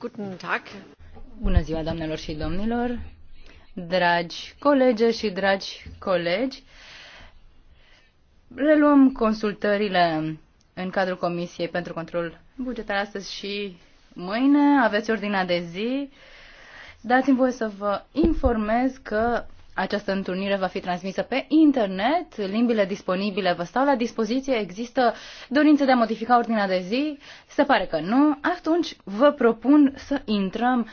Guten Tag. Bună ziua, doamnelor și domnilor, dragi colege și dragi colegi. Reluăm consultările în cadrul Comisiei pentru Control Bugetar astăzi și mâine. Aveți ordinea de zi. Dați-mi voie să vă informez că această întâlnire va fi transmisă pe internet, limbile disponibile vă stau la dispoziție, există dorință de a modifica ordinea de zi? Se pare că nu. Atunci vă propun să intrăm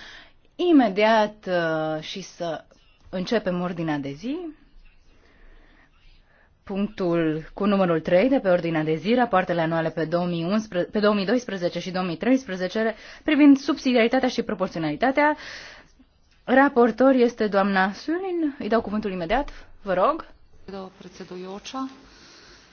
imediat uh, și să începem ordinea de zi. Punctul cu numărul 3 de pe ordinea de zi, rapoartele anuale pe, 2011, pe 2012 și 2013 privind subsidiaritatea și proporționalitatea, Raportor este doamna Sulin. Îi dau cuvântul imediat. Vă rog. Doamna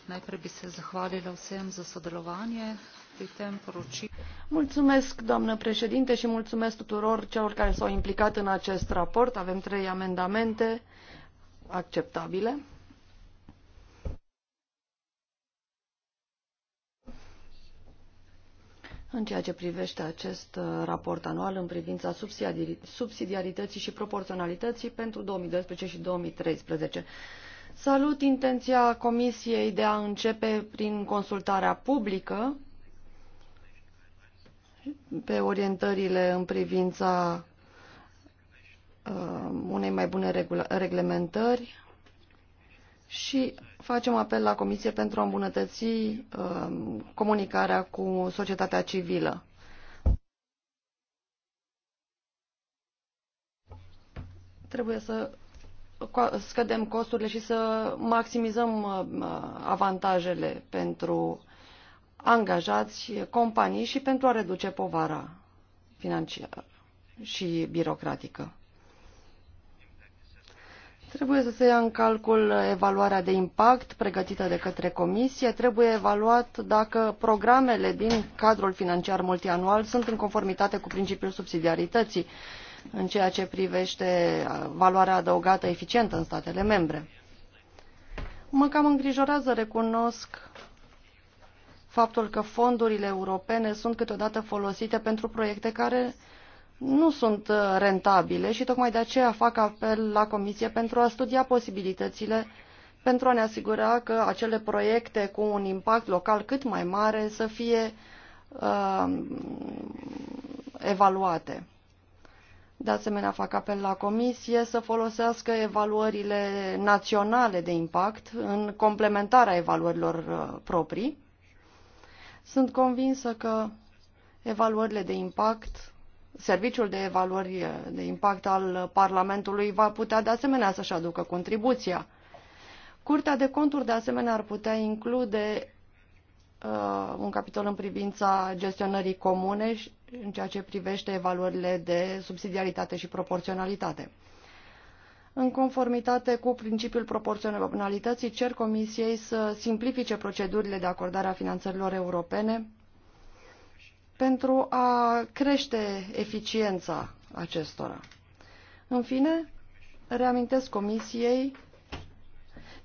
najprej bi se zahvalila vsem za sodelovanje pri tem poročilu. Mulțumesc, doamnă președinte, și mulțumesc tuturor celor care s-au implicat în acest raport. Avem trei amendamente acceptabile. în ceea ce privește acest uh, raport anual în privința subsidiarității și proporționalității pentru 2012 și 2013. Salut intenția Comisiei de a începe prin consultarea publică pe orientările în privința uh, unei mai bune reglementări și facem apel la Comisie pentru a îmbunătăți uh, comunicarea cu societatea civilă. Trebuie să scădem costurile și să maximizăm uh, avantajele pentru angajați, companii și pentru a reduce povara financiară și birocratică. Trebuie să se ia în calcul evaluarea de impact pregătită de către Comisie. Trebuie evaluat dacă programele din cadrul financiar multianual sunt în conformitate cu principiul subsidiarității în ceea ce privește valoarea adăugată eficientă în statele membre. Mă cam îngrijorează, recunosc, faptul că fondurile europene sunt câteodată folosite pentru proiecte care nu sunt uh, rentabile și tocmai de aceea fac apel la Comisie pentru a studia posibilitățile pentru a ne asigura că acele proiecte cu un impact local cât mai mare să fie uh, evaluate. De asemenea, fac apel la Comisie să folosească evaluările naționale de impact în complementarea evaluărilor uh, proprii. Sunt convinsă că evaluările de impact Serviciul de Evaluări de Impact al Parlamentului va putea de asemenea să-și aducă contribuția. Curtea de conturi de asemenea ar putea include uh, un capitol în privința gestionării comune și în ceea ce privește evaluările de subsidiaritate și proporționalitate. În conformitate cu principiul proporționalității, cer Comisiei să simplifice procedurile de acordare a finanțărilor europene pentru a crește eficiența acestora. În fine, reamintesc Comisiei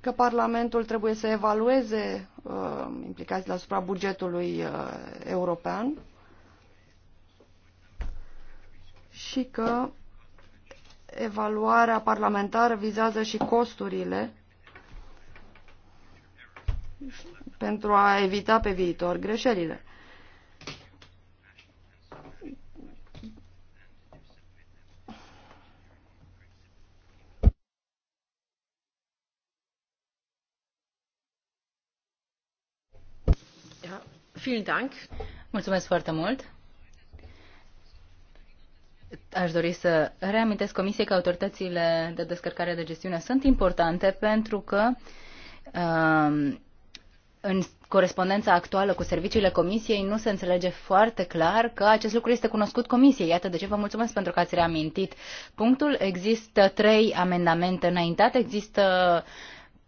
că Parlamentul trebuie să evalueze uh, implicațiile asupra bugetului uh, european și că evaluarea parlamentară vizează și costurile pentru a evita pe viitor greșelile. Mulțumesc foarte mult. Aș dori să reamintesc Comisiei că autoritățile de descărcare de gestiune sunt importante pentru că um, în corespondența actuală cu serviciile Comisiei nu se înțelege foarte clar că acest lucru este cunoscut Comisiei. Iată de ce vă mulțumesc pentru că ați reamintit punctul. Există trei amendamente înaintate, există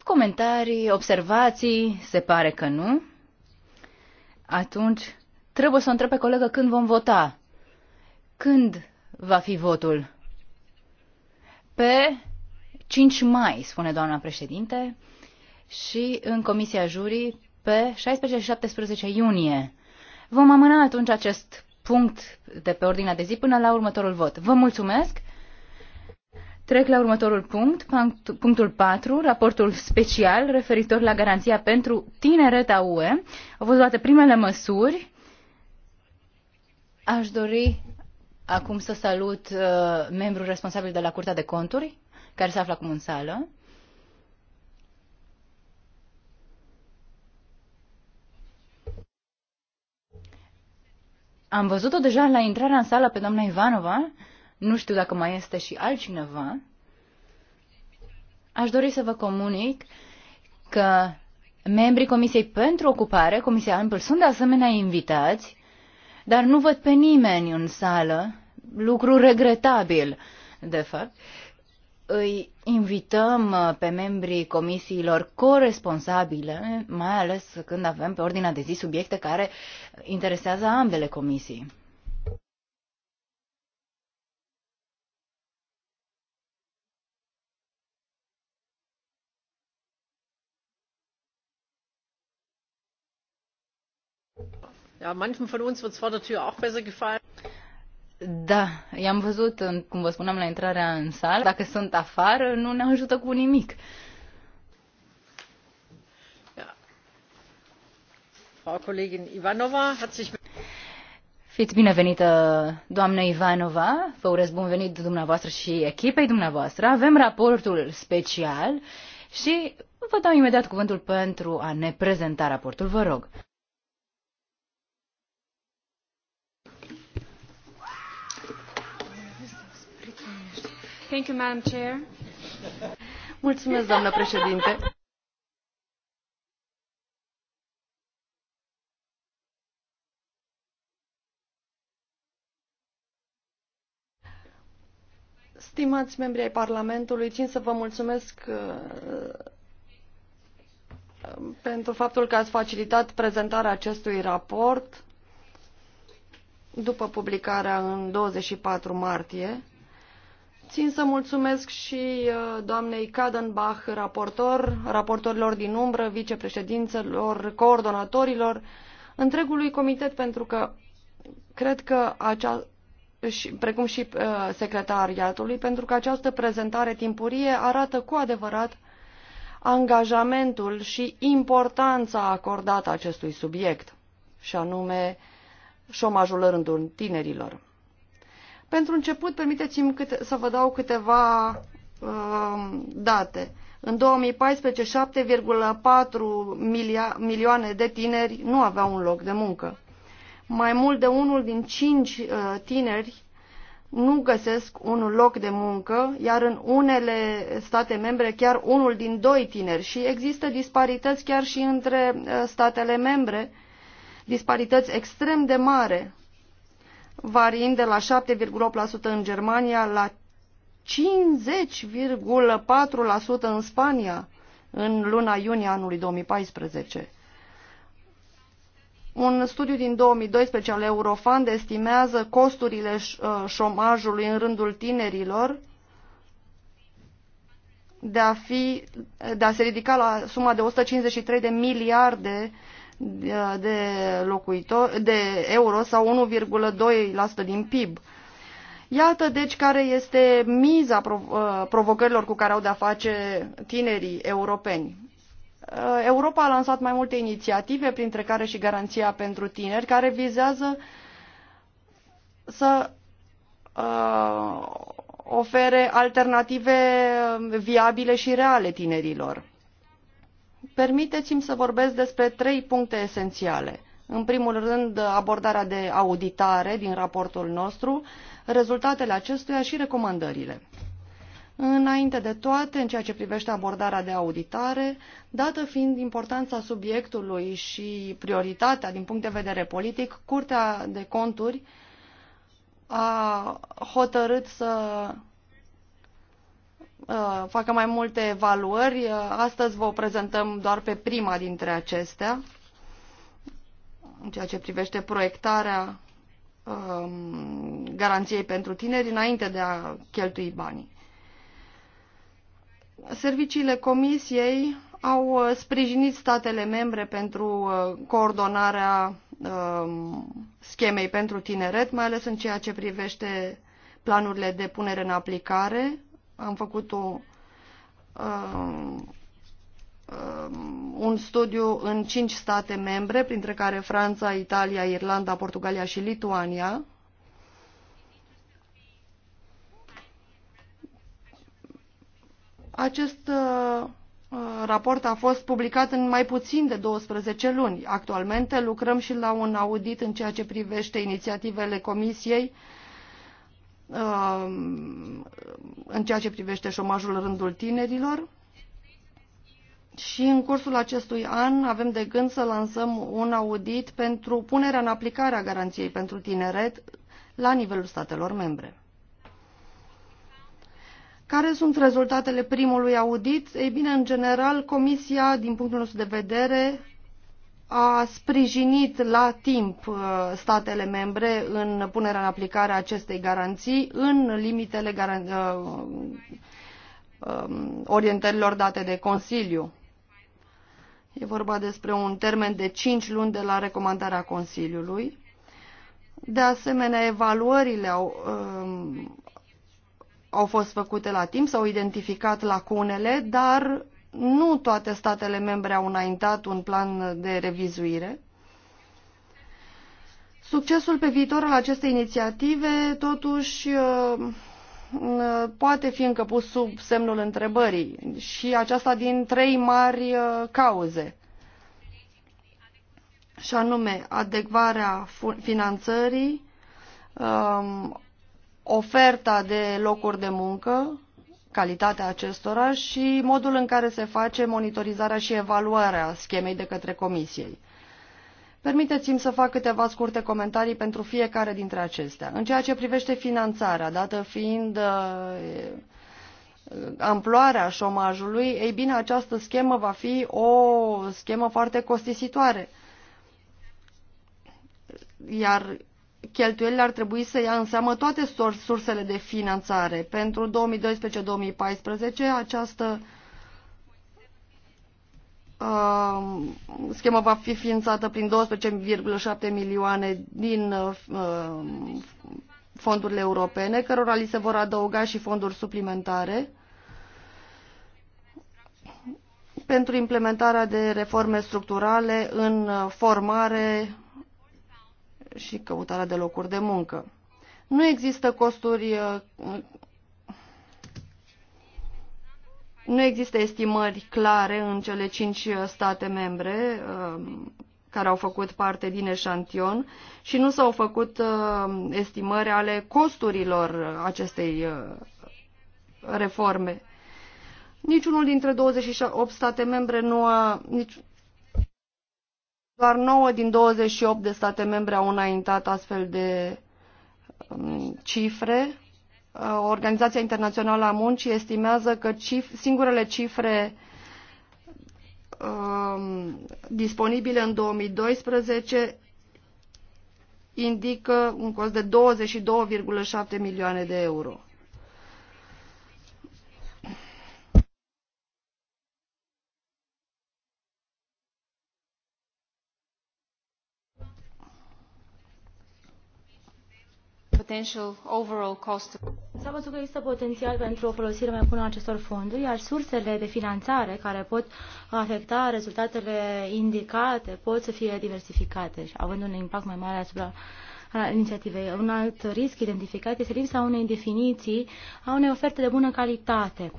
comentarii, observații, se pare că nu atunci trebuie să o întreb pe colegă când vom vota. Când va fi votul? Pe 5 mai, spune doamna președinte, și în Comisia Jurii pe 16 și 17 iunie. Vom amâna atunci acest punct de pe ordinea de zi până la următorul vot. Vă mulțumesc Trec la următorul punct, punctul 4, raportul special referitor la garanția pentru tinereta UE. Au fost luate primele măsuri. Aș dori acum să salut uh, membrul responsabil de la Curtea de Conturi, care se află acum în sală. Am văzut-o deja la intrarea în sală pe doamna Ivanova, nu știu dacă mai este și altcineva, aș dori să vă comunic că membrii Comisiei pentru Ocupare, Comisia Ampl, sunt de asemenea invitați, dar nu văd pe nimeni în sală, lucru regretabil, de fapt. Îi invităm uh, pe membrii comisiilor corresponsabile, mai ales când avem pe ordinea de zi subiecte care interesează ambele comisii. manchem von uns wird es vor der Tür auch besser gefallen. Da, i-am văzut, cum vă spuneam, la intrarea în sală. Dacă sunt afară, nu ne ajută cu nimic. Ja. Frau Kollegin Ivanova hat sich... Fiți binevenită, doamnă Ivanova. Vă urez bun venit dumneavoastră și echipei dumneavoastră. Avem raportul special și vă dau imediat cuvântul pentru a ne prezenta raportul. Vă rog. Mulțumesc, doamnă președinte. Stimați membri ai Parlamentului, țin să vă mulțumesc uh, pentru faptul că ați facilitat prezentarea acestui raport după publicarea în 24 martie. Țin să mulțumesc și uh, doamnei Kadenbach, raportor, raportorilor din umbră, vicepreședințelor, coordonatorilor, întregului comitet, pentru că cred că acea, și, precum și uh, secretariatului, pentru că această prezentare timpurie arată cu adevărat angajamentul și importanța acordată acestui subiect, și anume șomajul în rândul tinerilor. Pentru început, permiteți-mi câte, să vă dau câteva uh, date. În 2014, 7,4 milioane de tineri nu aveau un loc de muncă. Mai mult de unul din cinci uh, tineri nu găsesc un loc de muncă, iar în unele state membre chiar unul din doi tineri. Și există disparități chiar și între uh, statele membre, disparități extrem de mare variind de la 7,8% în Germania la 50,4% în Spania în luna iunie anului 2014. Un studiu din 2012 al Eurofund estimează costurile uh, șomajului în rândul tinerilor de a, fi, de a se ridica la suma de 153 de miliarde uh, de, locuitori, de euro sau 1,2% din PIB. Iată deci care este miza uh, provocărilor cu care au de-a face tinerii europeni. Uh, Europa a lansat mai multe inițiative, printre care și Garanția pentru Tineri, care vizează să uh, ofere alternative viabile și reale tinerilor. Permiteți-mi să vorbesc despre trei puncte esențiale. În primul rând, abordarea de auditare din raportul nostru, rezultatele acestuia și recomandările. Înainte de toate, în ceea ce privește abordarea de auditare, dată fiind importanța subiectului și prioritatea din punct de vedere politic, Curtea de Conturi a hotărât să Uh, facă mai multe evaluări. Uh, astăzi vă prezentăm doar pe prima dintre acestea, în ceea ce privește proiectarea um, garanției pentru tineri înainte de a cheltui banii. Serviciile Comisiei au uh, sprijinit statele membre pentru coordonarea um, schemei pentru tineret, mai ales în ceea ce privește planurile de punere în aplicare am făcut o, uh, uh, un studiu în cinci state membre, printre care Franța, Italia, Irlanda, Portugalia și Lituania. Acest uh, uh raport a fost publicat în mai puțin de 12 luni. Actualmente lucrăm și la un audit în ceea ce privește inițiativele Comisiei uh, Um, în ceea ce privește șomajul în rândul tinerilor. Și în cursul acestui an avem de gând să lansăm un audit pentru punerea în aplicare a garanției pentru tineret la nivelul statelor membre. Care sunt rezultatele primului audit? Ei bine, în general, Comisia, din punctul nostru de vedere, a sprijinit la timp uh, statele membre în punerea în aplicare a acestei garanții în limitele garan uh, um, orientărilor date de Consiliu. E vorba despre un termen de 5 luni de la recomandarea Consiliului. De asemenea, evaluările au, um, au fost făcute la timp, s-au identificat lacunele, dar nu toate statele membre au înaintat un plan de revizuire. Succesul pe viitor al acestei inițiative, totuși, uh, poate fi încă pus sub semnul întrebării și aceasta din trei mari uh, cauze și anume adecvarea finanțării, um, oferta de locuri de muncă, calitatea acestora și modul în care se face monitorizarea și evaluarea schemei de către Comisiei. Permiteți-mi să fac câteva scurte comentarii pentru fiecare dintre acestea. În ceea ce privește finanțarea, dată fiind uh, amploarea șomajului, ei bine, această schemă va fi o schemă foarte costisitoare. Iar cheltuielile ar trebui să ia în seamă toate sursele de finanțare. Pentru 2012-2014 această uh, schemă va fi finanțată prin 12,7 milioane din uh, fondurile europene, cărora li se vor adăuga și fonduri suplimentare pentru implementarea de reforme structurale în formare, și căutarea de locuri de muncă. Nu există costuri, uh, nu există estimări clare în cele cinci uh, state membre uh, care au făcut parte din eșantion și nu s-au făcut estimări ale costurilor acestei reforme. Niciunul dintre 28 state membre nu a, nici, doar 9 din 28 de state membre au înaintat astfel de um, cifre. Uh, Organizația Internațională a Muncii estimează că cif singurele cifre um, disponibile în 2012 indică un cost de 22,7 milioane de euro. potential overall cost. S-a văzut că există potențial pentru o folosire mai bună a acestor fonduri, iar sursele de finanțare care pot afecta rezultatele indicate pot să fie diversificate având un impact mai mare asupra inițiativei. Un alt risc identificat este lipsa unei definiții a unei oferte de bună calitate.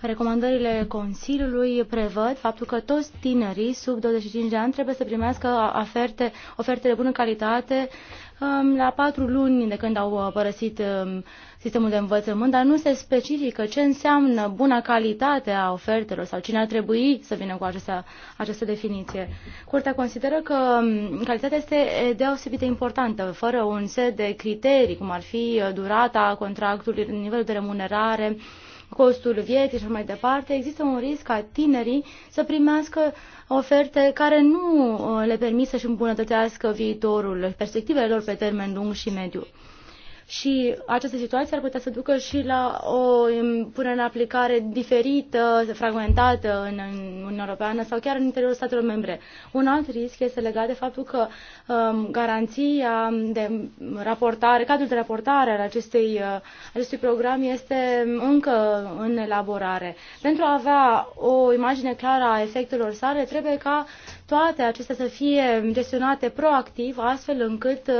Recomandările Consiliului prevăd faptul că toți tinerii sub 25 de ani trebuie să primească oferte, oferte de bună calitate la patru luni de când au uh, părăsit um, sistemul de învățământ, dar nu se specifică ce înseamnă buna calitate a ofertelor sau cine ar trebui să vină cu această, această definiție. Curtea consideră că um, calitatea este deosebit de importantă, fără un set de criterii, cum ar fi uh, durata contractului, nivelul de remunerare, costul vieții și mai departe, există un risc ca tinerii să primească oferte care nu uh, le permit să-și îmbunătățească viitorul, perspectivele lor pe termen lung și mediu și această situație ar putea să ducă și la o punere în aplicare diferită, fragmentată în Uniunea Europeană sau chiar în interiorul statelor membre. Un alt risc este legat de faptul că um, garanția de raportare, cadrul de raportare al acestei, uh, acestui program este încă în elaborare. Pentru a avea o imagine clară a efectelor sale, trebuie ca toate acestea să fie gestionate proactiv, astfel încât uh,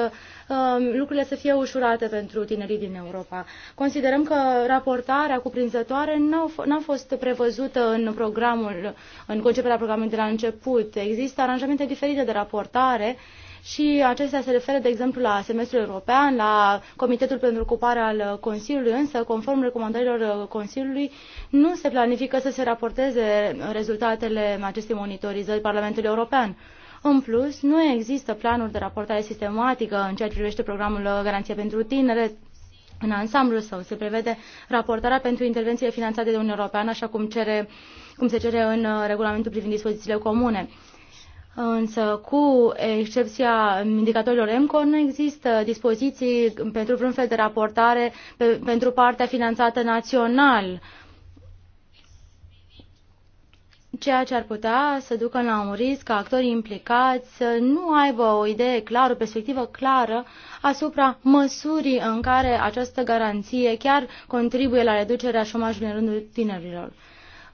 um, lucrurile să fie ușurate pentru tinerii din Europa. Considerăm că raportarea cuprinzătoare n-a fost prevăzută în programul, în conceperea programului de la început. Există aranjamente diferite de raportare și acestea se referă, de exemplu, la semestrul european, la Comitetul pentru Ocupare al Consiliului, însă, conform recomandărilor uh, Consiliului, nu se planifică să se raporteze rezultatele acestei monitorizări Parlamentului European. În plus, nu există planuri de raportare sistematică în ceea ce privește programul uh, Garanție pentru Tinere, în ansamblu său se prevede raportarea pentru intervențiile finanțate de Uniunea Europeană, așa cum, cere, cum se cere în uh, regulamentul privind dispozițiile comune. Însă, cu excepția indicatorilor EMCO, nu există dispoziții pentru vreun fel de raportare pe, pentru partea finanțată național, ceea ce ar putea să ducă la un risc ca actorii implicați să nu aibă o idee clară, o perspectivă clară asupra măsurii în care această garanție chiar contribuie la reducerea șomajului în rândul tinerilor.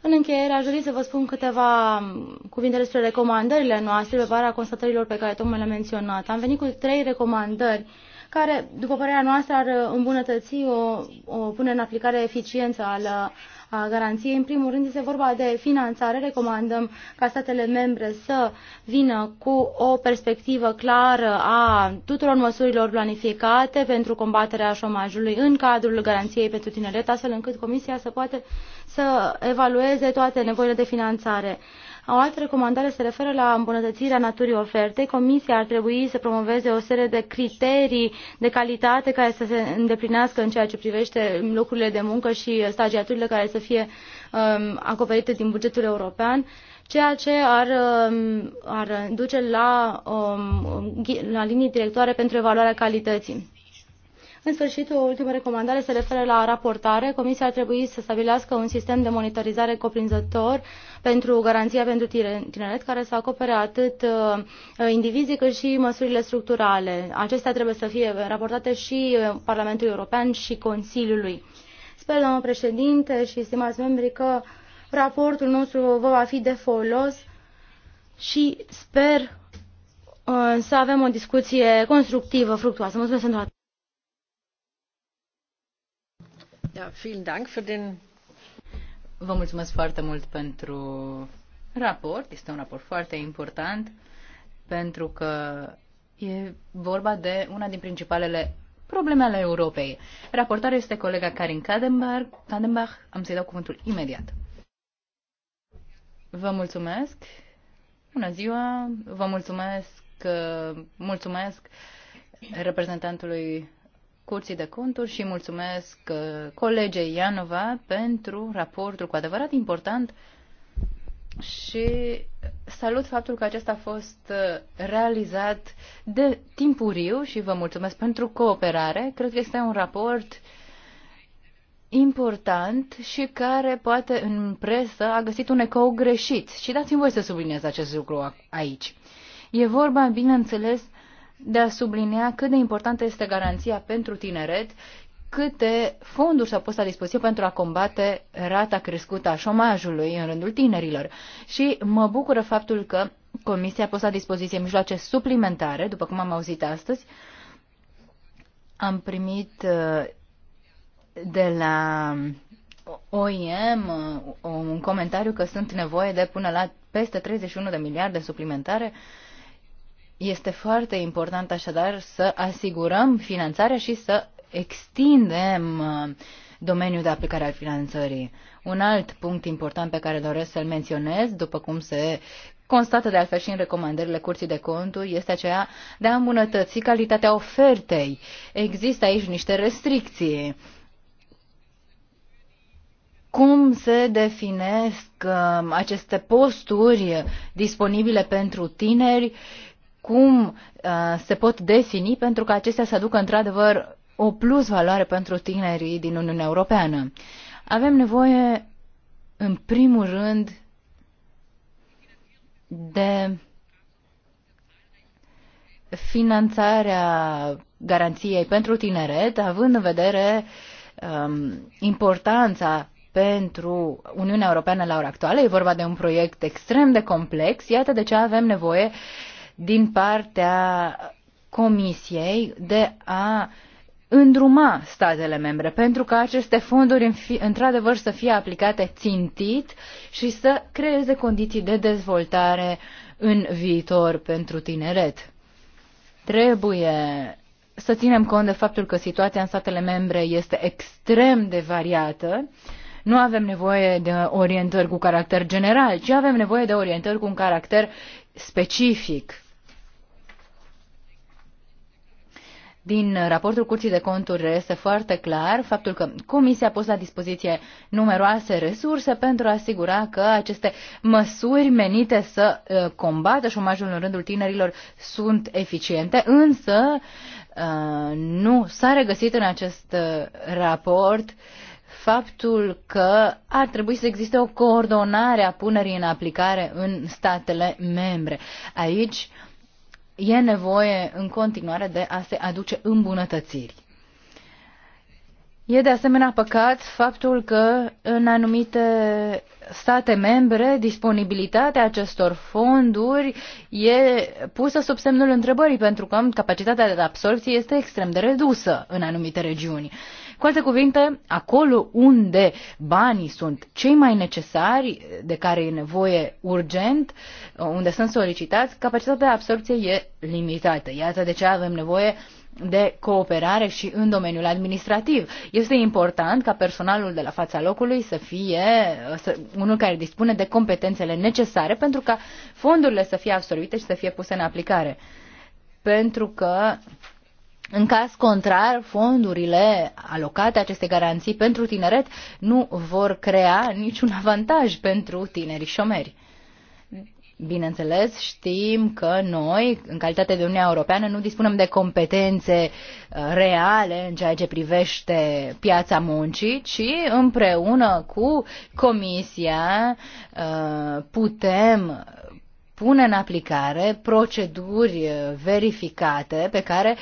În încheiere, aș dori să vă spun câteva um, cuvinte despre recomandările noastre pe baza constatărilor pe care tocmai le-am menționat. Am venit cu trei recomandări care, după părerea noastră, ar uh, îmbunătăți o, o punere în aplicare eficiență al uh, a garanției. În primul rând, este vorba de finanțare. Recomandăm ca statele membre să vină cu o perspectivă clară a tuturor măsurilor planificate pentru combaterea șomajului în cadrul garanției pentru tineret, astfel încât Comisia să poate să evalueze toate nevoile de finanțare. O altă recomandare se referă la îmbunătățirea naturii ofertei. Comisia ar trebui să promoveze o serie de criterii de calitate care să se îndeplinească în ceea ce privește locurile de muncă și stagiaturile care să fie um, acoperite din bugetul european ceea ce ar, um, ar duce la, um, la linii directoare pentru evaluarea calității. În sfârșit, o ultimă recomandare se referă la raportare. Comisia ar trebui să stabilească un sistem de monitorizare coprinzător pentru garanția pentru tineret, care să acopere atât uh, indivizii cât și măsurile structurale. Acestea trebuie să fie raportate și uh, Parlamentului European și Consiliului. Sper, doamnă președinte și stimați membri, că raportul nostru vă va fi de folos și sper uh, să avem o discuție constructivă, fructuoasă. Mulțumesc pentru Vă mulțumesc foarte mult pentru raport. Este un raport foarte important pentru că e vorba de una din principalele probleme ale Europei. Raportarea este colega Karin Kadenbach. Kadenbach, am să-i dau cuvântul imediat. Vă mulțumesc. Bună ziua. Vă mulțumesc. Mulțumesc reprezentantului Curții de Conturi și mulțumesc uh, colegei Ianova pentru raportul cu adevărat important și salut faptul că acesta a fost uh, realizat de timpuriu și vă mulțumesc pentru cooperare. Cred că este un raport important și care poate în presă a găsit un ecou greșit. Și dați-mi voi să subliniez acest lucru aici. E vorba, bineînțeles, de a sublinea cât de importantă este garanția pentru tineret, câte fonduri s-au pus la dispoziție pentru a combate rata crescută a șomajului în rândul tinerilor. Și mă bucură faptul că Comisia a pus la dispoziție mijloace suplimentare, după cum am auzit astăzi. Am primit uh, de la OIM uh, un comentariu că sunt nevoie de până la peste 31 de miliarde suplimentare uh, este foarte important așadar să asigurăm finanțarea și să extindem uh, domeniul de aplicare al finanțării. Un alt punct important pe care doresc să-l menționez, după cum se constată de altfel și în recomandările Curții de Conturi, este aceea de a îmbunătăți calitatea ofertei. Există aici niște restricții. Cum se definesc uh, aceste posturi disponibile pentru tineri cum uh, se pot defini pentru că acestea să aducă într-adevăr o plus valoare pentru tinerii din Uniunea Europeană. Avem nevoie, în primul rând, de finanțarea garanției pentru tineret, având în vedere um, importanța pentru Uniunea Europeană la ora actuală. E vorba de un proiect extrem de complex. Iată de ce avem nevoie uh, din partea Comisiei de a îndruma statele membre pentru ca aceste fonduri într-adevăr să fie aplicate țintit și să creeze condiții de dezvoltare în viitor pentru tineret. Trebuie să ținem cont de faptul că situația în statele membre este extrem de variată. Nu avem nevoie de orientări cu caracter general, ci avem nevoie de orientări cu un caracter specific din raportul Curții de Conturi este foarte clar faptul că Comisia a pus la dispoziție numeroase resurse pentru a asigura că aceste măsuri menite să uh, combată șomajul în rândul tinerilor sunt eficiente, însă uh, nu s-a regăsit în acest uh, raport faptul că ar trebui să existe o coordonare a punerii în aplicare în statele membre. Aici uh, e nevoie în continuare de a se aduce îmbunătățiri. E de asemenea păcat faptul că în anumite state membre disponibilitatea acestor fonduri e pusă sub semnul întrebării pentru că capacitatea de absorpție este extrem de redusă în anumite regiuni. Cu alte cuvinte, acolo unde banii sunt cei mai necesari, de care e nevoie urgent, unde sunt solicitați, capacitatea de absorpție e limitată. Iată de ce avem nevoie de cooperare și în domeniul administrativ. Este important ca personalul de la fața locului să fie să, unul care dispune de competențele necesare pentru ca fondurile să fie absorbite și să fie puse în aplicare. Pentru că în caz contrar, fondurile alocate aceste garanții pentru tineret nu vor crea niciun avantaj pentru tinerii șomeri. Bineînțeles, știm că noi, în calitate de Uniunea Europeană, nu dispunem de competențe uh, reale în ceea ce privește piața muncii, ci împreună cu Comisia uh, putem pune în aplicare proceduri eh, verificate pe care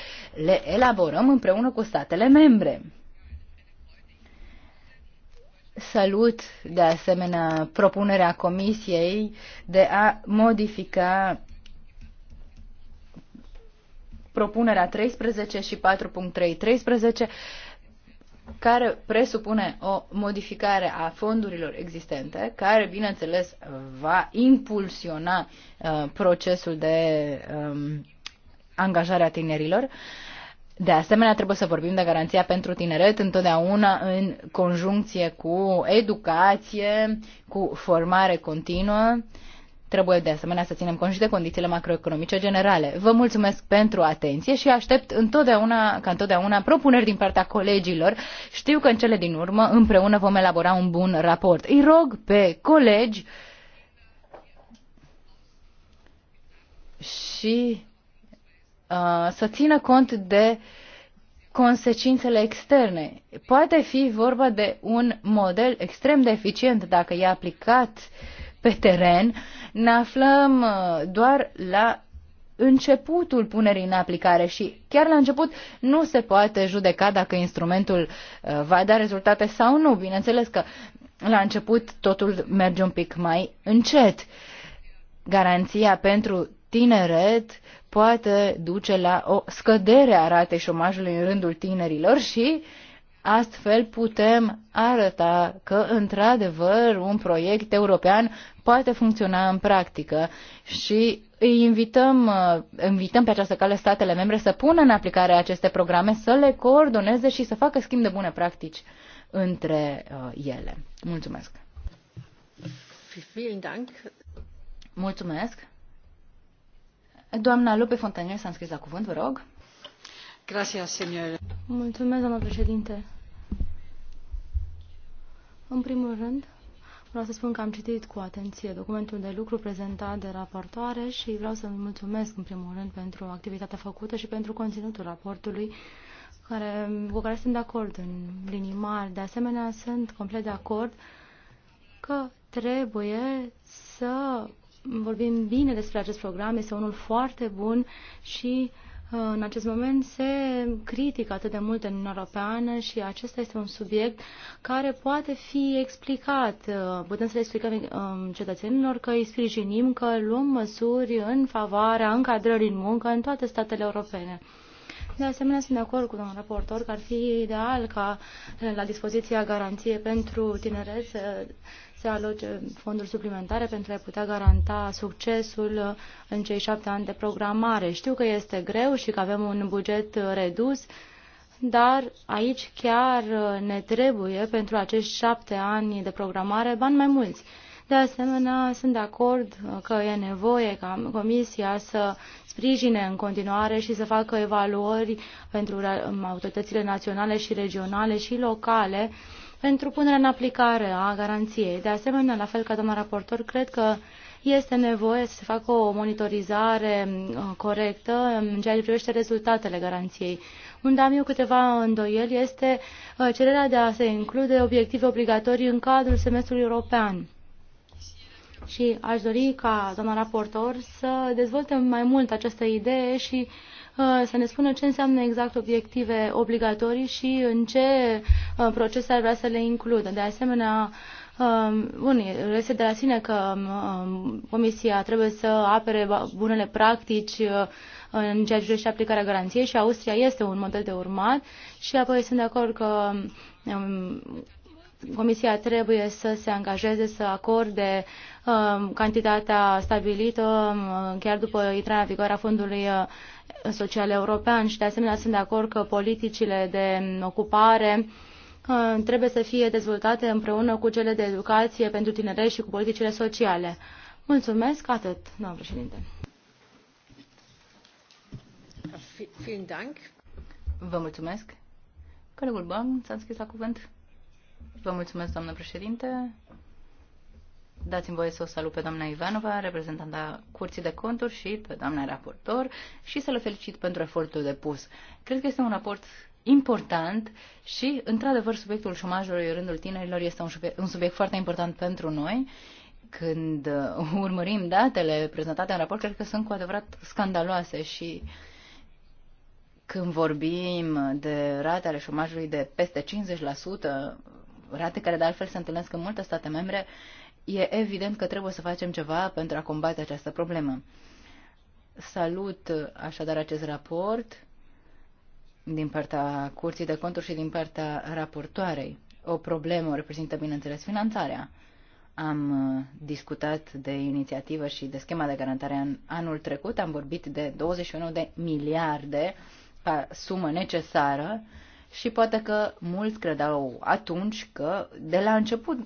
le elaborăm împreună cu statele membre. Salut, de asemenea, propunerea Comisiei de a modifica propunerea 13 și 4.3.13 care presupune o modificare a fondurilor existente, care, bineînțeles, va impulsiona uh, procesul de um, angajare a tinerilor. De asemenea, trebuie să vorbim de garanția pentru tineret întotdeauna în conjuncție cu educație, cu formare continuă. Uh, Trebuie de asemenea să ținem cont de condițiile macroeconomice generale. Vă mulțumesc pentru atenție și aștept întotdeauna, ca întotdeauna, propuneri din partea colegilor. Știu că în cele din urmă împreună vom elabora un bun raport. Îi rog pe colegi și uh, să țină cont de consecințele externe. Poate fi vorba de un model extrem de eficient dacă e aplicat uh, pe teren, ne aflăm uh, doar la începutul punerii în aplicare și chiar la început nu se poate judeca dacă instrumentul uh, va da rezultate sau nu. Bineînțeles că la început totul merge un pic mai încet. Garanția pentru tineret poate duce la o scădere a ratei șomajului în rândul tinerilor și uh, Astfel putem arăta că, într-adevăr, un proiect european poate funcționa în practică și îi invităm, uh, invităm pe această cale statele membre să pună în aplicare aceste programe, să le coordoneze și să facă schimb de bune practici între uh, ele. Mulțumesc! Mulțumesc! Doamna Lupe Fontanier s-a înscris la cuvânt, vă rog. Gracias, señor. Mulțumesc, doamnă președinte. În primul rând, vreau să spun că am citit cu atenție documentul de lucru prezentat de raportoare și vreau să-mi mulțumesc, în primul rând, pentru activitatea făcută și pentru conținutul raportului, care, cu care sunt de acord în linii mari. De asemenea, sunt complet de acord că trebuie să vorbim bine despre acest program. Este unul foarte bun și uh, în acest moment se critică atât de mult în Uniunea Europeană și acesta este un subiect care poate fi explicat. Putem să le explicăm um, cetățenilor că îi sprijinim, că luăm măsuri în favoarea încadrării în muncă în toate statele europene. De asemenea, sunt de acord cu domnul raportor că ar fi ideal ca la dispoziția garanție pentru tineret să se aloce fonduri suplimentare pentru a putea garanta succesul în cei șapte ani de programare. Știu că este greu și că avem un buget redus, dar aici chiar ne trebuie pentru acești șapte ani de programare bani mai mulți. De asemenea, sunt de acord că e nevoie ca Comisia să sprijine în continuare și să facă evaluări pentru autoritățile naționale și regionale și locale pentru punerea în aplicare a garanției. De asemenea, la fel ca doamna raportor, cred că este nevoie să se facă o monitorizare uh, corectă în ceea ce privește rezultatele garanției. Unde am eu câteva îndoieli este uh, cererea de a se include obiective obligatorii în cadrul semestrului european. Și aș dori ca doamna raportor să dezvolte mai mult această idee și uh, Uh, să ne spună ce înseamnă exact obiective obligatorii și în ce uh, procese ar vrea să le includă. De asemenea, um, Bun, este de la sine că um, um, Comisia trebuie să apere bunele practici uh, în ceea ce privește aplicarea garanției și Austria este un model de urmat și apoi sunt de acord că Comisia trebuie să se angajeze să acorde cantitatea stabilită chiar după intrarea în vigoare a fondului social european și de asemenea sunt de acord că politicile de ocupare uh, trebuie să fie dezvoltate împreună cu cele de educație pentru tineret și cu politicile sociale. Mulțumesc, atât, doamnă președinte. Vă mulțumesc. Colegul Bang, ți-a scris la cuvânt. Vă mulțumesc, doamnă președinte. Dați-mi voie să o salut pe doamna Ivanova, reprezentanta Curții de Conturi și pe doamna raportor și să le felicit pentru efortul depus. Cred că este un raport important și, într-adevăr, subiectul șomajului în rândul tinerilor este un subiect, un subiect foarte important pentru noi. Când uh, urmărim datele prezentate în raport, cred că sunt cu adevărat scandaloase și când vorbim de rate ale șomajului de peste 50%, rate care de altfel se întâlnesc în multe state membre, e evident că trebuie să facem ceva pentru a combate această problemă. Salut așadar acest raport din partea Curții de Conturi și din partea raportoarei. O problemă o reprezintă, bineînțeles, finanțarea. Am uh, discutat de inițiativă și de schema de garantare în anul trecut, am vorbit de 21 de miliarde ca sumă necesară și poate că mulți credeau atunci că de la început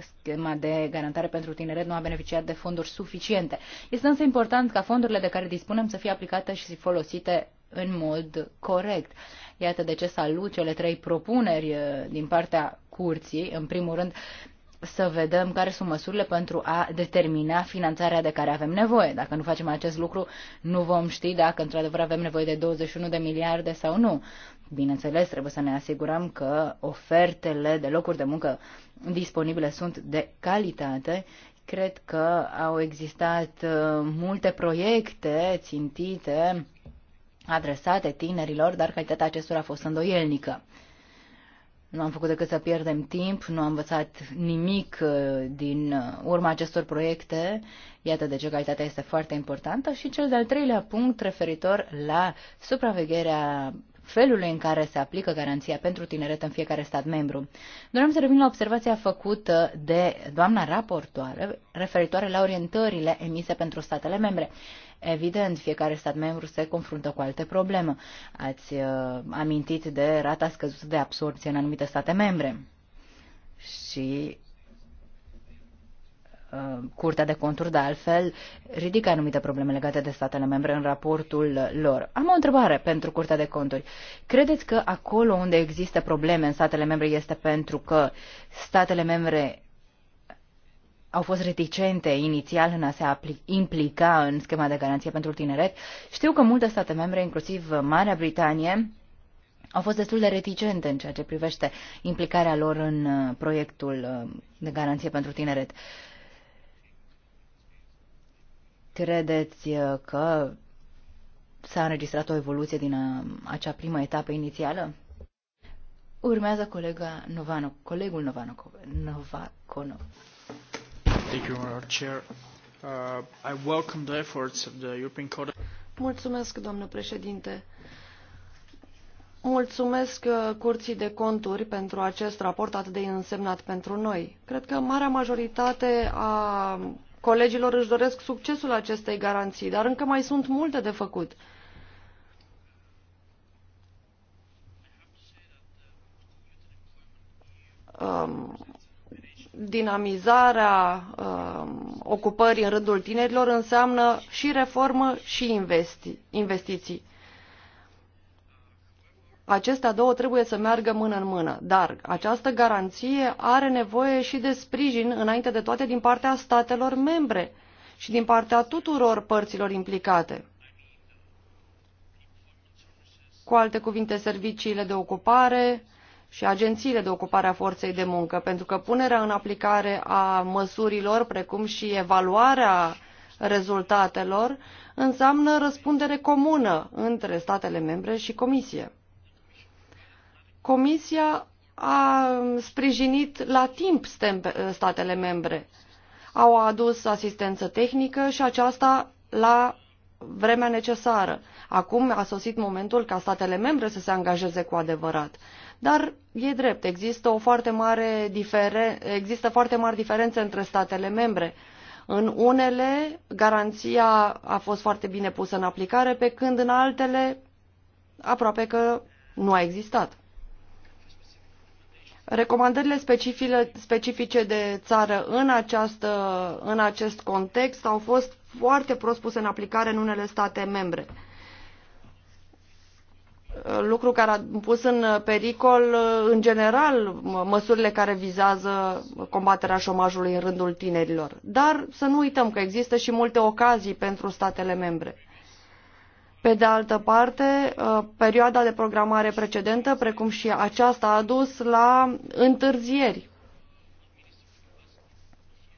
schema de garantare pentru tineret nu a beneficiat de fonduri suficiente. Este însă important ca fondurile de care dispunem să fie aplicate și folosite în mod corect. Iată de ce salut cele trei propuneri uh, din partea curții. În primul rând, să vedem care sunt măsurile pentru a determina finanțarea de care avem nevoie. Dacă nu facem acest lucru, nu vom ști dacă într-adevăr avem nevoie de 21 de miliarde sau nu. Bineînțeles, trebuie să ne asigurăm că ofertele de locuri de muncă disponibile sunt de calitate. Cred că au existat uh, multe proiecte țintite adresate tinerilor, dar calitatea acestora a fost îndoielnică. Nu am făcut decât să pierdem timp, nu am învățat nimic uh, din uh, urma acestor proiecte. Iată de ce calitatea este foarte importantă. Și cel de-al treilea punct referitor la supravegherea felului în care se aplică garanția pentru tineret în fiecare stat membru. Doream să revin la observația făcută de doamna raportoare referitoare la orientările emise pentru statele membre. Evident, fiecare stat membru se confruntă cu alte probleme. Ați uh, amintit de rata scăzută de absorție în anumite state membre. Și Uh, Curtea de Conturi, de altfel, ridică anumite probleme legate de statele membre în raportul lor. Am o întrebare pentru Curtea de Conturi. Credeți că acolo unde există probleme în statele membre este pentru că statele membre au fost reticente inițial în a se implica în schema de garanție pentru tineret? Știu că multe state membre, inclusiv Marea Britanie, au fost destul de reticente în ceea ce privește implicarea lor în uh, proiectul uh, de garanție pentru tineret. Uh, Credeți uh, că s-a înregistrat o evoluție din uh, acea primă etapă inițială? Urmează colega Novano, colegul Novano, Novaconov. Thank you, Chair. Uh, I welcome the efforts of the European Court. Mulțumesc, doamnă președinte. Mulțumesc uh, Curții de Conturi pentru acest raport atât de însemnat pentru noi. Cred că marea majoritate a colegilor își doresc succesul acestei garanții, dar încă mai sunt multe de făcut. Um, dinamizarea um, ocupării în rândul tinerilor înseamnă și reformă și investi, investiții. Acestea două trebuie să meargă mână în mână, dar această garanție are nevoie și de sprijin, înainte de toate, din partea statelor membre și din partea tuturor părților implicate. Cu alte cuvinte, serviciile de ocupare și agențiile de ocupare a forței de muncă, pentru că punerea în aplicare a măsurilor, precum și evaluarea rezultatelor, înseamnă răspundere comună între statele membre și Comisie. Comisia a sprijinit la timp statele membre. Au adus asistență tehnică și aceasta la vremea necesară. Acum a sosit momentul ca statele membre să se angajeze cu adevărat. Dar e drept, există, o foarte mare diferență există foarte mari diferențe între statele membre. În unele, garanția a fost foarte bine pusă în aplicare, pe când în altele, aproape că nu a existat. Recomandările specifice de țară în, această, în acest context au fost foarte prost puse în aplicare în unele state membre lucru care a pus în pericol, în general, măsurile care vizează combaterea șomajului în rândul tinerilor. Dar să nu uităm că există și multe ocazii pentru statele membre. Pe de altă parte, uh, perioada de programare precedentă, precum și aceasta, a dus la întârzieri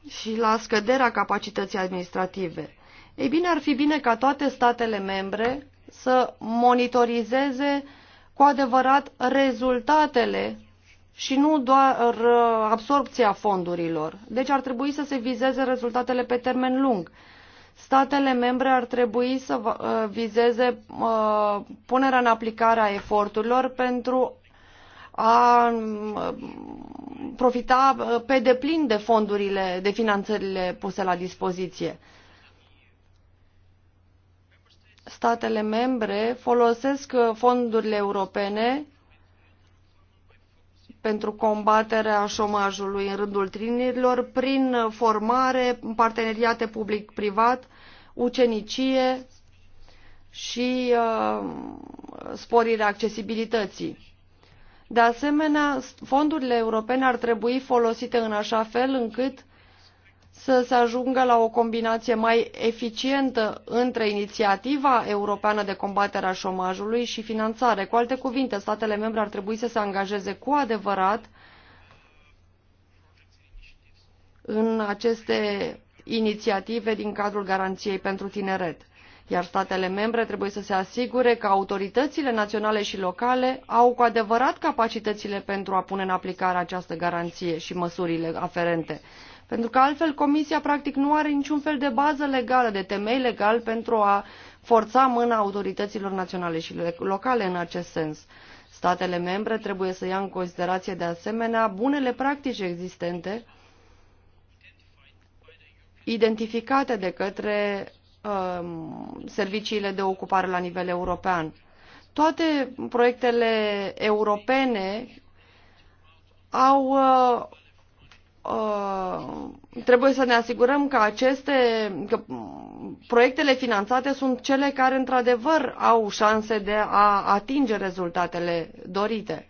și la scăderea capacității administrative. Ei bine, ar fi bine ca toate statele membre să monitorizeze cu adevărat rezultatele și nu doar uh, absorpția fondurilor. Deci ar trebui să se vizeze rezultatele pe termen lung statele membre ar trebui să uh, vizeze uh, punerea în aplicare a eforturilor pentru a uh, profita pe deplin de fondurile, de finanțările puse la dispoziție. Statele membre folosesc fondurile europene pentru combaterea șomajului în rândul tinerilor prin formare, parteneriate public-privat, ucenicie și uh, sporirea accesibilității. De asemenea, fondurile europene ar trebui folosite în așa fel încât să se ajungă la o combinație mai eficientă între inițiativa europeană de combatere a șomajului și finanțare. Cu alte cuvinte, statele membre ar trebui să se angajeze cu adevărat în aceste inițiative din cadrul garanției pentru tineret iar statele membre trebuie să se asigure că autoritățile naționale și locale au cu adevărat capacitățile pentru a pune în aplicare această garanție și măsurile aferente. Pentru că altfel Comisia practic nu are niciun fel de bază legală, de temei legal pentru a forța mâna autorităților naționale și locale în acest sens. Statele membre trebuie să ia în considerație de asemenea bunele practici existente identificate de către Um, serviciile de ocupare la nivel european. Toate proiectele europene au uh, uh, trebuie să ne asigurăm că aceste că proiectele finanțate sunt cele care într-adevăr au șanse de a atinge rezultatele dorite.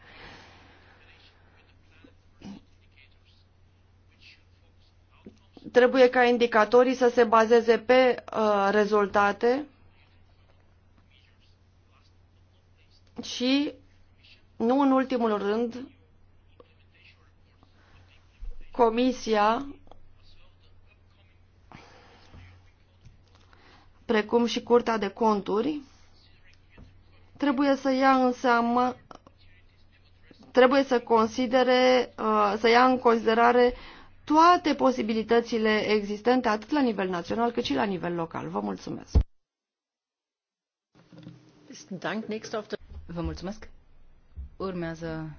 Trebuie ca indicatorii să se bazeze pe uh, rezultate și, nu în ultimul rând, Comisia, precum și Curtea de Conturi, trebuie să ia în seamă, trebuie să considere, uh, să ia în considerare toate posibilitățile existente atât la nivel național cât și la nivel local. Vă mulțumesc! Vă mulțumesc! Urmează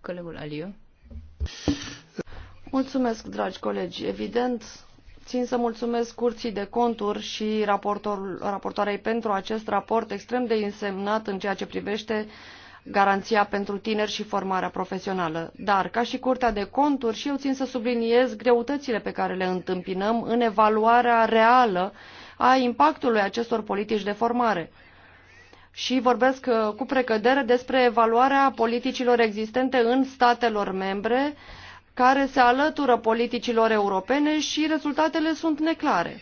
colegul Aliu. Mulțumesc, dragi colegi. Evident, țin să mulțumesc Curții de Conturi și raportoarei pentru acest raport extrem de însemnat în ceea ce privește uh, garanția pentru tineri și formarea profesională. Dar, ca și Curtea de Conturi, și eu țin să subliniez greutățile pe care le întâmpinăm în evaluarea reală a impactului acestor politici de formare. Și vorbesc uh, cu precădere despre evaluarea politicilor existente în statelor membre, care se alătură politicilor europene și rezultatele sunt neclare.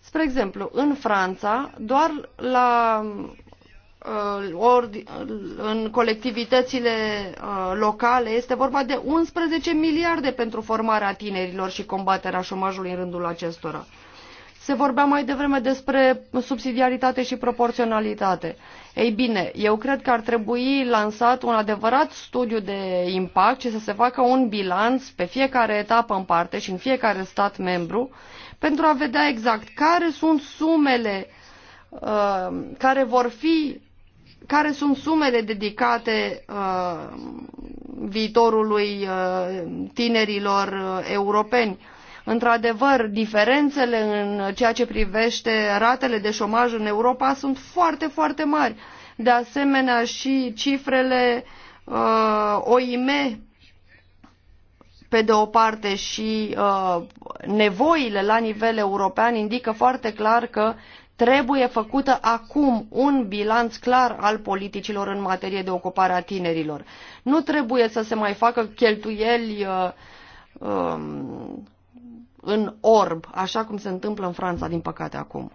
Spre exemplu, în Franța, doar la Uh, ori uh, în colectivitățile uh, locale este vorba de 11 miliarde pentru formarea tinerilor și combaterea șomajului în rândul acestora. Se vorbea mai devreme despre subsidiaritate și proporționalitate. Ei bine, eu cred că ar trebui lansat un adevărat studiu de impact și să se facă un bilanț pe fiecare etapă în parte și în fiecare stat membru pentru a vedea exact care sunt sumele uh, care vor fi care sunt sumele dedicate uh, viitorului uh, tinerilor uh, europeni. Într-adevăr, diferențele în ceea ce privește ratele de șomaj în Europa sunt foarte, foarte mari. De asemenea, și cifrele uh, OIM, pe de o parte, și uh, nevoile la nivel european indică foarte clar că Trebuie făcută acum un bilanț clar al politicilor în materie de ocupare a tinerilor. Nu trebuie să se mai facă cheltuieli uh, um, în orb, așa cum se întâmplă în Franța, din păcate, acum.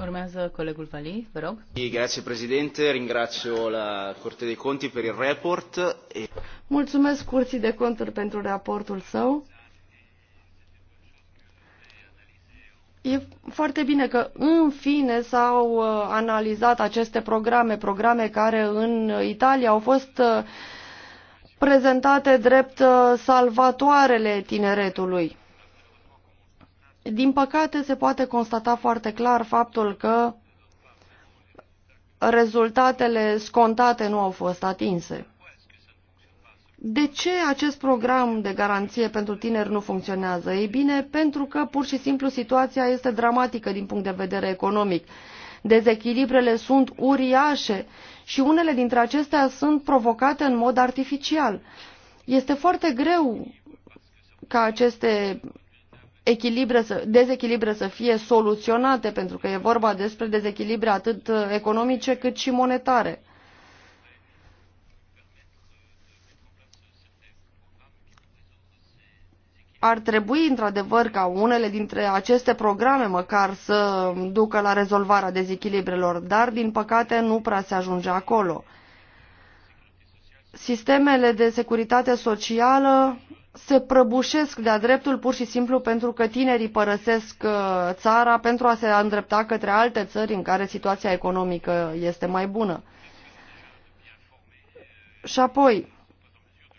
Urmează colegul Vali, vă rog. Grazie, președinte. Ringrazio la Curte de Conti pentru raport. Mulțumesc Curții de Conturi pentru raportul său. E foarte bine că în fine s-au uh, analizat aceste programe, programe care în Italia au fost uh, prezentate drept uh, salvatoarele tineretului. Din păcate se poate constata foarte clar faptul că rezultatele scontate nu au fost atinse. De ce acest program de garanție pentru tineri nu funcționează? Ei bine, pentru că pur și simplu situația este dramatică din punct de vedere economic. Dezechilibrele sunt uriașe și unele dintre acestea sunt provocate în mod artificial. Este foarte greu ca aceste echilibre să, dezechilibre să fie soluționate, pentru că e vorba despre dezechilibre atât economice cât și monetare. ar trebui într-adevăr ca unele dintre aceste programe măcar să ducă la rezolvarea dezechilibrelor, dar din păcate nu prea se ajunge acolo. Sistemele de securitate socială se prăbușesc de-a dreptul pur și simplu pentru că tinerii părăsesc uh, țara pentru a se îndrepta către alte țări în care situația economică este mai bună. Și apoi,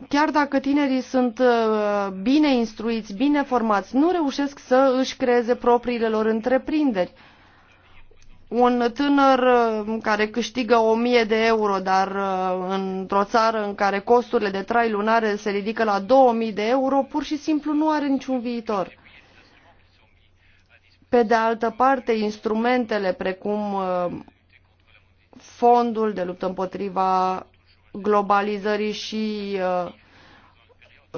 chiar dacă tinerii sunt uh, bine instruiți, bine formați, nu reușesc să își creeze propriile lor întreprinderi. Un tânăr uh, care câștigă 1000 de euro, dar uh, într-o țară în care costurile de trai lunare se ridică la 2000 de euro, pur și simplu nu are niciun viitor. Pe de altă parte, instrumentele precum fondul de luptă împotriva globalizării și uh,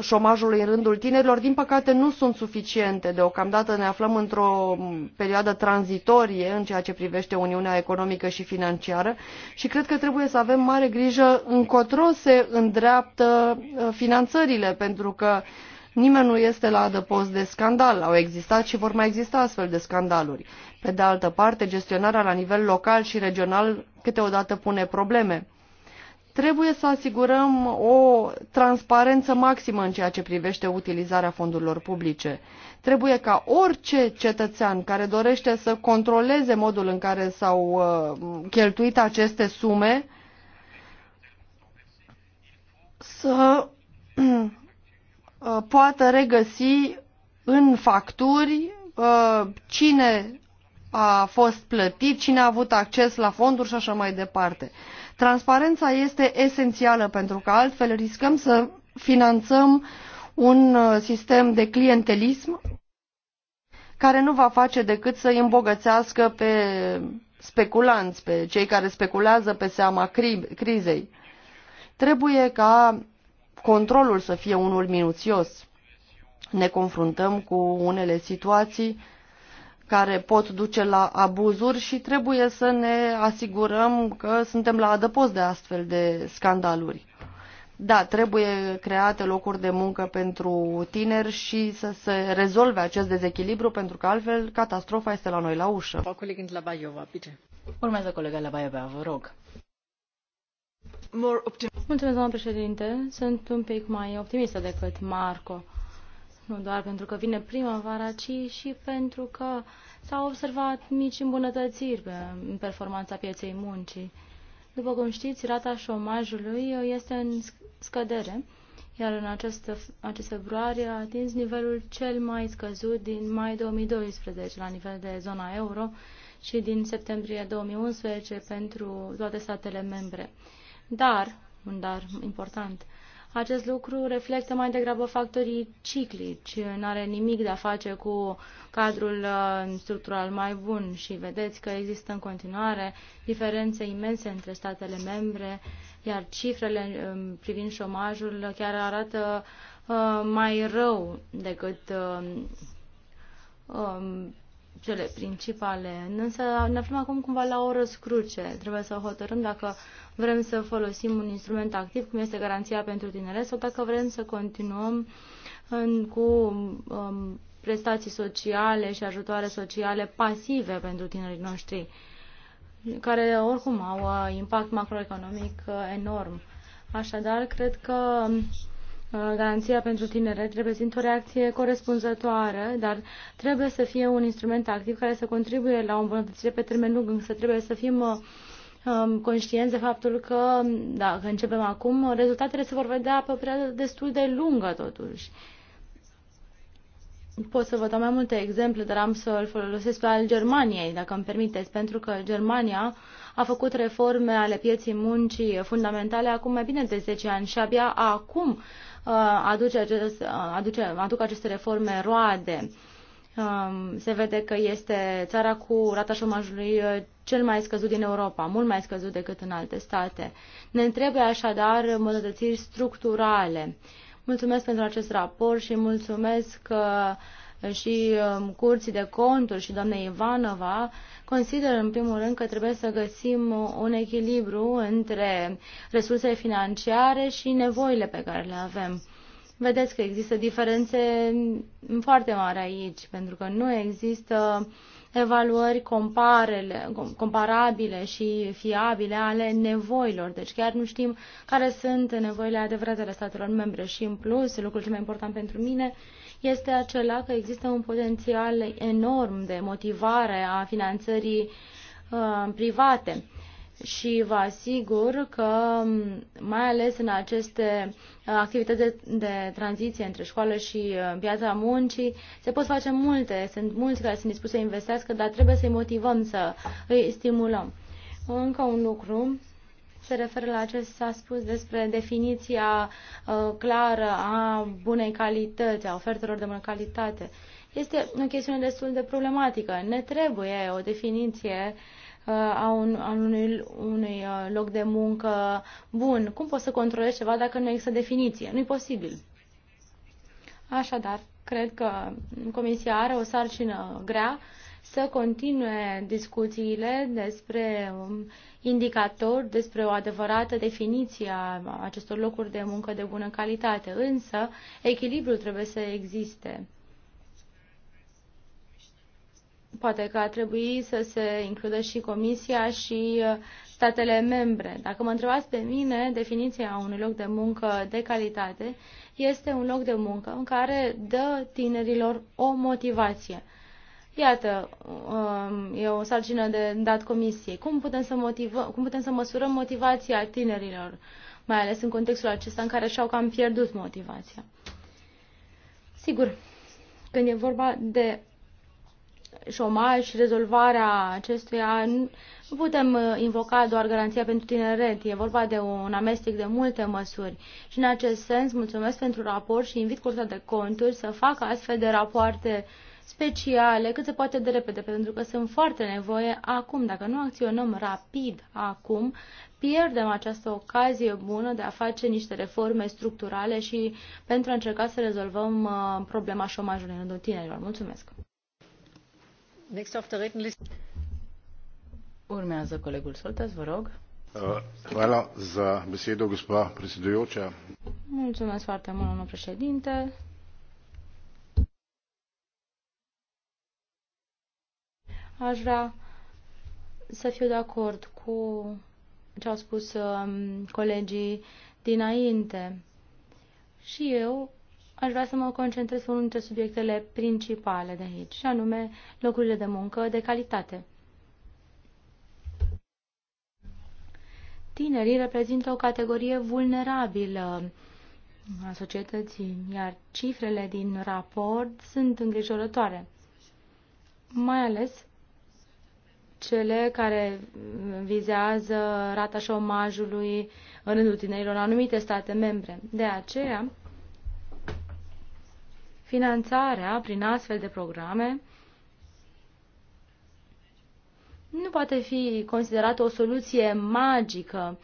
șomajului în rândul tinerilor, din păcate, nu sunt suficiente. Deocamdată ne aflăm într-o perioadă tranzitorie în ceea ce privește Uniunea Economică și Financiară și cred că trebuie să avem mare grijă încotro se îndreaptă uh, finanțările, pentru că nimeni nu este la adăpost de scandal. Au existat și vor mai exista astfel de scandaluri. Pe de altă parte, gestionarea la nivel local și regional câteodată pune probleme Trebuie să asigurăm o transparență maximă în ceea ce privește utilizarea fondurilor publice. Trebuie ca orice cetățean care dorește să controleze modul în care s-au uh, cheltuit aceste sume să uh, poată regăsi în facturi uh, cine a fost plătit, cine a avut acces la fonduri și așa mai departe. Transparența este esențială pentru că altfel riscăm să finanțăm un uh, sistem de clientelism care nu va face decât să îi îmbogățească pe speculanți, pe cei care speculează pe seama cri crizei. Trebuie ca controlul să fie unul minuțios. Ne confruntăm cu unele situații care pot duce la abuzuri și trebuie să ne asigurăm că suntem la adăpost de astfel de scandaluri. Da, trebuie create locuri de muncă pentru tineri și să se rezolve acest dezechilibru, pentru că altfel catastrofa este la noi la ușă. Urmează colega Labaiova, vă rog. Mulțumesc, doamnă președinte. Sunt un pic mai optimistă decât Marco nu doar pentru că vine primăvara, ci și pentru că s-au observat mici îmbunătățiri în performanța pieței muncii. După cum știți, rata șomajului este în scădere, iar în acest, acest februarie a atins nivelul cel mai scăzut din mai 2012 la nivel de zona euro și din septembrie 2011 pentru toate statele membre. Dar, un dar important, acest lucru reflectă mai degrabă factorii ciclici, nu are nimic de a face cu cadrul uh, structural mai bun și vedeți că există în continuare diferențe imense între statele membre, iar cifrele um, privind șomajul chiar arată uh, mai rău decât um, um, cele principale. Însă ne aflăm acum cumva la o răscruce. Trebuie să hotărâm dacă vrem să folosim un instrument activ, cum este garanția pentru tinere, sau dacă vrem să continuăm în, cu um, prestații sociale și ajutoare sociale pasive pentru tinerii noștri, care oricum au uh, impact macroeconomic uh, enorm. Așadar, cred că um, Uh, garanția pentru tineret reprezintă o reacție corespunzătoare, dar trebuie să fie un instrument activ care să contribuie la o îmbunătățire pe termen lung, însă trebuie să fim uh, um, conștienți de faptul că, dacă începem acum, rezultatele se vor vedea pe o perioadă destul de lungă, totuși. Pot să vă dau mai multe exemple, dar am să îl folosesc pe al Germaniei, dacă îmi permiteți, pentru că Germania a făcut reforme ale pieții muncii fundamentale acum mai bine de 10 ani și abia acum Uh, aduce, acest, uh, aduce, aduc aceste reforme roade. Um, se vede că este țara cu rata șomajului uh, cel mai scăzut din Europa, mult mai scăzut decât în alte state. Ne trebuie așadar îmbunătățiri structurale. Mulțumesc pentru acest raport și mulțumesc că uh, și um, curții de conturi și doamnei Ivanova, consider în primul rând că trebuie să găsim un echilibru între resursele financiare și nevoile pe care le avem. Vedeți că există diferențe foarte mari aici, pentru că nu există uh, evaluări comparele, comparabile și fiabile ale nevoilor. Deci chiar nu știm care sunt nevoile adevărate ale statelor membre și în plus, lucrul cel mai important pentru mine este acela că există un potențial enorm de motivare a finanțării uh, private și vă asigur că, mai ales în aceste uh, activități de, de tranziție între școală și uh, piața muncii, se pot face multe. Sunt mulți care sunt dispuși să investească, dar trebuie să-i motivăm, să îi stimulăm. Încă un lucru se referă la ce s-a spus despre definiția uh, clară a bunei calități, a ofertelor de bună calitate. Este o chestiune destul de problematică. Ne trebuie o definiție uh, Uh, a, un, a unui, unui uh, loc de muncă bun. Cum poți să controlezi ceva dacă nu există definiție? Nu-i posibil. Așadar, cred că Comisia are o sarcină grea să continue discuțiile despre indicatori, despre o adevărată definiție a acestor locuri de muncă de bună calitate. Însă, echilibrul trebuie să existe. Poate că ar trebui să se includă și Comisia și uh, statele membre. Dacă mă întrebați pe mine, definiția unui loc de muncă de calitate este un loc de muncă în care dă tinerilor o motivație. Iată, um, e o sarcină de dat comisiei. Cum putem să, motivă, cum putem să măsurăm motivația tinerilor, mai ales în contextul acesta în care și-au cam pierdut motivația? Sigur, când e vorba de șomaj și rezolvarea acestuia, nu putem uh, invoca doar garanția pentru tineret. E vorba de un amestec de multe măsuri. Și în acest sens, mulțumesc pentru raport și invit Curtea de Conturi să facă astfel de rapoarte speciale cât se poate de repede, pentru că sunt foarte nevoie acum. Dacă nu acționăm rapid acum, pierdem această ocazie bună de a face niște reforme structurale și pentru a încerca să rezolvăm uh, problema șomajului în rândul tinerilor. Mulțumesc! Next auf der Rednerlist. Urmează colegul Soltes, vă rog. Eh, hvala za besedo, gospa predsedujoča. Mulțumesc foarte mult, domnul președinte. Aș vrea să fiu de acord cu ce au spus um, colegii dinainte. Și eu Aș vrea să mă concentrez pe unul dintre subiectele principale de aici, și anume locurile de muncă de calitate. Tinerii reprezintă o categorie vulnerabilă a societății, iar cifrele din raport sunt îngrijorătoare, mai ales cele care vizează rata șomajului în rândul tinerilor în anumite state membre. De aceea, Finanțarea prin astfel de programe nu poate fi considerată o soluție magică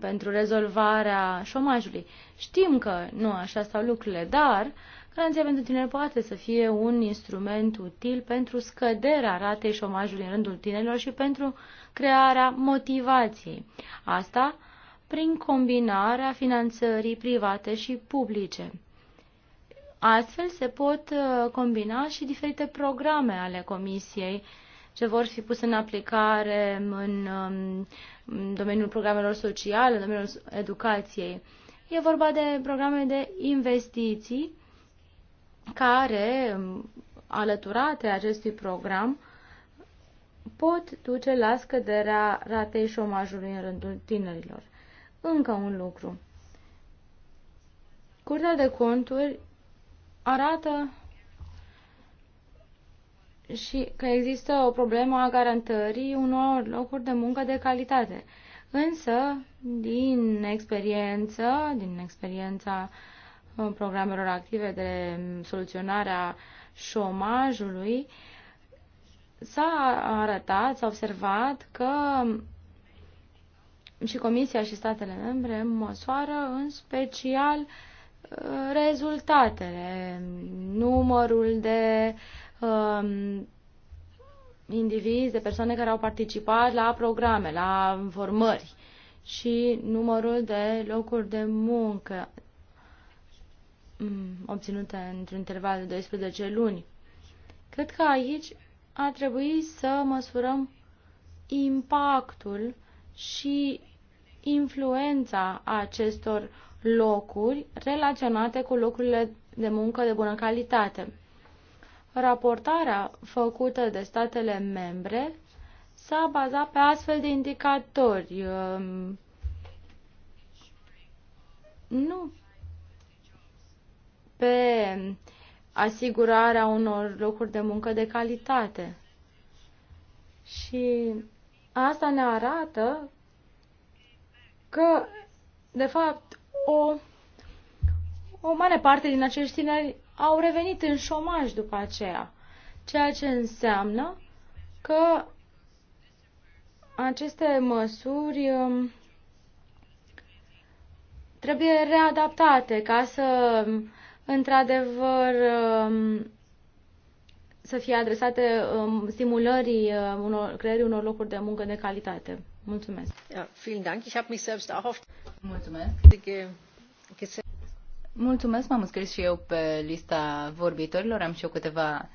pentru rezolvarea șomajului. Știm că nu așa stau lucrurile, dar garanția pentru tineri poate să fie un instrument util pentru scăderea ratei șomajului în rândul tinerilor și pentru crearea motivației. Asta prin combinarea finanțării private și publice. Astfel se pot uh, combina și diferite programe ale Comisiei ce vor fi puse în aplicare în, um, în domeniul programelor sociale, în domeniul educației. E vorba de programe de investiții care, um, alăturate acestui program, pot duce la scăderea ratei șomajului în rândul tinerilor. Încă un lucru. Curtea de conturi arată și că există o problemă a garantării unor locuri de muncă de calitate. Însă, din experiență, din experiența uh, programelor active de soluționare a șomajului, s-a arătat, s-a observat că și Comisia și statele membre măsoară în special rezultatele, numărul de um, indivizi, de persoane care au participat la programe, la formări și numărul de locuri de muncă mm, obținute într-un interval de 12 luni. Cred că aici ar trebui să măsurăm impactul și influența acestor locuri relaționate cu locurile de muncă de bună calitate. Raportarea făcută de statele membre s-a bazat pe astfel de indicatori. Ehm, nu pe asigurarea unor locuri de muncă de calitate. Și asta ne arată că, de fapt, o, o mare parte din acești tineri au revenit în șomaj după aceea, ceea ce înseamnă că aceste măsuri um, trebuie readaptate ca să, um, într-adevăr, um, să fie adresate stimulării unor, creării unor locuri de muncă de calitate. Mulțumesc. Mulțumesc. Mulțumesc, m-am înscris și eu pe lista vorbitorilor. Am și eu câteva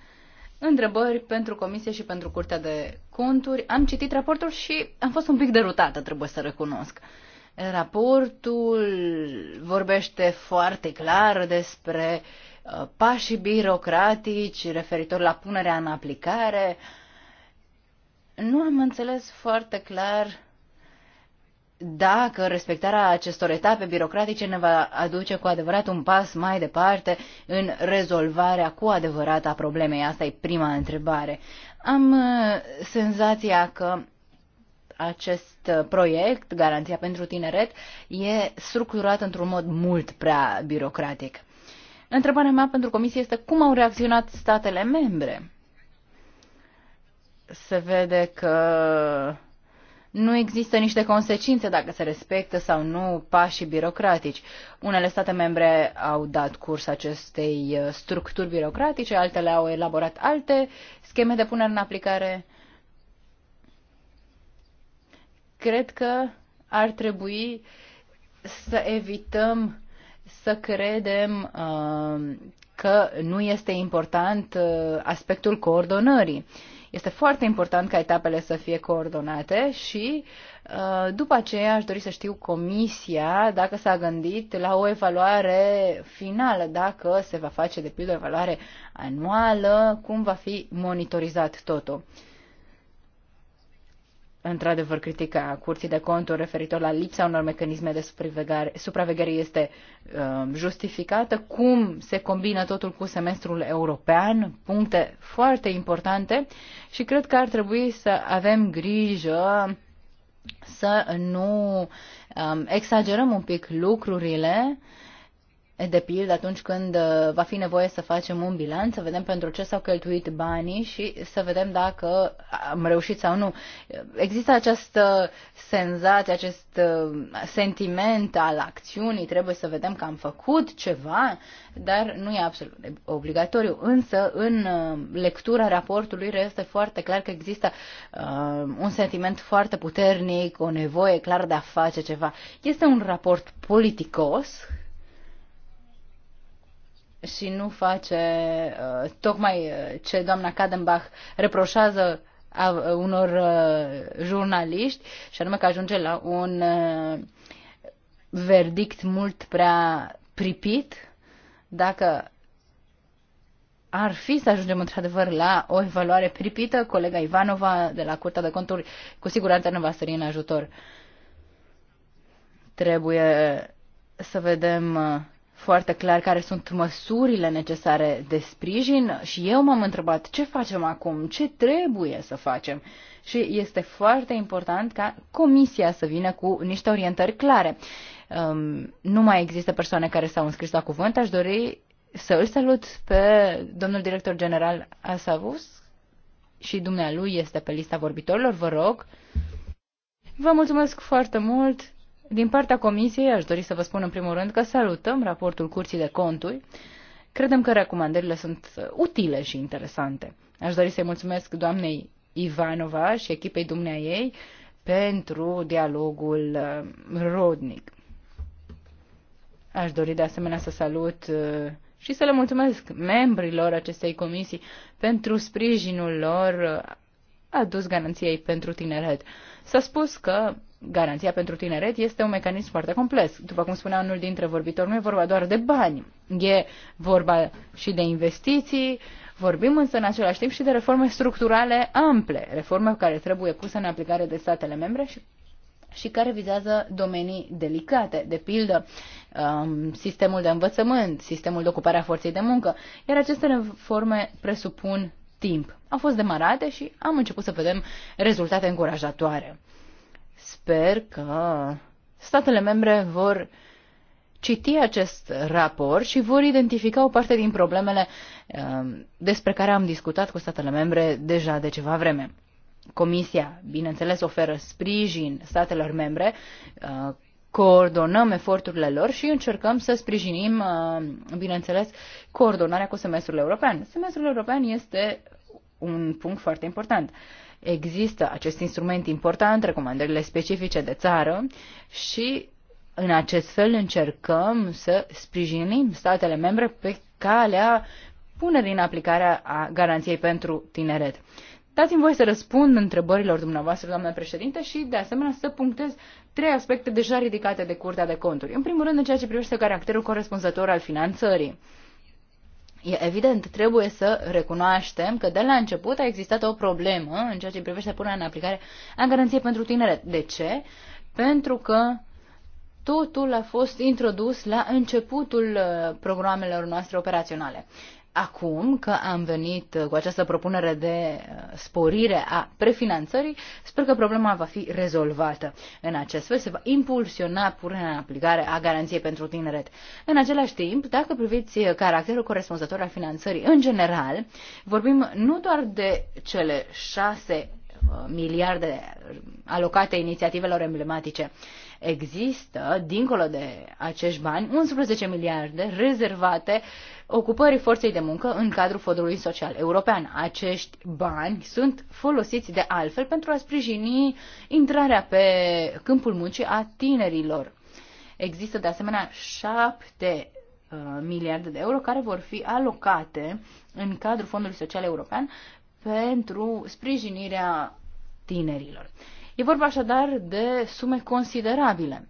întrebări pentru comisie și pentru Curtea de Conturi. Am citit raportul și am fost un pic derutată, trebuie să recunosc. Raportul vorbește foarte clar despre uh, pașii birocratici referitor la punerea în aplicare uh, nu am înțeles foarte clar dacă respectarea acestor etape birocratice ne va aduce cu adevărat un pas mai departe în rezolvarea cu adevărat a problemei. Asta e prima întrebare. Am uh, senzația că acest uh, proiect, Garanția pentru Tineret, e structurat într-un mod mult prea birocratic. Întrebarea mea pentru Comisie este cum au reacționat statele membre se vede că nu există niște consecințe dacă se respectă sau nu pașii birocratici. Unele state membre au dat curs acestei uh, structuri birocratice, altele au elaborat alte scheme de punere în aplicare. Cred că ar trebui să evităm să credem uh, că nu este important uh, aspectul coordonării. Uh, este foarte important ca etapele să fie coordonate și uh, după aceea aș dori să știu comisia dacă s-a gândit la o evaluare finală, dacă se va face de pildă o evaluare anuală, cum va fi monitorizat totul într-adevăr, critica Curții de Conturi referitor la lipsa unor mecanisme de supraveghere, supraveghere este uh, justificată. Cum se combină totul cu semestrul european? Puncte foarte importante și cred că ar trebui să avem grijă să nu um, exagerăm un pic lucrurile uh, de pildă atunci când uh, va fi nevoie să facem un bilanț, să vedem pentru ce s-au cheltuit banii și să vedem dacă am reușit sau nu. Există această senzație, acest uh, uh, sentiment al acțiunii, trebuie să vedem că am făcut ceva, dar nu e absolut obligatoriu. Însă, în lectura raportului este foarte clar că există uh, un sentiment foarte puternic, o nevoie clară de a face ceva. Este un raport politicos, și nu face uh, tocmai uh, ce doamna Kadenbach reproșează a, unor uh, jurnaliști, și anume că ajunge la un uh, verdict mult prea pripit, dacă ar fi să ajungem într-adevăr la o evaluare pripită, colega Ivanova de la Curtea de Conturi cu siguranță ne va sări în ajutor. Trebuie să vedem uh, foarte clar care sunt măsurile necesare de sprijin și eu m-am întrebat ce facem acum, ce trebuie să facem. Și este foarte important ca comisia să vină cu niște orientări clare. Um, nu mai există persoane care s-au înscris la cuvânt. Aș dori să îl salut pe domnul director general Asavus și dumnealui este pe lista vorbitorilor, vă rog. Vă mulțumesc foarte mult. Din partea Comisiei aș dori să vă spun în primul rând că salutăm raportul Curții de Conturi. Credem că recomandările sunt uh, utile și interesante. Aș dori să-i mulțumesc doamnei Ivanova și echipei dumnea ei pentru dialogul uh, rodnic. Aș dori de asemenea să salut uh, și să le mulțumesc membrilor acestei comisii pentru sprijinul lor adus garanției pentru tineret. S-a spus că garanția pentru tineret este un mecanism foarte complex. După cum spunea unul dintre vorbitori, nu e vorba doar de bani, e vorba și de investiții, vorbim însă în același timp și de reforme structurale ample, reforme care trebuie puse în aplicare de statele membre și și care vizează domenii delicate, de pildă um, sistemul de învățământ, sistemul de ocupare a forței de muncă, iar aceste reforme presupun timp. Au fost demarate și am început să vedem rezultate încurajatoare. Sper că statele membre vor citi acest raport și vor identifica o parte din problemele um, despre care am discutat cu statele membre deja de ceva vreme. Comisia, bineînțeles, oferă sprijin statelor membre, uh, coordonăm eforturile lor și încercăm să sprijinim, uh, bineînțeles, coordonarea cu semestrul european. Semestrul european este un punct foarte important. Uh, Există acest instrument important, recomandările specifice de țară și în acest fel încercăm să sprijinim statele membre pe calea punerii în aplicare a garanției pentru tineret. Dați-mi voie să răspund întrebărilor dumneavoastră, doamnă președinte, și de asemenea să punctez trei aspecte deja ridicate de Curtea de Conturi. În primul rând, în ceea ce privește caracterul corespunzător al finanțării. E evident, trebuie să recunoaștem că de la început a existat o problemă în ceea ce privește punerea în aplicare a garanției pentru tineret. De ce? Pentru că totul a fost introdus la începutul uh, programelor noastre operaționale acum că am venit cu această propunere de uh, sporire a prefinanțării, sper că problema va fi rezolvată. În acest fel se va impulsiona punerea în aplicare a garanției pentru tineret. În același timp, dacă priviți caracterul corespunzător al finanțării în general, vorbim nu doar de cele șase uh, miliarde alocate inițiativelor emblematice, Există, dincolo de acești bani, 11 miliarde rezervate ocupării forței de muncă în cadrul Fondului Social European. Acești bani sunt folosiți de altfel pentru a sprijini intrarea pe câmpul muncii a tinerilor. Există de asemenea șapte uh, miliarde de euro care vor fi alocate în cadrul Fondului Social European pentru sprijinirea tinerilor. E vorba așadar de sume considerabile.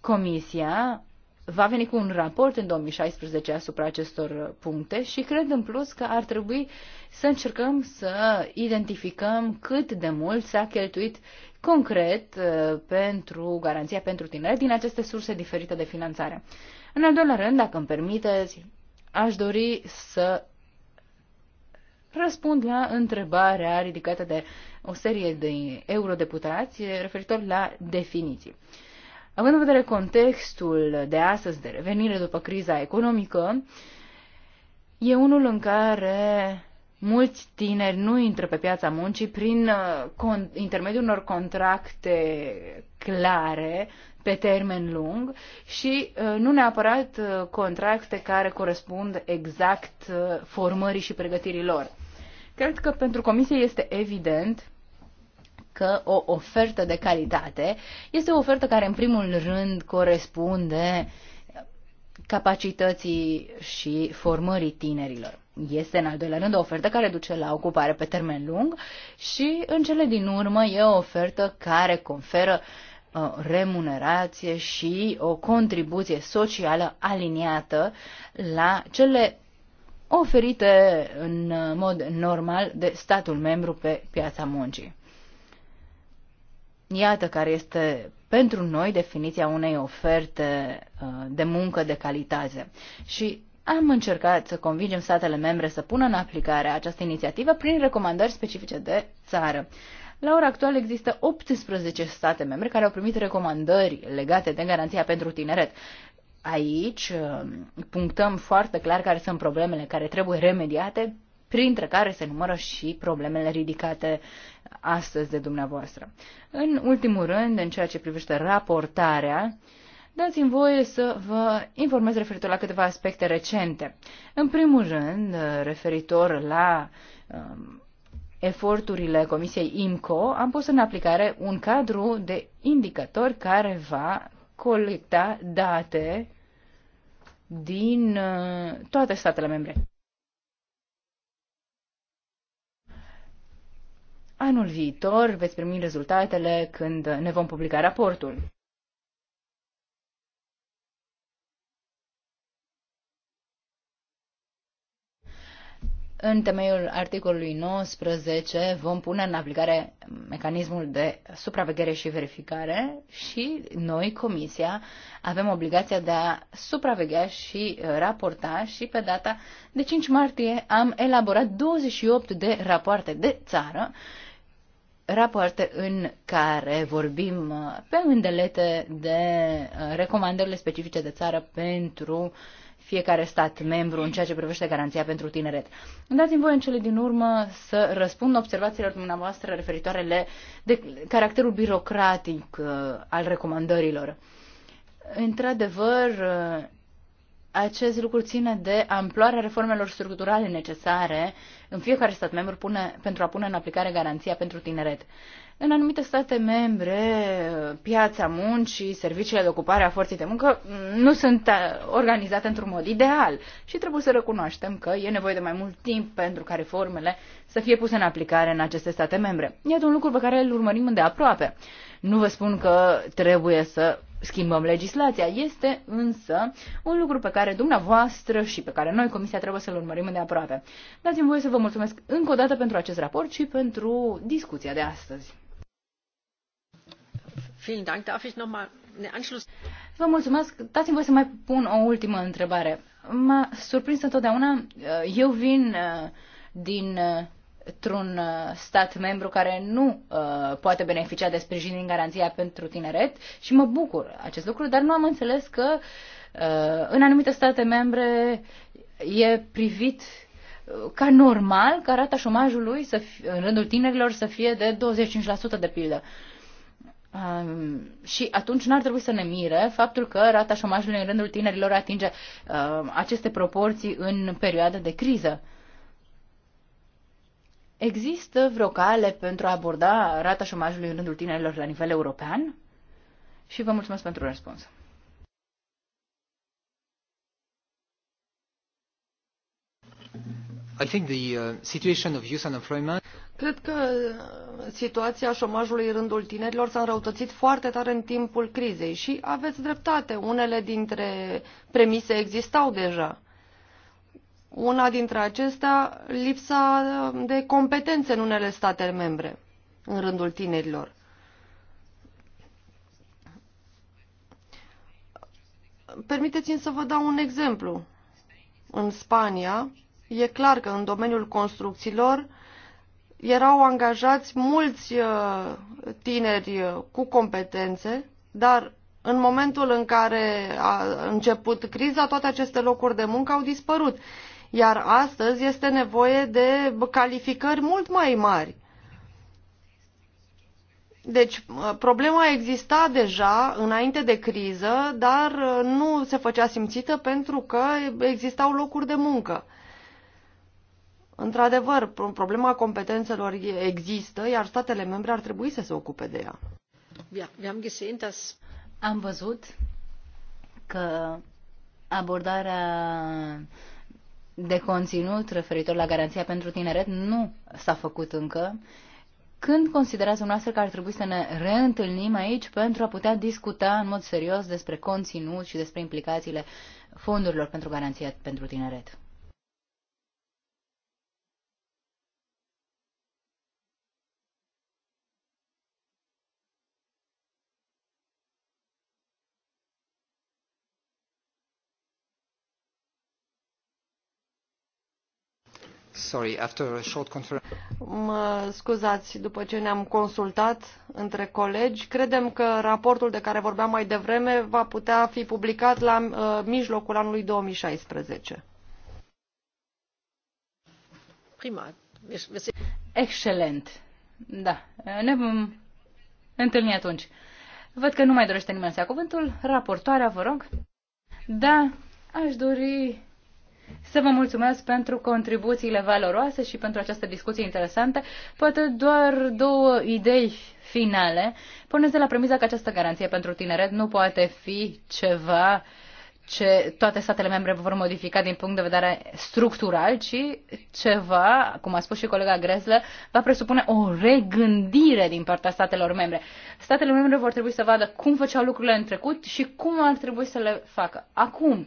Comisia va veni cu un raport în 2016 asupra acestor puncte și cred în plus că ar trebui să încercăm să identificăm cât de mult s-a cheltuit concret uh, pentru garanția pentru tineri din aceste surse diferite de finanțare. În al doilea rând, dacă îmi permiteți, aș dori să răspund la întrebarea ridicată de o serie de eurodeputați referitor la definiții. Având în vedere contextul de astăzi de revenire după criza economică, e unul în care mulți tineri nu intră pe piața muncii prin uh, intermediul unor contracte clare pe termen lung și uh, nu neapărat uh, contracte care corespund exact formării și pregătirii lor. Cred că pentru Comisie este evident că o ofertă de calitate este o ofertă care, în primul rând, corespunde capacității și formării tinerilor. Este, în al doilea rând, o ofertă care duce la ocupare pe termen lung și, în cele din urmă, e o ofertă care conferă uh, remunerație și o contribuție socială aliniată la cele oferite în mod normal de statul membru pe piața muncii. Iată care este pentru noi definiția unei oferte uh, de muncă de calitate. Și am încercat să convingem statele membre să pună în aplicare această inițiativă prin recomandări specifice de țară. La ora actuală există 18 state membre care au primit recomandări legate de garanția pentru tineret aici uh, punctăm foarte clar care sunt problemele care trebuie remediate, printre care se numără și problemele ridicate astăzi de dumneavoastră. În ultimul rând, în ceea ce privește raportarea, dați-mi voie să vă informez referitor la câteva aspecte recente. În primul rând, uh, referitor la um, eforturile Comisiei IMCO, am pus în aplicare un cadru de indicatori care va colecta date din uh, toate statele membre. Anul viitor veți primi rezultatele când ne vom publica raportul. În temeiul articolului 19 vom pune în aplicare mecanismul de supraveghere și verificare și noi, Comisia, avem obligația de a supraveghea și raporta și pe data de 5 martie am elaborat 28 de rapoarte de țară rapoarte în care vorbim pe îndelete de recomandările specifice de țară pentru uh, fiecare stat membru în ceea ce privește garanția pentru tineret. Dați-mi voie în cele din urmă să răspund observațiilor dumneavoastră referitoare la de caracterul birocratic uh, al recomandărilor. Într-adevăr, uh, acest lucru ține de amploarea reformelor structurale necesare în fiecare stat membru pune, pentru a pune în aplicare garanția pentru tineret. În anumite state membre, piața muncii, serviciile de ocupare a forței de muncă nu sunt uh, organizate într-un mod ideal și trebuie să recunoaștem că e nevoie de mai mult timp pentru ca reformele să fie puse în aplicare în aceste state membre. Iată un lucru pe care îl urmărim îndeaproape. Nu vă spun că trebuie să schimbăm legislația. Este însă un lucru pe care dumneavoastră și pe care noi, Comisia, trebuie să-l urmărim îndeaproape. Dați-mi voie să vă mulțumesc încă o dată pentru acest raport și pentru discuția de astăzi. Vă mulțumesc. Dați-mi voi să mai pun o ultimă întrebare. M-a surprins întotdeauna. Uh, eu vin uh, dintr-un uh, stat membru care nu poate beneficia de sprijin din garanția pentru tineret și mă bucur acest lucru, dar nu am înțeles că în anumite state membre e privit ca normal ca rata șomajului să fie, în rândul tinerilor să fie de 25% de pildă. Uh, Um, și atunci n-ar trebui să ne mire faptul că rata șomajului în rândul tinerilor atinge uh, aceste proporții în perioada de criză. Există vreo cale pentru a aborda rata șomajului în rândul tinerilor la nivel european? Și vă mulțumesc pentru răspuns. I think the uh, situation of youth unemployment Cred că uh, situația șomajului în rândul tinerilor s-a înrăutățit foarte tare în timpul crizei și aveți dreptate. Unele dintre premise existau deja. Una dintre acestea, lipsa uh, de competențe în unele state membre în rândul tinerilor. Permiteți-mi să vă dau un exemplu. În Spania, e clar că în domeniul construcțiilor, erau angajați mulți uh, tineri uh, cu competențe, dar în momentul în care a început criza, toate aceste locuri de muncă au dispărut. Iar astăzi este nevoie de calificări mult mai mari. Deci, uh, problema exista deja înainte de criză, dar nu se făcea simțită pentru că existau locuri de muncă. Într-adevăr, problema competențelor există, iar statele membre ar trebui să se ocupe de ea. Am văzut că abordarea de conținut referitor la garanția pentru tineret nu s-a făcut încă. Când considerați dumneavoastră că ar trebui să ne reîntâlnim aici pentru a putea discuta în mod serios despre conținut și despre implicațiile fondurilor pentru garanția pentru tineret? Sorry, after a short mă scuzați, după ce ne-am consultat între colegi, credem că raportul de care vorbeam mai devreme va putea fi publicat la uh, mijlocul anului 2016. Prima. Excelent. Da, ne vom întâlni atunci. Văd că nu mai dorește nimeni să ia cuvântul. Raportoarea, vă rog. Da, aș dori să vă mulțumesc pentru contribuțiile valoroase și pentru această discuție interesantă. Poate doar două idei finale. Puneți de la premiza că această garanție pentru tineret nu poate fi ceva ce toate statele membre vor modifica din punct de vedere structural, ci ceva, cum a spus și colega Greslă, va presupune o regândire din partea statelor membre. Statele membre vor trebui să vadă cum făceau lucrurile în trecut și cum ar trebui să le facă acum.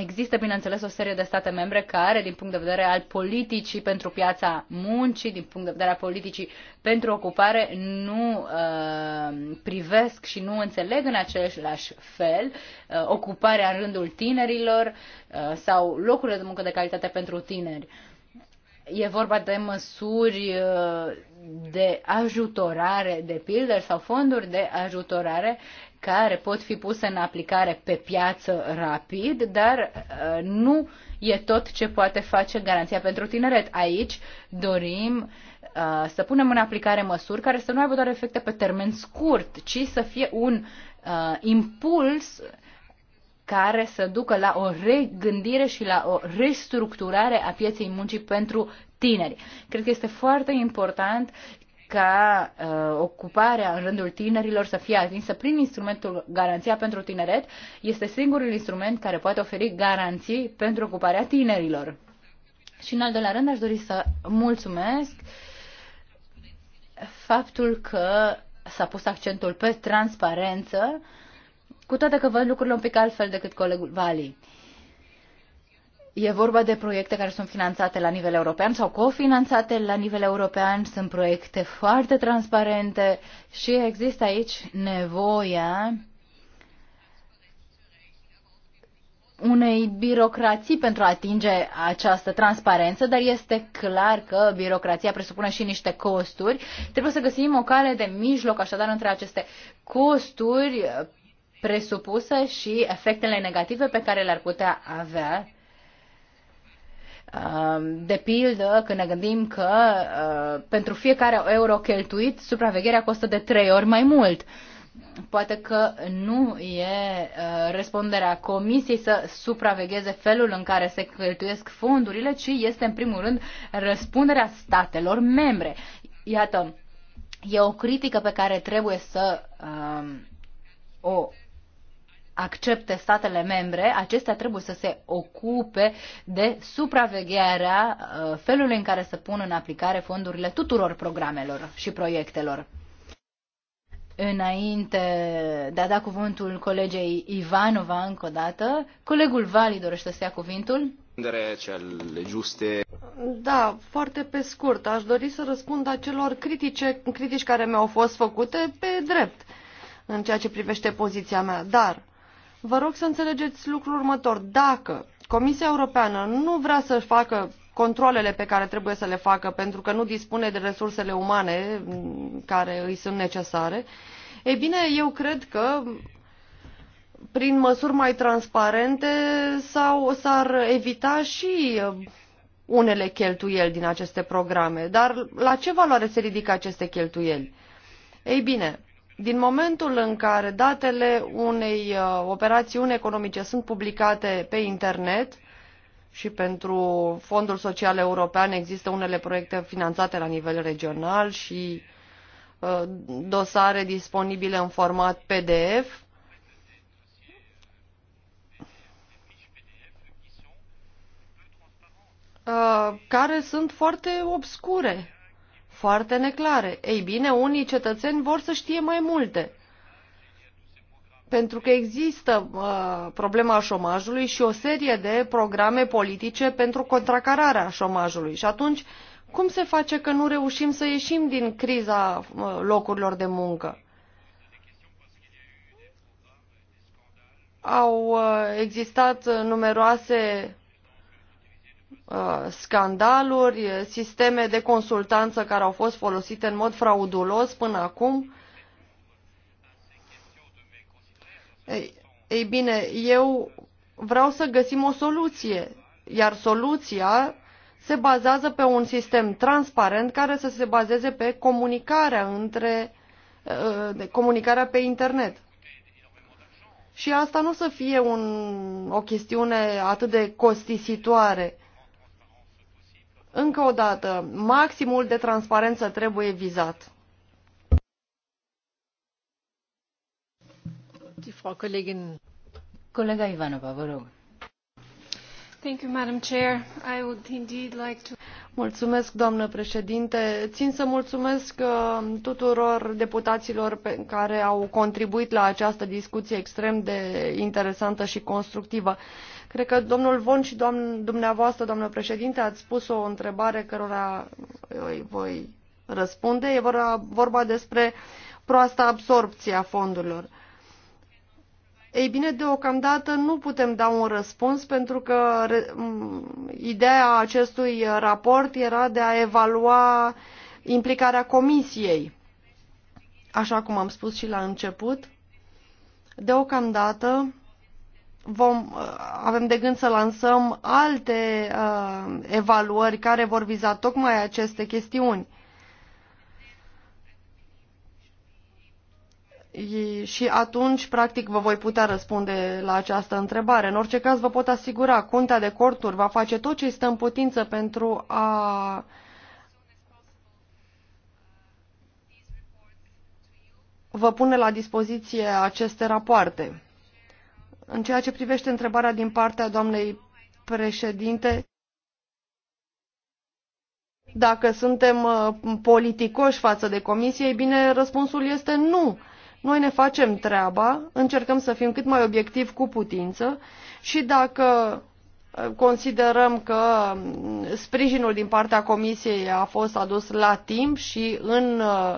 Există, bineînțeles, o serie de state membre care, din punct de vedere al politicii pentru piața muncii, din punct de vedere al politicii pentru ocupare, nu uh, privesc și nu înțeleg în același fel uh, ocuparea în rândul tinerilor uh, sau locurile de muncă de calitate pentru tineri. E vorba de măsuri uh, de ajutorare, de pildă, sau fonduri de ajutorare care pot fi puse în aplicare pe piață rapid, dar uh, nu e tot ce poate face garanția pentru tineret. Aici dorim uh, să punem în aplicare măsuri care să nu aibă doar efecte pe termen scurt, ci să fie un uh, impuls care să ducă la o regândire și la o restructurare a pieței muncii pentru tineri. Cred că este foarte important ca uh, ocuparea în rândul tinerilor să fie atinsă prin instrumentul Garanția pentru Tineret, este singurul instrument care poate oferi garanții pentru ocuparea tinerilor. Și în al doilea rând aș dori să mulțumesc faptul că s-a pus accentul pe transparență, cu toate că văd lucrurile un pic altfel decât colegul Vali. Uh, E vorba de proiecte care sunt finanțate la nivel european sau cofinanțate la nivel european, sunt proiecte foarte transparente și există aici nevoia unei birocrații pentru a atinge această transparență, dar este clar că birocrația presupune și niște costuri. Trebuie să găsim o cale de mijloc, așadar, între aceste costuri eh, presupuse și efectele negative pe care le-ar putea avea Um, de pildă, când ne gândim că uh, pentru fiecare euro cheltuit, supravegherea costă de trei ori mai mult. Poate că nu e uh, răspunderea comisiei să supravegheze felul în care se cheltuiesc fondurile, ci este în primul rând răspunderea statelor membre. Iată, e o critică pe care trebuie să um, o accepte statele membre, acestea trebuie să se ocupe de supravegherea uh, felului în care se pun în aplicare fondurile tuturor programelor și proiectelor. Înainte de a da cuvântul colegei Ivanova încă o dată, colegul Vali dorește să ia cuvântul. Cele juste. Da, foarte pe scurt. Aș dori să răspund acelor critice, critici care mi-au fost făcute pe drept în ceea ce privește poziția mea. Dar Vă rog să înțelegeți lucrul următor. Dacă Comisia Europeană nu vrea să facă controlele pe care trebuie să le facă pentru că nu dispune de resursele umane care îi sunt necesare, e bine, eu cred că prin măsuri mai transparente sau s-ar evita și uh, unele cheltuieli din aceste programe. Dar la ce valoare se ridică aceste cheltuieli? Ei bine, din momentul în care datele unei uh, operațiuni economice sunt publicate pe internet și pentru Fondul Social European există unele proiecte finanțate la nivel regional și uh, dosare disponibile în format PDF, uh, care sunt foarte obscure foarte neclare. Ei bine, unii cetățeni vor să știe mai multe. Pentru că există uh, problema șomajului și o serie de programe politice pentru contracararea șomajului. Și atunci, cum se face că nu reușim să ieșim din criza uh, locurilor de muncă? Au uh, existat uh, numeroase Uh, scandaluri, sisteme de consultanță care au fost folosite în mod fraudulos până acum. Ei, ei bine, eu vreau să găsim o soluție, iar soluția se bazează pe un sistem transparent care să se bazeze pe comunicarea între uh, comunicarea pe internet. Și asta nu o să fie un, o chestiune atât de costisitoare încă o dată, maximul de transparență trebuie vizat. Colega Ivanova, vă rog. Mulțumesc, doamnă președinte. Țin să mulțumesc uh, tuturor deputaților care au contribuit la această discuție extrem de interesantă și constructivă. Cred că domnul Von și doamn, dumneavoastră, doamnă președinte, ați pus o întrebare cărora uh, îi voi răspunde. E vorba despre proasta absorpție a fondurilor. Ei bine, deocamdată nu putem da un răspuns pentru că ideea acestui raport era de a evalua implicarea comisiei. Așa cum am spus și la început, deocamdată vom, avem de gând să lansăm alte uh, evaluări care vor viza tocmai aceste chestiuni. și atunci, practic, vă voi putea răspunde la această întrebare. În orice caz, vă pot asigura, Cuntea de Corturi va face tot ce stă în putință pentru a vă pune la dispoziție aceste rapoarte. În ceea ce privește întrebarea din partea doamnei președinte, dacă suntem uh, politicoși față de comisie, bine, răspunsul este nu. Noi ne facem treaba, încercăm să fim cât mai obiectivi cu putință și dacă uh, considerăm că mm, sprijinul din partea Comisiei a fost adus la timp și în uh,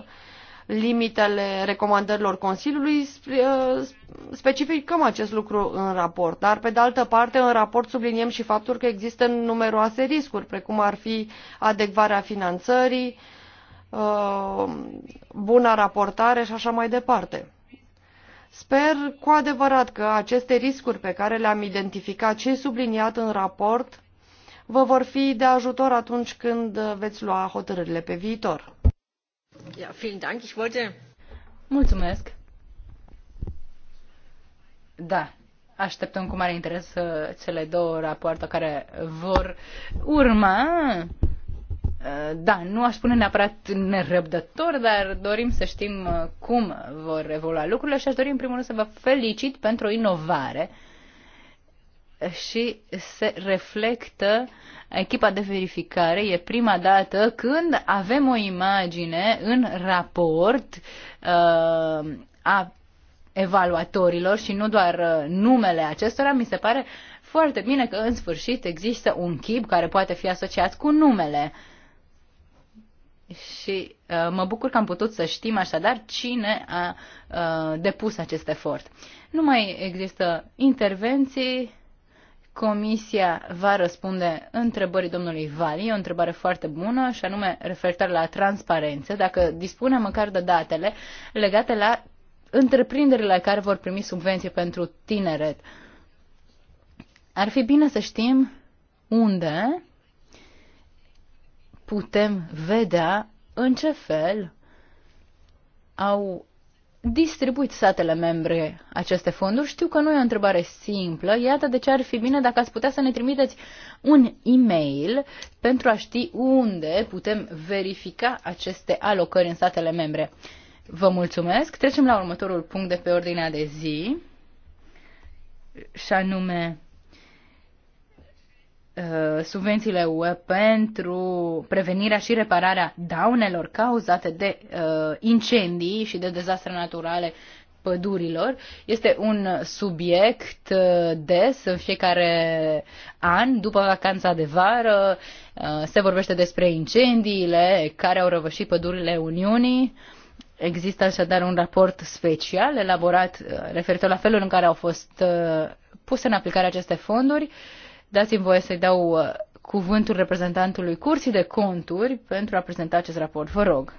limitele recomandărilor Consiliului, uh, specificăm acest lucru în raport. Dar, pe de altă parte, în raport subliniem și faptul că există numeroase riscuri, precum ar fi adecvarea finanțării, Uh, buna raportare și așa mai departe. Sper cu adevărat că aceste riscuri pe care le-am identificat și subliniat în raport vă vor fi de ajutor atunci când veți lua hotărârile pe viitor. Ja, vielen Dank. Ich wollte... Mulțumesc. Da, așteptăm cu mare interes uh, cele două rapoarte care vor urma. Eh, da, nu aș spune neapărat nerăbdător, dar dorim să știm eh, cum vor evolua lucrurile și aș dori în primul rând să vă felicit pentru o inovare și se reflectă echipa de verificare. E prima dată când avem o imagine în raport uh, a evaluatorilor și nu doar numele acestora. Mi se pare foarte bine că în sfârșit există un chip care poate fi asociat cu numele. Uh, și uh, mă bucur că am putut să știm așadar cine a uh, depus acest efort. Nu mai există intervenții. Comisia va răspunde întrebării domnului Vali, o întrebare foarte bună, și anume referitor la transparență, dacă dispune măcar de datele legate la întreprinderile care vor primi subvenții pentru tineret. Ar fi bine să știm unde putem vedea în ce fel au distribuit statele membre aceste fonduri. Știu că nu e o întrebare simplă, iată de ce ar fi bine dacă ați putea să ne trimiteți un e-mail pentru a ști unde putem verifica aceste alocări în statele membre. Vă mulțumesc. Trecem la următorul punct de pe ordinea de zi, și anume Uh, subvențiile UE pentru prevenirea și repararea daunelor cauzate de uh, incendii și de dezastre naturale pădurilor. Este un subiect uh, des în fiecare an, după vacanța de vară, uh, se vorbește despre incendiile care au răvășit pădurile Uniunii. Există așadar un raport special elaborat referitor la felul în care au fost puse în aplicare aceste fonduri. Uh, Dați-mi voie să-i dau uh, cuvântul reprezentantului Curții de Conturi pentru a prezenta acest raport. Vă rog.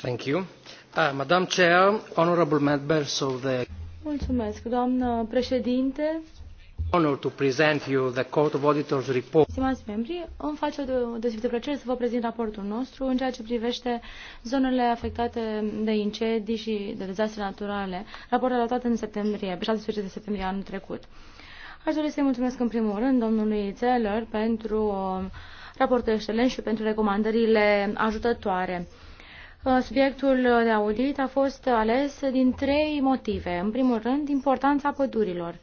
Thank you. Uh, Madam Chair, honorable members of the... Mulțumesc, doamnă președinte. Honor to present you the Court of Auditors report. Stimați membri, îmi face o deosebită plăcere să vă prezint raportul nostru în ceea ce privește zonele afectate de incendii și de dezastre naturale. Raportul a dat în septembrie, pe 16 septembrie anul trecut. Uh, Aș dori să-i mulțumesc în primul rând domnului Zeller pentru uh, raportul excelent și pentru recomandările ajutătoare. Uh, subiectul de audit a fost ales din trei motive. În primul rând, importanța pădurilor.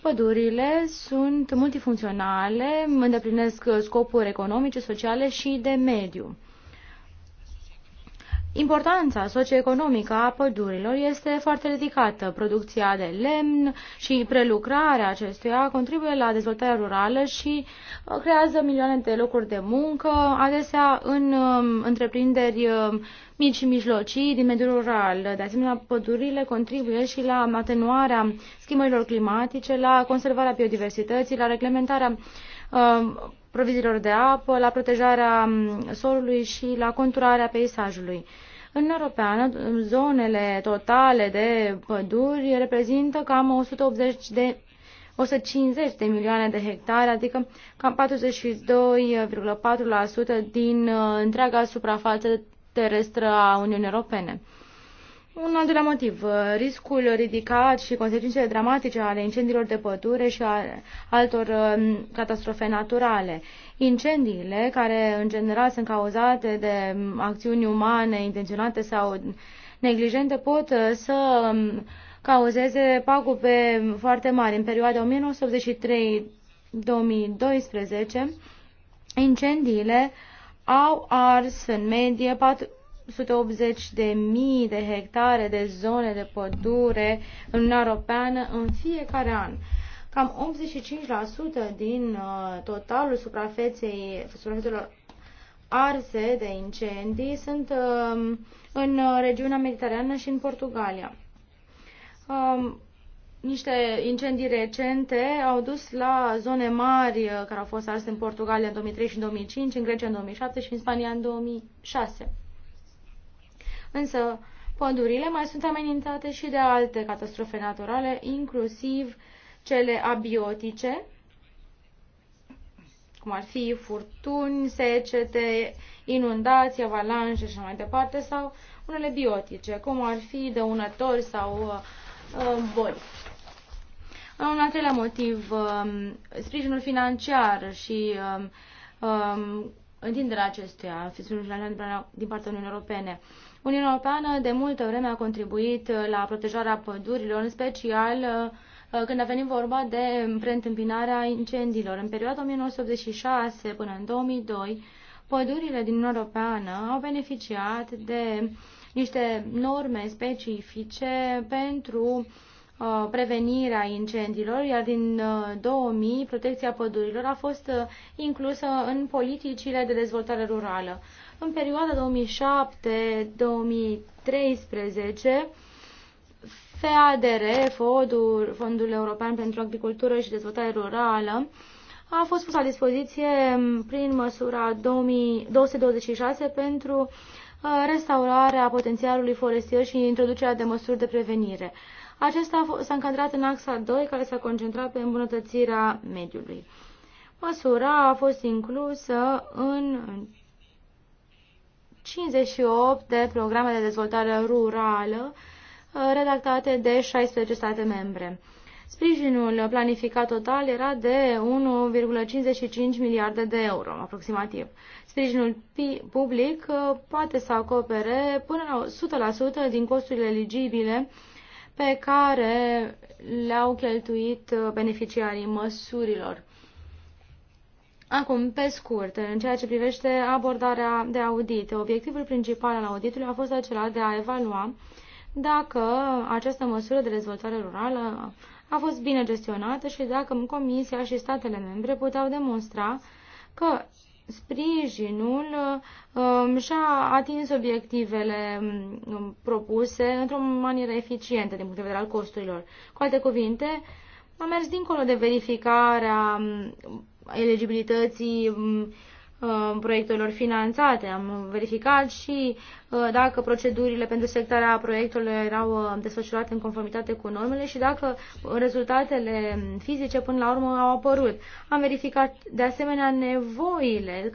Pădurile sunt multifuncționale, îndeplinesc scopuri economice, sociale și de mediu. Importanța socioeconomică a pădurilor este foarte ridicată. Producția de lemn și prelucrarea acestuia contribuie la dezvoltarea rurală și uh, creează milioane de locuri de muncă, adesea în um, întreprinderi um, mici și mijlocii din mediul rural. De asemenea, pădurile contribuie și la atenuarea schimbărilor climatice, la conservarea biodiversității, la reglementarea um, provizilor de apă, la protejarea solului și la conturarea peisajului. În Europeană, zonele totale de păduri reprezintă cam 180 de 150 de milioane de hectare, adică cam 42,4% din uh, întreaga suprafață terestră a Uniunii Europene. Un al doilea motiv, uh, riscul ridicat și consecințele dramatice ale incendiilor de pădure și a altor uh, catastrofe naturale. Incendiile, care în general sunt cauzate de um, acțiuni umane, intenționate sau neglijente, pot uh, să um, cauzeze pagube foarte mari. În perioada 1983-2012, incendiile au ars în medie 4 180 de mii de hectare de zone de pădure în Uniunea Europeană în fiecare an. Cam 85% din uh, totalul suprafeței, suprafețelor arse de incendii sunt um, în uh, regiunea mediterană și în Portugalia. Um, niște incendii recente au dus la zone mari uh, care au fost arse în Portugalia în 2003 și în 2005, în Grecia în 2007 și în Spania în 2006. Însă, pădurile mai sunt amenințate și de alte catastrofe naturale, inclusiv cele abiotice, cum ar fi furtuni, secete, inundații, avalanșe și mai departe, sau unele biotice, cum ar fi dăunători sau uh, uh, boli. Un al treilea motiv, um, sprijinul financiar și um, um, întinderea acestuia, sprijinul financiar din partea Uniunii Europene. Uniunea Europeană de multă vreme a contribuit uh, la protejarea pădurilor, în special uh, uh, când a venit vorba de preîntâmpinarea incendiilor. În perioada 1986 până în 2002, pădurile din Uniunea Europeană au beneficiat de niște norme specifice pentru prevenirea incendiilor, iar din 2000 protecția pădurilor a fost inclusă în politicile de dezvoltare rurală. În perioada 2007-2013, FADR, Fondul, Fondul European pentru Agricultură și Dezvoltare Rurală, a fost pus la dispoziție mm, prin măsura 226 pentru uh, restaurarea potențialului forestier și introducerea de măsuri de prevenire. Acesta s-a încadrat în axa 2, care s-a concentrat pe îmbunătățirea mediului. Măsura a fost inclusă în 58 de programe de dezvoltare rurală uh, redactate de 16 state membre. Sprijinul planificat total era de 1,55 miliarde de euro, aproximativ. Sprijinul public uh, poate să acopere până la 100% din costurile eligibile pe care le-au cheltuit uh, beneficiarii măsurilor. Acum, pe scurt, în ceea ce privește abordarea de audit, obiectivul principal al auditului a fost acela de a evalua dacă această măsură de dezvoltare rurală a fost bine gestionată și dacă Comisia și statele membre puteau demonstra că sprijinul um, și-a atins obiectivele um, propuse într-o manieră eficientă din punct de vedere al costurilor. Cu alte cuvinte, a mers dincolo de verificarea um, eligibilității mm, mm, proiectelor finanțate. Am verificat și uh, dacă procedurile pentru sectarea proiectelor erau uh, desfășurate în conformitate cu normele și dacă rezultatele fizice până la urmă au apărut. Am verificat de asemenea nevoile,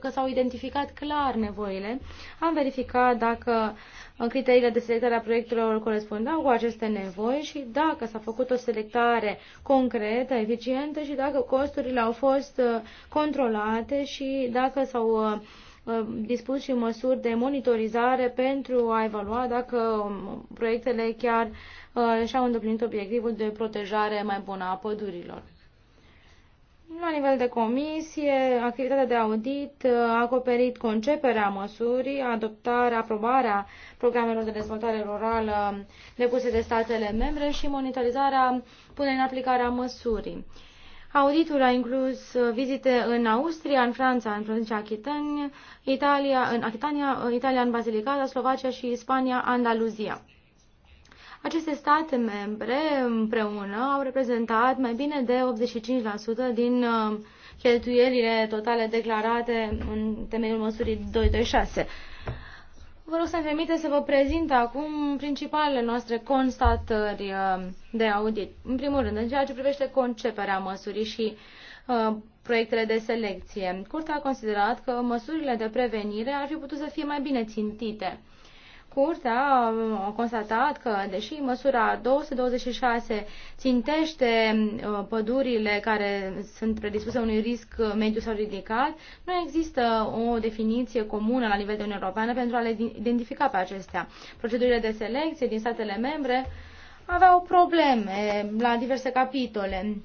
că s-au identificat clar nevoile. Am verificat dacă în criteriile de selectare a proiectelor corespundeau cu aceste nevoi și dacă s-a făcut o selectare concretă, eficientă și dacă costurile au fost uh, controlate și dacă s-au uh, uh, dispus și măsuri de monitorizare pentru a evalua dacă um, proiectele chiar și-au îndeplinit obiectivul de protejare mai bună a pădurilor. La nivel de comisie, activitatea de audit uh, a acoperit conceperea măsurii, adoptarea, aprobarea programelor de dezvoltare rurală depuse de statele membre și monitorizarea punerii în aplicare a măsurii. Auditul a inclus uh, vizite în Austria, în Franța, în provincia Achitania, Italia, în Achitania, uh, Italia în Basilicata, Slovacia și Spania, Andaluzia. Aceste state membre împreună au reprezentat mai bine de 85% din uh, cheltuielile totale declarate în temeiul măsurii 226. Vă rog să-mi permite să vă prezint acum principalele noastre constatări uh, de audit. În primul rând, în ceea ce privește conceperea măsurii și uh, proiectele de selecție. Curtea a considerat că măsurile de prevenire ar fi putut să fie mai bine țintite Curtea a constatat că, deși măsura 226 țintește pădurile care sunt predispuse unui risc mediu sau ridicat, nu există o definiție comună la nivel de Uniune Europeană pentru a le identifica pe acestea. Procedurile de selecție din statele membre aveau probleme la diverse capitole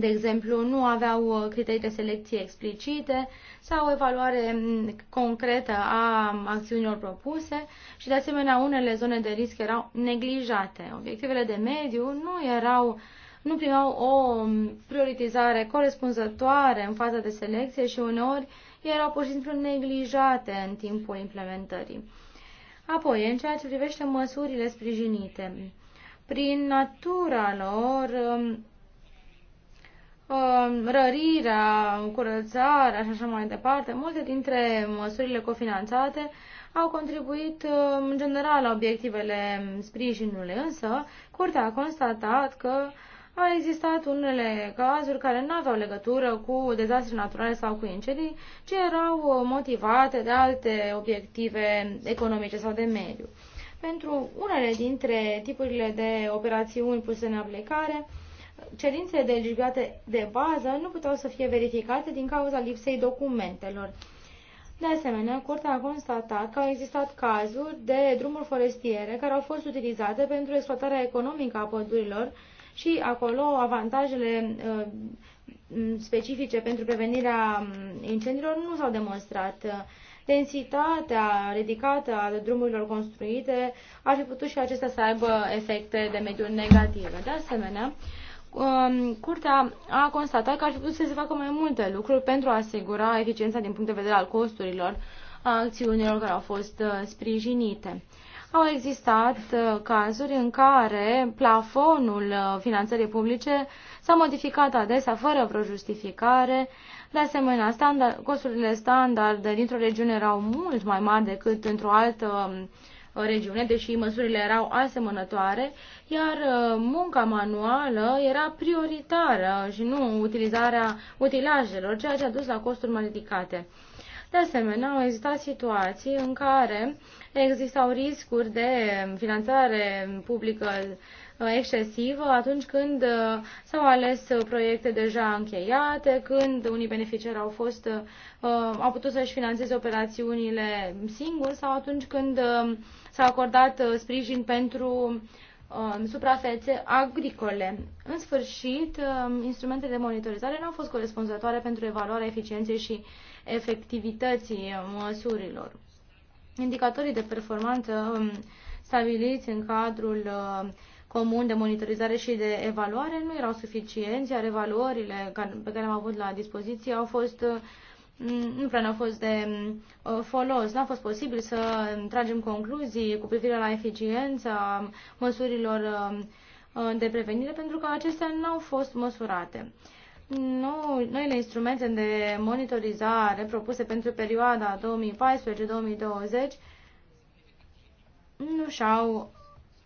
de exemplu, nu aveau uh, criterii de selecție explicite sau o evaluare mm, concretă a acțiunilor propuse și, de asemenea, unele zone de risc erau neglijate. Obiectivele de mediu nu erau nu primeau o mm, prioritizare corespunzătoare în faza de selecție și uneori erau pur și simplu neglijate în timpul implementării. Apoi, în ceea ce privește măsurile sprijinite, prin natura lor, mm, Um, rărirea, curățarea și așa mai departe, multe dintre măsurile cofinanțate au contribuit um, în general la obiectivele sprijinului, însă Curtea a constatat că au existat unele cazuri care nu aveau legătură cu dezastre naturale sau cu incendii, ci erau uh, motivate de alte obiective economice sau de mediu. Pentru unele dintre tipurile de operațiuni puse în aplicare, cerințele de delegate de bază nu puteau să fie verificate din cauza lipsei documentelor. De asemenea, Curtea a constatat că au existat cazuri de drumuri forestiere care au fost utilizate pentru exploatarea economică a pădurilor și acolo avantajele uh, specifice pentru prevenirea um, incendiilor nu s-au demonstrat. Densitatea ridicată a drumurilor construite ar fi putut și acestea să aibă efecte de mediu negative. De asemenea, Um, curtea a constatat că ar fi putut să se facă mai multe lucruri pentru a asigura eficiența din punct de vedere al costurilor a acțiunilor care au fost uh, sprijinite. Au existat uh, cazuri în care plafonul uh, finanțării publice s-a modificat adesea fără vreo justificare. De asemenea, standard, costurile standard dintr-o regiune erau mult mai mari decât într-o altă uh, Uh, regiune, deși măsurile erau asemănătoare, iar uh, munca manuală era prioritară și nu utilizarea utilajelor, ceea ce a dus la costuri mai ridicate. De asemenea, au existat situații în care existau riscuri de finanțare publică uh, excesivă atunci când s-au ales proiecte deja încheiate, când unii beneficiari au fost au putut să-și financeze operațiunile singuri sau atunci când s-a acordat uh, sprijin pentru um, suprafețe agricole. În sfârșit, um, instrumentele de monitorizare nu au fost corespunzătoare pentru evaluarea eficienței și efectivității uh, măsurilor. Indicatorii de performanță um, stabiliți în cadrul uh, comun de monitorizare și de evaluare nu erau suficienți, iar evaluările pe care le-am avut la dispoziție au fost nu prea ne-au fost de uh, folos. N-a fost posibil să tragem concluzii cu privire la eficiența măsurilor uh, uh, de prevenire, pentru că acestea nu au fost măsurate. Nou, noile instrumente de monitorizare propuse pentru perioada 2014-2020 nu și-au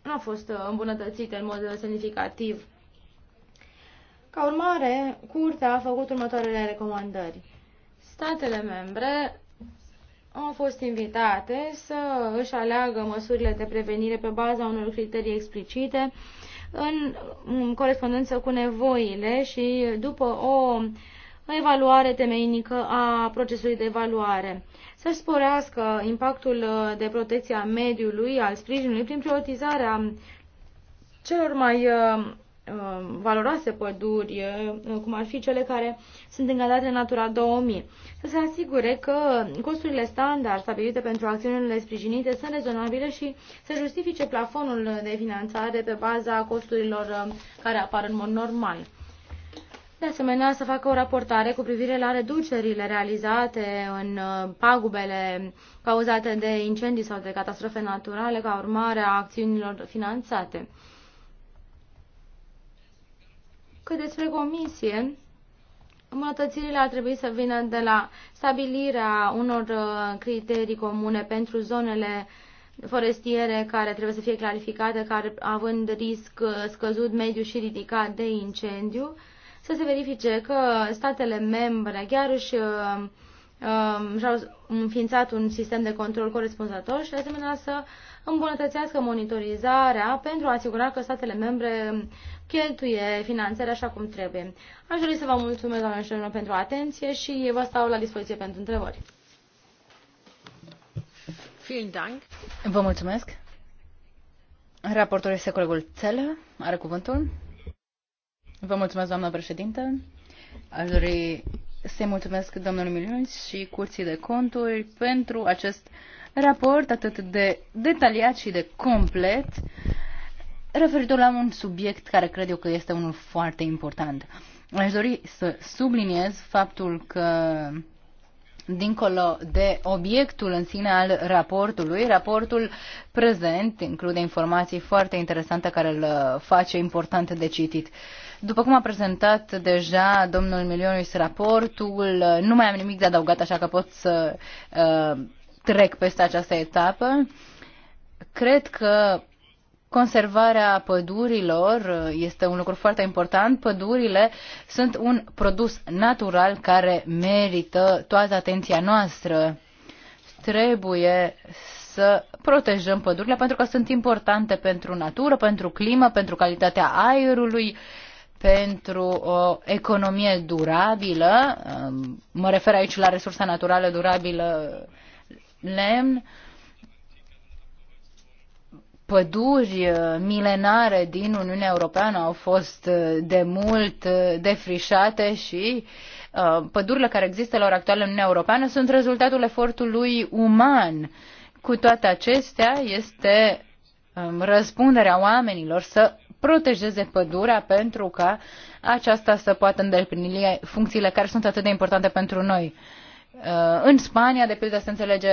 nu au fost îmbunătățite în mod semnificativ. Ca urmare, Curtea a făcut următoarele recomandări statele membre au fost invitate să își aleagă măsurile de prevenire pe baza unor criterii explicite în corespondență cu nevoile și după o evaluare temeinică a procesului de evaluare. Să sporească impactul de protecție a mediului, al sprijinului, prin prioritizarea celor mai Uh, valoroase păduri, uh, cum ar fi cele care sunt încadrate în Natura 2000. Să se asigure că costurile standard stabilite pentru acțiunile sprijinite sunt rezonabile și să justifice plafonul de finanțare pe baza costurilor uh, care apar în mod normal. De asemenea, să facă o raportare cu privire la reducerile realizate în pagubele cauzate de incendii sau de catastrofe naturale ca urmare a acțiunilor finanțate că despre comisie, Îmbunătățirile ar trebui să vină de la stabilirea unor uh, criterii comune pentru zonele forestiere care trebuie să fie clarificate, care având risc uh, scăzut mediu și ridicat de incendiu, să se verifice că statele membre chiar își uh, um, au înființat un sistem de control corespunzător și, de asemenea, să îmbunătățească monitorizarea pentru a asigura că statele membre cheltuie finanțele așa cum trebuie. Aș dori să vă mulțumesc, doamne și domnilor, pentru atenție și vă stau la dispoziție pentru întrebări. Vă mulțumesc. Raportul este colegul Țelă. Are cuvântul. Vă mulțumesc, doamnă președinte. Aș dori să-i mulțumesc domnului Miliuniț și Curții de Conturi pentru acest raport atât de detaliat și de complet referitor la un subiect care cred eu că este unul foarte important. Aș dori să subliniez faptul că dincolo de obiectul în sine al raportului. Raportul prezent include informații foarte interesante care îl face important de citit. După cum a prezentat deja domnul Milionis raportul, nu mai am nimic de adăugat, așa că pot să uh, trec peste această etapă. Cred că Conservarea pădurilor uh, este un lucru foarte important. Pădurile sunt un produs natural care merită toată atenția noastră. Trebuie să protejăm pădurile pentru că sunt importante pentru natură, pentru climă, pentru calitatea aerului, pentru o economie durabilă. Uh, mă refer aici la resursa naturală durabilă lemn păduri uh, milenare din Uniunea Europeană au fost uh, de mult uh, defrișate și pădurile care există la ora actuală în Uniunea Europeană sunt rezultatul efortului uman. Cu toate acestea, este um, răspunderea oamenilor să protejeze pădurea pentru ca aceasta să poată îndeplini funcțiile care sunt atât de importante pentru noi. În Spania, de pildă, se înțelege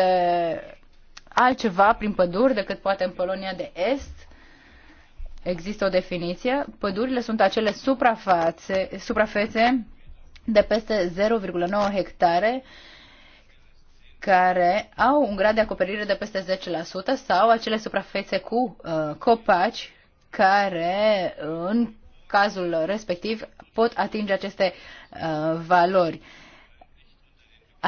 altceva prin păduri decât poate în Polonia de Est. Există o definiție. Pădurile sunt acele suprafețe, suprafețe de peste 0,9 hectare care au un grad de acoperire de peste 10% sau acele suprafețe cu uh, copaci care uh, în cazul respectiv pot atinge aceste uh, valori. Uh,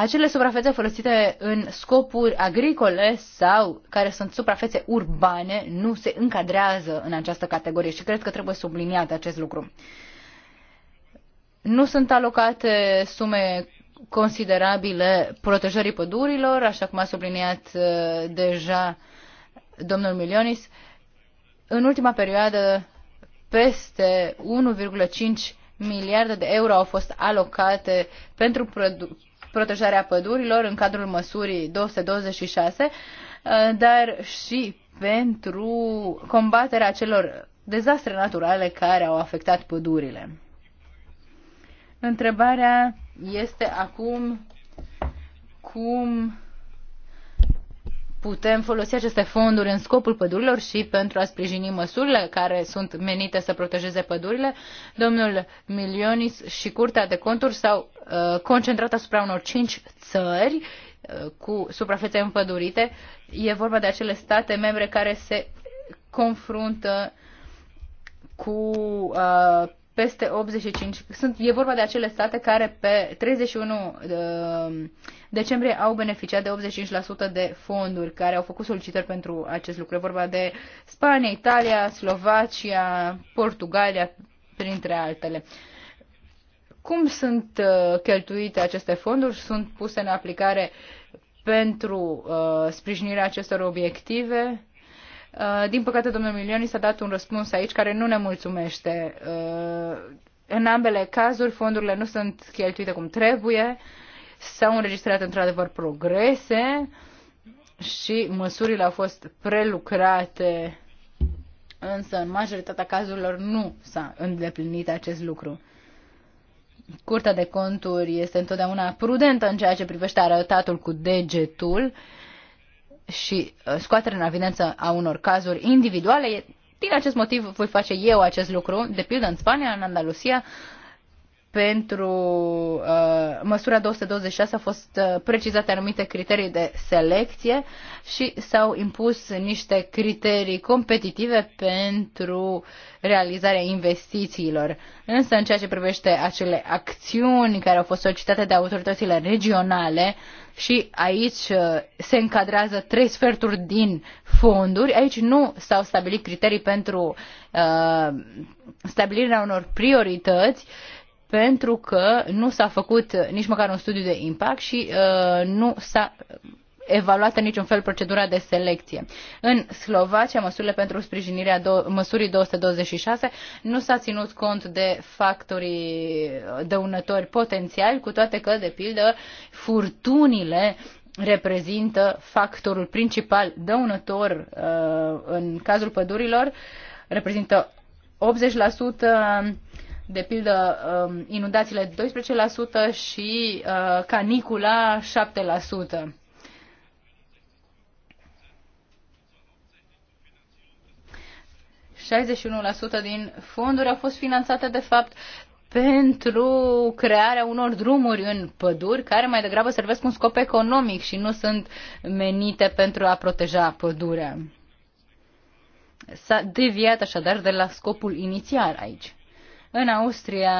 acele suprafețe folosite în scopuri agricole sau care sunt suprafețe urbane nu se încadrează în această categorie și cred că trebuie subliniat acest lucru. Nu sunt alocate sume considerabile protejării pădurilor, așa cum a subliniat uh, deja domnul Milionis. În ultima perioadă, peste 1,5 miliarde de euro au fost alocate pentru protejarea pădurilor în cadrul măsurii 226, uh, dar și pentru combaterea celor dezastre naturale care au afectat pădurile. Întrebarea este acum cum putem folosi aceste fonduri în scopul pădurilor și pentru a sprijini măsurile care sunt menite să protejeze pădurile. Domnul Milionis și Curtea de Conturi s-au uh, concentrat asupra unor cinci țări uh, cu suprafețe împădurite. E vorba de acele state membre care se confruntă cu uh, peste 85. Sunt, e vorba de acele state care pe 31 de, uh, decembrie au beneficiat de 85% de fonduri care au făcut solicitări pentru acest lucru. E vorba de Spania, Italia, Slovacia, Portugalia, printre altele. Cum sunt uh, cheltuite aceste fonduri? Sunt puse în aplicare pentru uh, sprijinirea acestor obiective? Uh, din păcate, domnul Milioni s-a dat un răspuns aici care nu ne mulțumește. Uh, în ambele cazuri, fondurile nu sunt cheltuite cum trebuie, s-au înregistrat într-adevăr progrese și măsurile au fost prelucrate, însă în majoritatea cazurilor nu s-a îndeplinit acest lucru. Curtea de conturi este întotdeauna prudentă în ceea ce privește arătatul cu degetul și uh, scoaterea în evidență a unor cazuri individuale. Din acest motiv voi face eu acest lucru. De pildă, în Spania, în Andalusia, pentru uh, măsura 226 au fost uh, precizate anumite criterii de selecție și s-au impus niște criterii competitive pentru realizarea investițiilor. Însă, în ceea ce privește acele acțiuni care au fost solicitate de autoritățile regionale, și aici uh, se încadrează trei sferturi din fonduri. Aici nu s-au stabilit criterii pentru uh, stabilirea unor priorități uh, pentru că nu s-a făcut nici măcar un studiu de impact și uh, nu s-a evaluată în niciun fel procedura de selecție. În Slovacia, măsurile pentru sprijinirea do- măsurii 226 nu s-a ținut cont de factorii dăunători potențiali, cu toate că, de pildă, furtunile reprezintă factorul principal dăunător uh, în cazul pădurilor, reprezintă 80% de pildă um, inundațiile 12% și uh, canicula 7%. ...61% din fonduri au fost finanțate, de fapt, pentru crearea unor drumuri în păduri care mai degrabă servesc un scop economic și nu sunt menite pentru a proteja pădurea. S-a deviat așadar de la scopul inițial aici. În Austria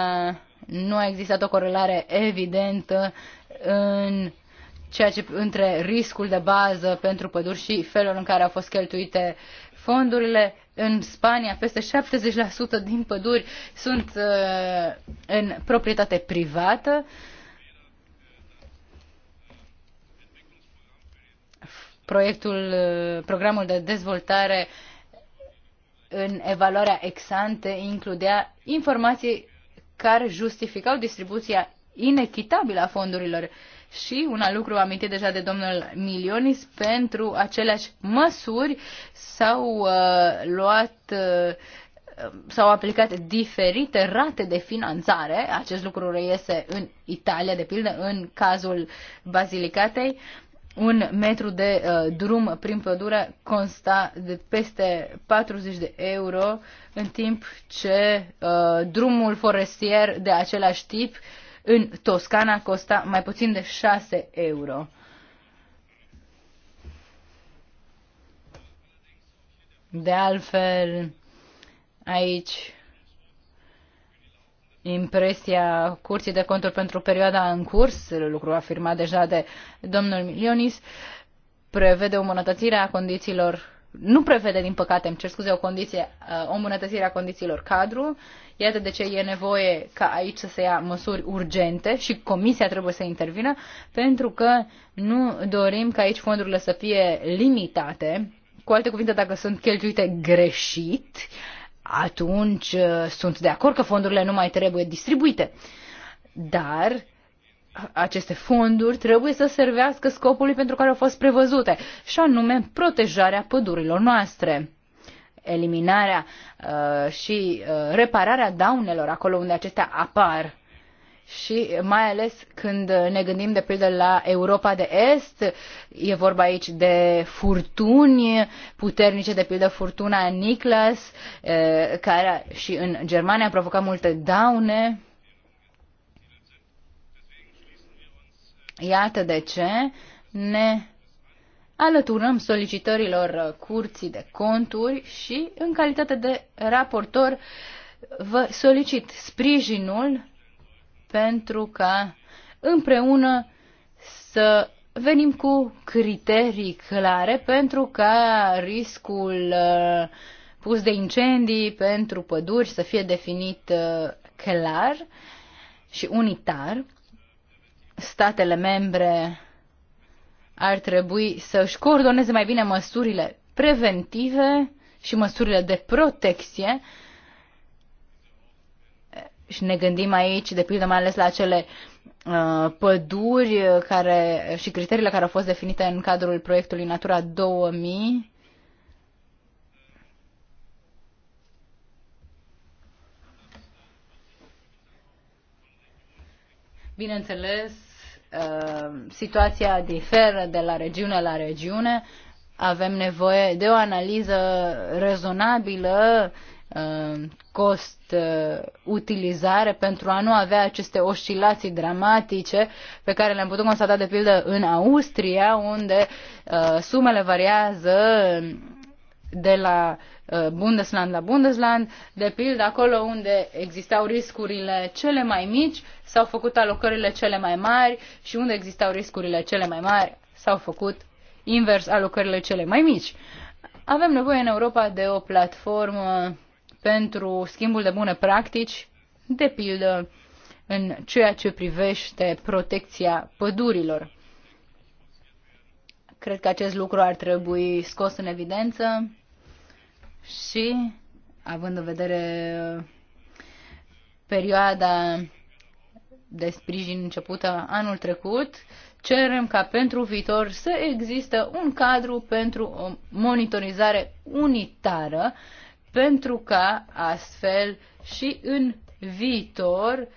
nu a existat o corelare evidentă în ceea ce, între riscul de bază pentru păduri și felul în care au fost cheltuite fondurile. În Spania, peste 70% din păduri sunt uh, în proprietate privată. Proiectul, uh, programul de dezvoltare uh, în evaluarea ex-ante includea informații care justificau distribuția inechitabilă a fondurilor și un alt lucru amintit deja de domnul Milionis, pentru aceleași măsuri s-au uh, luat uh, s-au aplicat diferite rate de finanțare. Acest lucru reiese în Italia, de pildă, în cazul Basilicatei. Uh, un metru de uh, drum prin pădure consta de peste 40 de euro, în timp ce uh, drumul forestier de același tip în Toscana costa mai puțin de 6 euro. De altfel, aici impresia Curții de Conturi pentru perioada în curs, lucru afirmat deja de domnul Milionis, prevede o îmbunătățire a condițiilor nu prevede, din păcate, îmi cer scuze, o condiție, uh, o îmbunătățire a condițiilor cadru. Iată de ce e nevoie ca aici să se ia măsuri urgente și comisia trebuie să intervină, pentru că nu dorim ca aici fondurile să fie limitate. Cu alte cuvinte, dacă sunt cheltuite greșit, uh, atunci uh, sunt de acord că fondurile nu mai trebuie distribuite. Dar aceste fonduri trebuie să servească scopului pentru care au fost prevăzute, și anume protejarea pădurilor noastre eliminarea uh, și uh, repararea daunelor acolo unde acestea apar și mai ales când ne gândim de pildă la Europa de Est, e vorba aici de furtuni puternice, de pildă furtuna Niklas, care și în Germania a provocat multe daune. Iată de ce ne alăturăm solicitărilor curții de conturi și, în calitate de raportor, vă solicit sprijinul pentru ca împreună să venim cu criterii clare pentru ca riscul uh, pus de incendii pentru păduri să fie definit uh, clar și unitar. Statele membre ar trebui să își coordoneze mai bine măsurile preventive și măsurile de protecție și ne gândim aici, de pildă, mai ales la acele uh, păduri care, și criteriile care au fost definite în cadrul proiectului Natura 2000. Bineînțeles, uh, situația diferă de la regiune la regiune. Avem nevoie de o analiză rezonabilă Uh, cost-utilizare uh, pentru a nu avea aceste oscilații dramatice pe care le-am putut constata de pildă în Austria, unde uh, sumele variază de la Bundesland la Bundesland, de pildă acolo unde existau riscurile cele mai mici, s-au făcut alocările cele mai mari și unde existau riscurile cele mai mari, s-au făcut invers alocările cele mai mici. Avem nevoie în Europa de o platformă pentru schimbul de bune practici, de pildă în ceea ce privește protecția pădurilor. Cred că acest lucru ar trebui scos în evidență și, având în vedere perioada de sprijin începută anul trecut, cerem ca pentru viitor să există un cadru pentru o monitorizare unitară pentru ca astfel și în viitor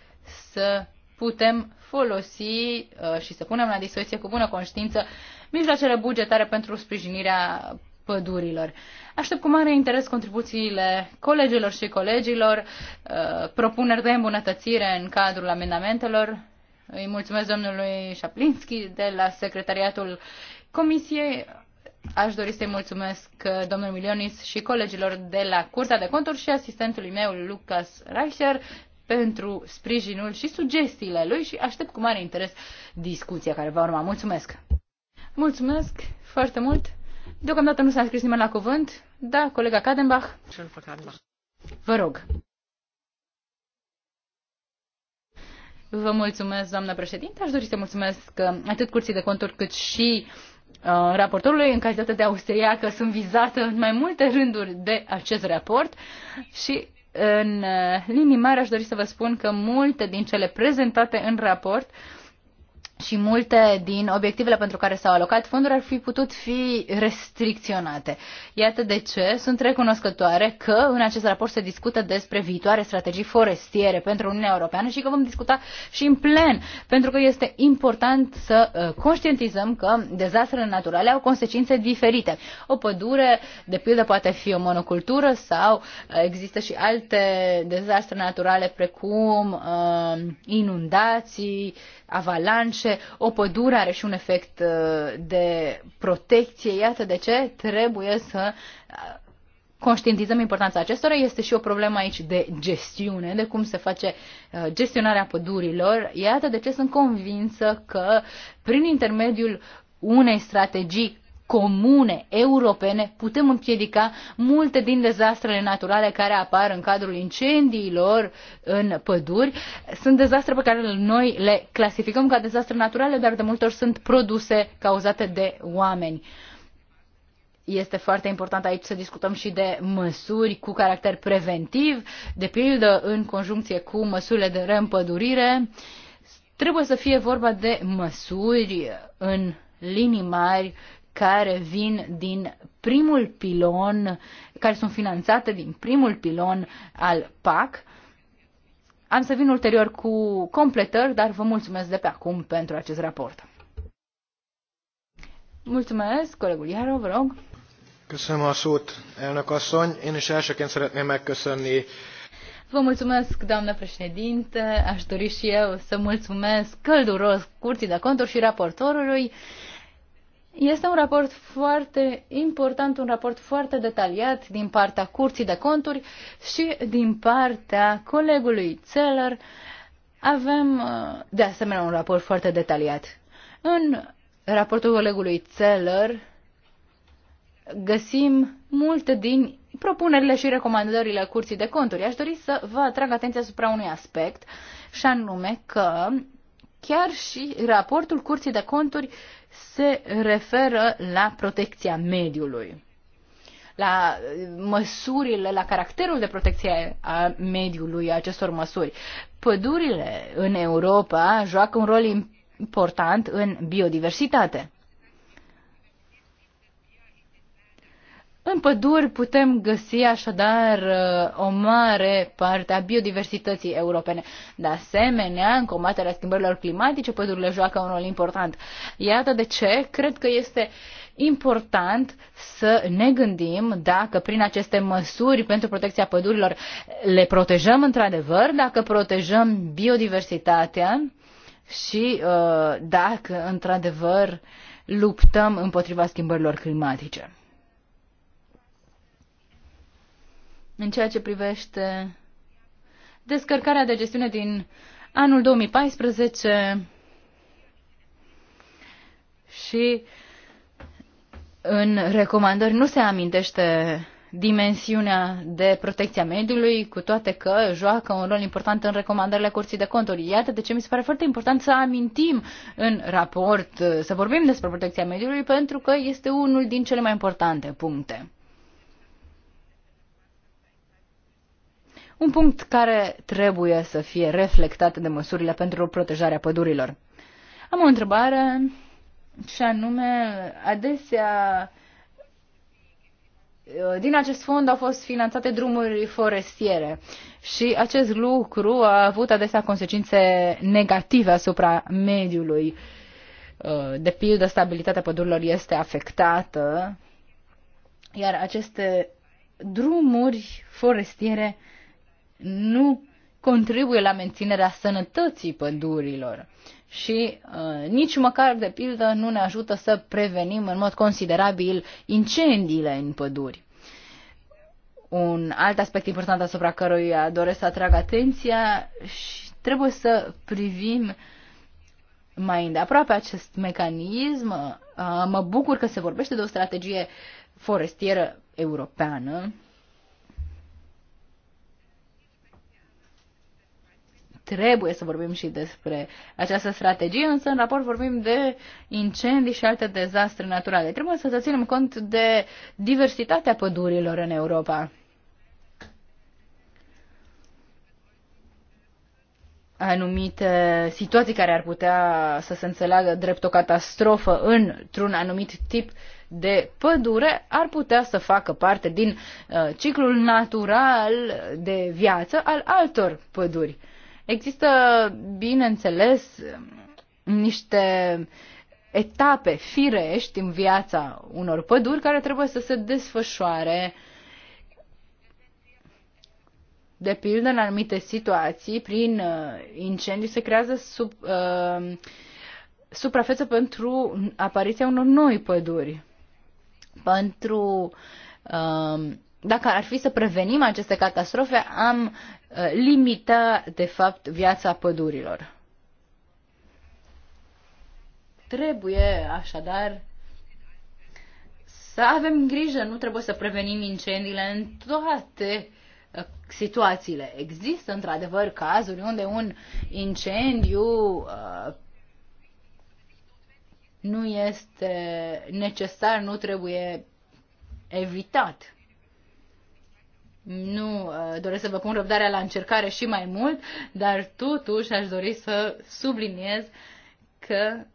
să putem folosi uh, și să punem la dispoziție cu bună conștiință mijloacele bugetare pentru sprijinirea pădurilor. Aștept cu mare interes contribuțiile colegilor și colegilor, uh, propuneri de îmbunătățire în cadrul amendamentelor. Îi mulțumesc domnului Șaplinski de la Secretariatul Comisiei. Aș dori să-i mulțumesc uh, domnului Milionis și colegilor de la Curtea de Conturi și asistentului meu, Lucas Reicher, pentru sprijinul și sugestiile lui și aștept cu mare interes discuția care va urma. Mulțumesc! Mulțumesc foarte mult! Deocamdată nu s-a scris nimeni la cuvânt. Da, colega Kadenbach. Vă rog. Vă mulțumesc, doamna președinte. Aș dori să mulțumesc uh, atât Curții de Conturi cât și uh, Uh, raportorului în calitate de austriacă sunt vizată în mai multe rânduri de acest raport și în uh, linii mari aș dori să vă spun că multe din cele prezentate în raport uh, și multe din obiectivele pentru care s-au alocat fonduri ar fi putut fi restricționate. Iată de ce sunt recunoscătoare că în acest raport se discută despre viitoare strategii forestiere pentru Uniunea Europeană și că vom discuta și în plen, pentru că este important să uh, conștientizăm că dezastrele naturale au consecințe diferite. O pădure, de pildă, poate fi o monocultură sau uh, există și alte dezastre naturale precum uh, inundații, avalanșe, o pădure are și un efect uh, de protecție. Iată de ce trebuie să uh, conștientizăm importanța acestora. Este și o problemă aici de gestiune, de cum se face uh, gestionarea pădurilor. Iată de ce sunt convinsă că prin intermediul unei strategii comune europene putem împiedica multe din dezastrele naturale care apar în cadrul incendiilor în păduri. Sunt dezastre pe care noi le clasificăm ca dezastre naturale, dar de multe ori sunt produse cauzate de oameni. Este foarte important aici să discutăm și de măsuri cu caracter preventiv, de pildă în conjuncție cu măsurile de reîmpădurire. Trebuie să fie vorba de măsuri în linii mari care vin din primul pilon, care sunt finanțate din primul pilon al PAC. Am să vin ulterior cu completări, dar vă mulțumesc de pe acum pentru acest raport. Mulțumesc, colegul Iaro, vă rog. Köszönöm a szót, elnök asszony. Én is elsőként szeretném megköszönni Vă mulțumesc, doamnă președinte. Aș dori și eu să mulțumesc călduros curții de conturi și raportorului. Este un raport foarte important, un raport foarte detaliat din partea Curții de Conturi și din partea colegului Țeller. Avem, uh, de asemenea, un raport foarte detaliat. În raportul colegului Țeller găsim multe din propunerile și recomandările Curții de Conturi. Aș dori să vă atrag atenția asupra unui aspect, și anume că chiar și raportul Curții de Conturi se referă la protecția mediului, la uh, măsurile, la caracterul de protecție a mediului a acestor măsuri. Pădurile în Europa joacă un rol important în biodiversitate. În păduri putem găsi așadar uh, o mare parte a biodiversității europene. De asemenea, în combaterea schimbărilor climatice, pădurile joacă un rol important. Iată de ce cred că este important să ne gândim dacă prin aceste măsuri pentru protecția pădurilor le protejăm într-adevăr, dacă protejăm biodiversitatea și uh, dacă într-adevăr luptăm împotriva schimbărilor climatice. în ceea ce privește descărcarea de gestiune din anul 2014 și în recomandări nu se amintește dimensiunea de protecția mediului, cu toate că joacă un rol important în recomandările Curții de Conturi. Iată de ce mi se pare foarte important să amintim în raport, să vorbim despre protecția mediului, pentru că este unul din cele mai importante puncte. un punct care trebuie să fie reflectat de măsurile pentru protejarea pădurilor. Am o întrebare și anume, adesea din acest fond au fost finanțate drumuri forestiere și acest lucru a avut adesea consecințe negative asupra mediului. De pildă, stabilitatea pădurilor este afectată, iar aceste drumuri forestiere uh, nu contribuie la menținerea sănătății pădurilor și uh, nici măcar, de pildă, nu ne ajută să prevenim în mod considerabil incendiile în păduri. Un alt aspect important asupra căruia doresc să atrag atenția și trebuie să privim mai îndeaproape acest mecanism. Uh, mă bucur că se vorbește de o strategie forestieră europeană, trebuie să vorbim și despre această strategie, însă în raport vorbim de incendii și alte dezastre naturale. Trebuie să ținem cont de diversitatea pădurilor în Europa. anumite situații care ar putea să se înțeleagă drept o catastrofă într-un anumit tip de pădure ar putea să facă parte din uh, ciclul natural de viață al altor păduri. Există, bineînțeles, niște etape firești în viața unor păduri care trebuie să se desfășoare de pildă, în anumite situații, prin uh, incendiu, se creează sub, uh, suprafețe pentru apariția unor noi păduri. Pentru uh, dacă ar fi să prevenim aceste catastrofe, am uh, limita, de fapt, viața pădurilor. Trebuie, așadar, să avem grijă, nu trebuie să prevenim incendiile în toate uh, situațiile. Există, într-adevăr, cazuri unde un incendiu uh, nu este necesar, nu trebuie evitat. Nu uh, doresc să vă pun răbdarea la încercare și mai mult, dar totuși aș dori să subliniez că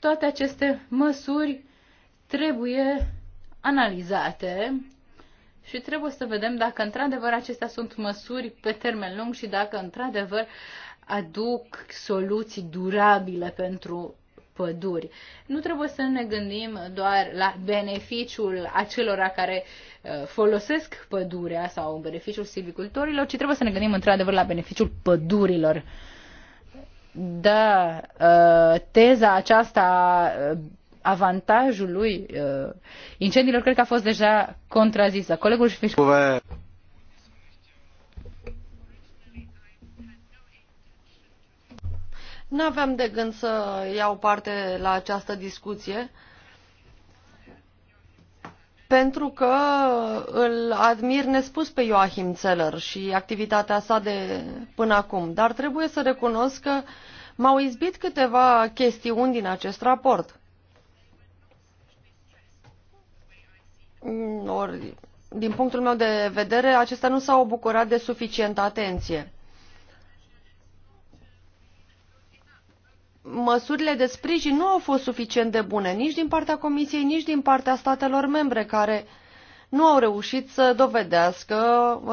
toate aceste măsuri trebuie analizate și trebuie să vedem dacă într-adevăr acestea sunt măsuri pe termen lung și dacă într-adevăr aduc soluții durabile pentru păduri. Nu trebuie să ne gândim doar la beneficiul acelora care uh, folosesc pădurea sau beneficiul silvicultorilor, ci trebuie să ne gândim într-adevăr la beneficiul pădurilor. Da, uh, teza aceasta uh, avantajului incendiilor cred că a fost deja contrazisă. Colegul și Nu aveam de gând să iau parte la această discuție, pentru că îl admir nespus pe Joachim Zeller și activitatea sa de până acum, dar trebuie să recunosc că m-au izbit câteva chestiuni din acest raport. Or, din punctul meu de vedere, acestea nu s-au bucurat de suficientă atenție. măsurile de sprijin nu au fost suficient de bune nici din partea Comisiei, nici din partea statelor membre care nu au reușit să dovedească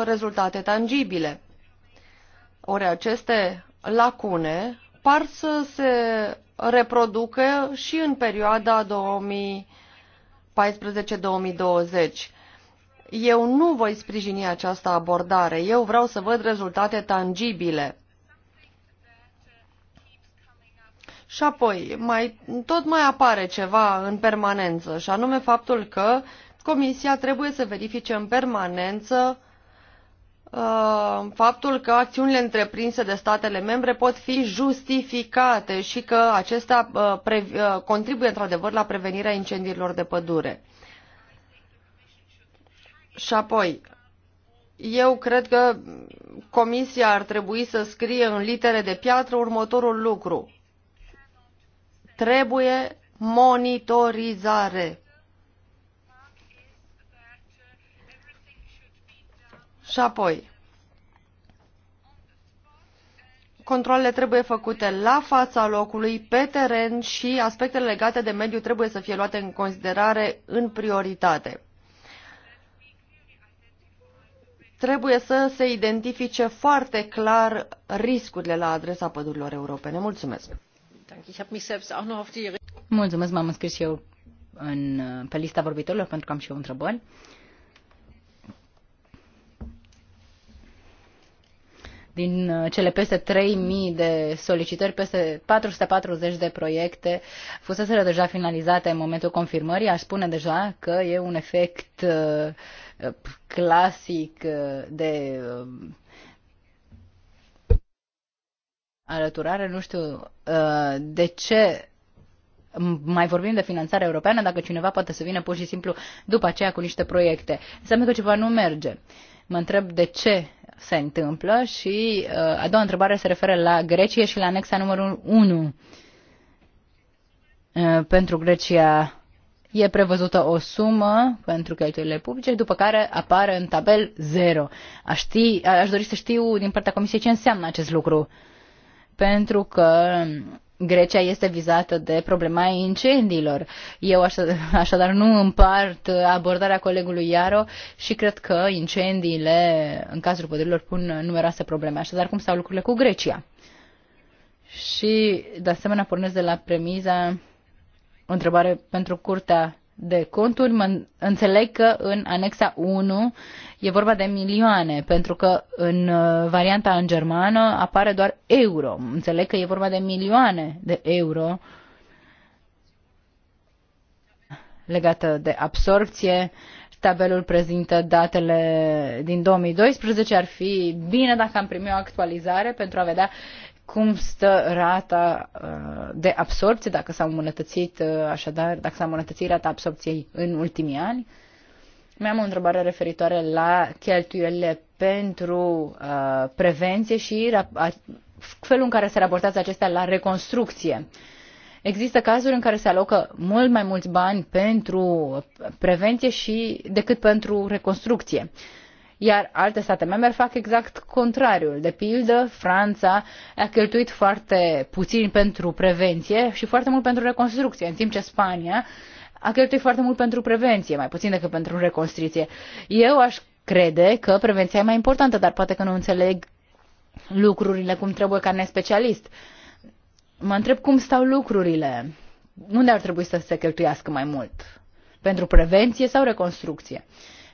rezultate tangibile. Ori aceste lacune par să se reproducă și în perioada 2014-2020. Eu nu voi sprijini această abordare. Eu vreau să văd rezultate tangibile. Și apoi, mai, tot mai apare ceva în permanență, și anume faptul că Comisia trebuie să verifice în permanență uh, faptul că acțiunile întreprinse de statele membre pot fi justificate și că acestea uh, pre, uh, contribuie într-adevăr la prevenirea incendiilor de pădure. Și apoi, eu cred că Comisia ar trebui să scrie în litere de piatră următorul lucru Trebuie monitorizare. Și apoi, controlele trebuie făcute la fața locului, pe teren și aspectele legate de mediu trebuie să fie luate în considerare în prioritate. Trebuie să se identifice foarte clar riscurile la adresa pădurilor europene. Mulțumesc! Mulțumesc, m-am înscris și eu în, pe lista vorbitorilor pentru că am și eu întrebări. din uh, cele peste 3.000 de solicitări, peste 440 de proiecte fuseseră deja finalizate în momentul confirmării. Aș spune deja că e un efect uh, clasic uh, de alăturare. Nu știu uh, de ce mai vorbim de finanțare europeană dacă cineva poate să vină pur și simplu după aceea cu niște proiecte. Înseamnă că ceva nu merge. Mă întreb de ce se întâmplă și uh, a doua întrebare se referă la Grecia și la anexa numărul 1. Uh, pentru Grecia e prevăzută o sumă pentru cheltuielile publice, după care apare în tabel 0. Aș, aș dori să știu din partea Comisiei ce înseamnă acest lucru. Uh, pentru că Grecia este vizată de problema incendiilor. Eu așadar nu împart abordarea colegului Iaro și cred că incendiile, în cazul pădurilor, pun numeroase probleme. Așadar, cum stau lucrurile cu Grecia? Și, de asemenea, pornesc de la premiza o întrebare pentru Curtea de conturi, mă înțeleg că în anexa 1 e vorba de milioane, pentru că în uh, varianta în germană apare doar euro. Înțeleg că e vorba de milioane de euro legată de absorpție. Tabelul prezintă datele din 2012. Ar fi bine dacă am primit o actualizare pentru a vedea cum stă rata uh, de absorpție, dacă s-a îmbunătățit, uh, așadar, dacă s-a îmbunătățit rata absorpției în ultimii ani. Mi-am o întrebare referitoare la cheltuielile pentru uh, prevenție și felul în care se raportează acestea la reconstrucție. Există cazuri în care se alocă mult mai mulți bani pentru prevenție și decât pentru reconstrucție. Uh, iar alte state membre fac exact contrariul. De pildă, Franța a cheltuit foarte puțin pentru prevenție și foarte mult pentru reconstrucție, în timp ce Spania a cheltuit foarte mult pentru prevenție, mai puțin decât pentru reconstrucție. Eu aș crede că prevenția e mai importantă, dar poate că nu înțeleg lucrurile cum trebuie ca nespecialist. Mă întreb cum stau lucrurile. Unde ar trebui să se cheltuiască mai mult? Pentru prevenție sau reconstrucție?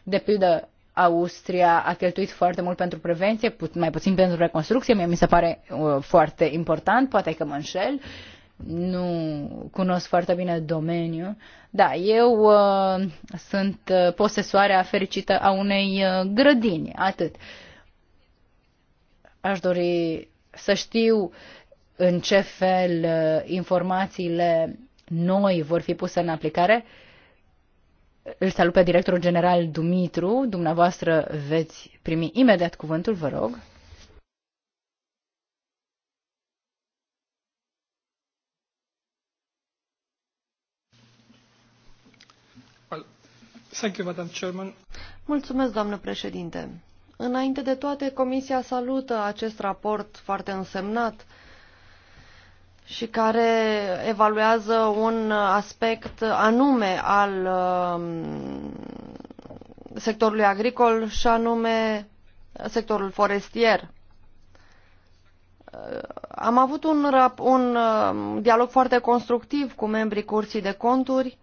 De pildă, Austria a cheltuit foarte mult pentru prevenție, mai puțin pentru reconstrucție, mie mi se pare uh, foarte important, poate că mă înșel, nu cunosc foarte bine domeniul. Da, eu uh, sunt uh, posesoarea fericită a unei uh, grădini, atât. Aș dori să știu în ce fel uh, informațiile noi vor fi puse în aplicare. Uh, îl salut pe directorul general Dumitru. Dumneavoastră veți primi imediat cuvântul, vă rog. Thank you, Madam Chairman. Mulțumesc, doamnă președinte. Înainte de toate, Comisia salută acest raport foarte însemnat și care evaluează un aspect anume al um, sectorului agricol și anume sectorul forestier. Uh, am avut un, un um, dialog foarte constructiv cu membrii Curții de Conturi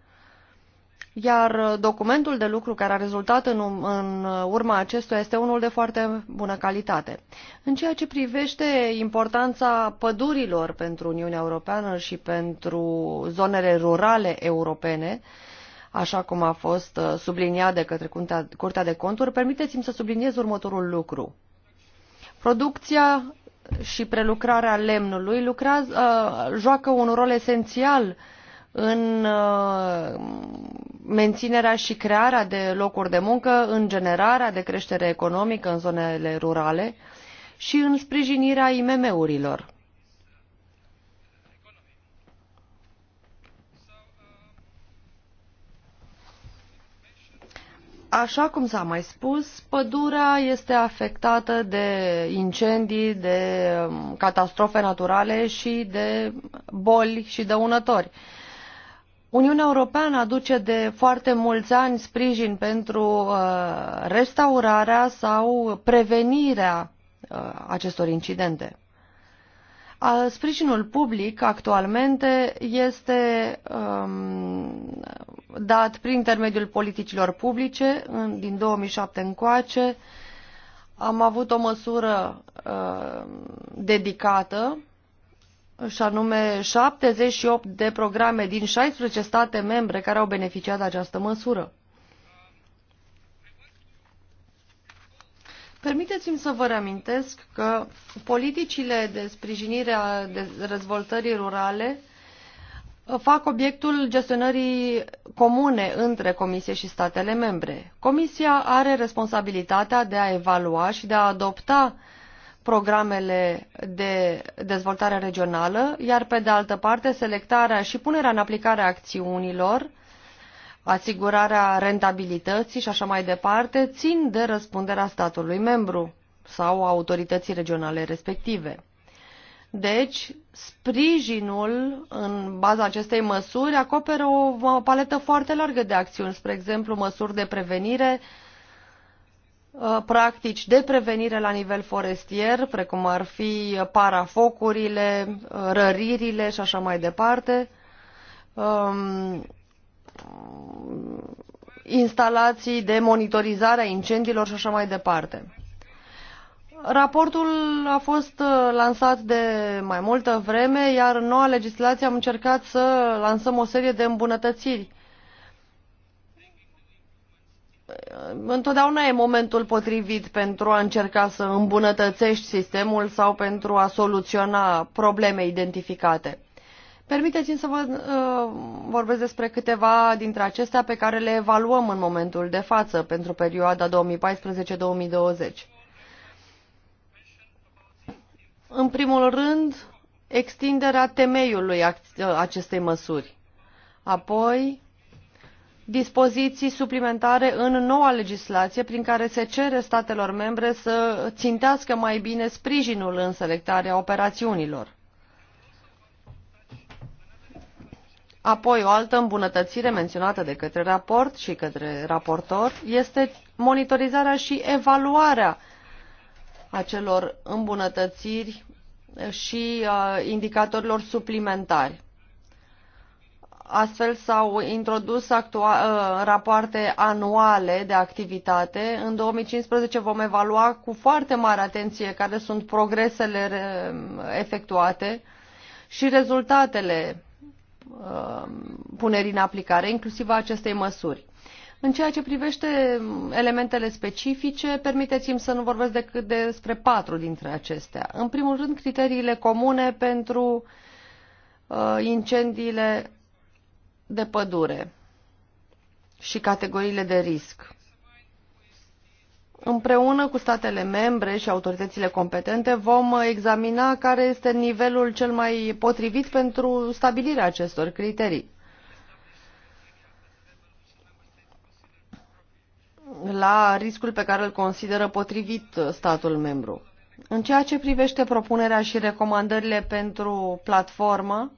iar uh, documentul de lucru care a rezultat în, um, în uh, urma acestuia este unul de foarte bună calitate. În ceea ce privește importanța pădurilor pentru Uniunea Europeană și pentru zonele rurale europene, așa cum a fost uh, subliniat de către Curtea de Conturi, permiteți-mi să subliniez următorul lucru. Producția și prelucrarea lemnului lucrează, joacă un rol esențial uh, în uh, menținerea și crearea de locuri de muncă, în generarea de creștere economică în zonele rurale și în sprijinirea IMM-urilor. Așa cum s-a mai spus, pădurea este afectată de incendii, de um, catastrofe naturale și de boli și dăunători. De Uniunea Europeană aduce de foarte mulți ani sprijin pentru uh, restaurarea sau prevenirea uh, acestor incidente. Sprijinul public actualmente este um, dat prin intermediul politicilor publice. Din 2007 încoace am avut o măsură uh, dedicată și anume 78 de programe din 16 state membre care au beneficiat de această măsură. Permiteți-mi să vă reamintesc că politicile de sprijinire a dezvoltării rurale uh, fac obiectul gestionării comune între Comisie și statele membre. Comisia are responsabilitatea de a evalua și de a adopta uh, programele de dezvoltare regională, iar pe de altă parte selectarea și punerea în aplicare a acțiunilor, asigurarea rentabilității și așa mai departe, țin de răspunderea statului membru sau autorității regionale respective. Deci, sprijinul în baza acestei măsuri acoperă o paletă foarte largă de acțiuni, spre exemplu măsuri de prevenire, Uh, practici de prevenire la nivel forestier, precum ar fi parafocurile, uh, răririle și așa mai departe, um, instalații de monitorizare a incendiilor și așa mai departe. Raportul a fost uh, lansat de mai multă vreme, iar în noua legislație am încercat să lansăm o serie de îmbunătățiri întotdeauna e momentul potrivit pentru a încerca să îmbunătățești sistemul sau pentru a soluționa probleme identificate. Permiteți-mi să vă uh, vorbesc despre câteva dintre acestea pe care le evaluăm în momentul de față pentru perioada 2014-2020. În primul rând, extinderea temeiului acestei măsuri. Apoi, dispoziții suplimentare în noua legislație prin care se cere statelor membre să țintească mai bine sprijinul în selectarea operațiunilor. Apoi, o altă îmbunătățire menționată de către raport și către raportor este monitorizarea și evaluarea acelor îmbunătățiri și uh, indicatorilor suplimentari. Astfel s-au introdus ă, rapoarte anuale de activitate. În 2015 vom evalua cu foarte mare atenție care sunt progresele efectuate și rezultatele ă, punerii în aplicare, inclusiv a acestei măsuri. În ceea ce privește elementele specifice, permiteți-mi să nu vorbesc decât despre patru dintre acestea. În primul rând, criteriile comune pentru ă, incendiile de pădure și categoriile de risc. Împreună cu statele membre și autoritățile competente vom examina care este nivelul cel mai potrivit pentru stabilirea acestor criterii. la riscul pe care îl consideră potrivit statul membru. În ceea ce privește propunerea și recomandările pentru platformă,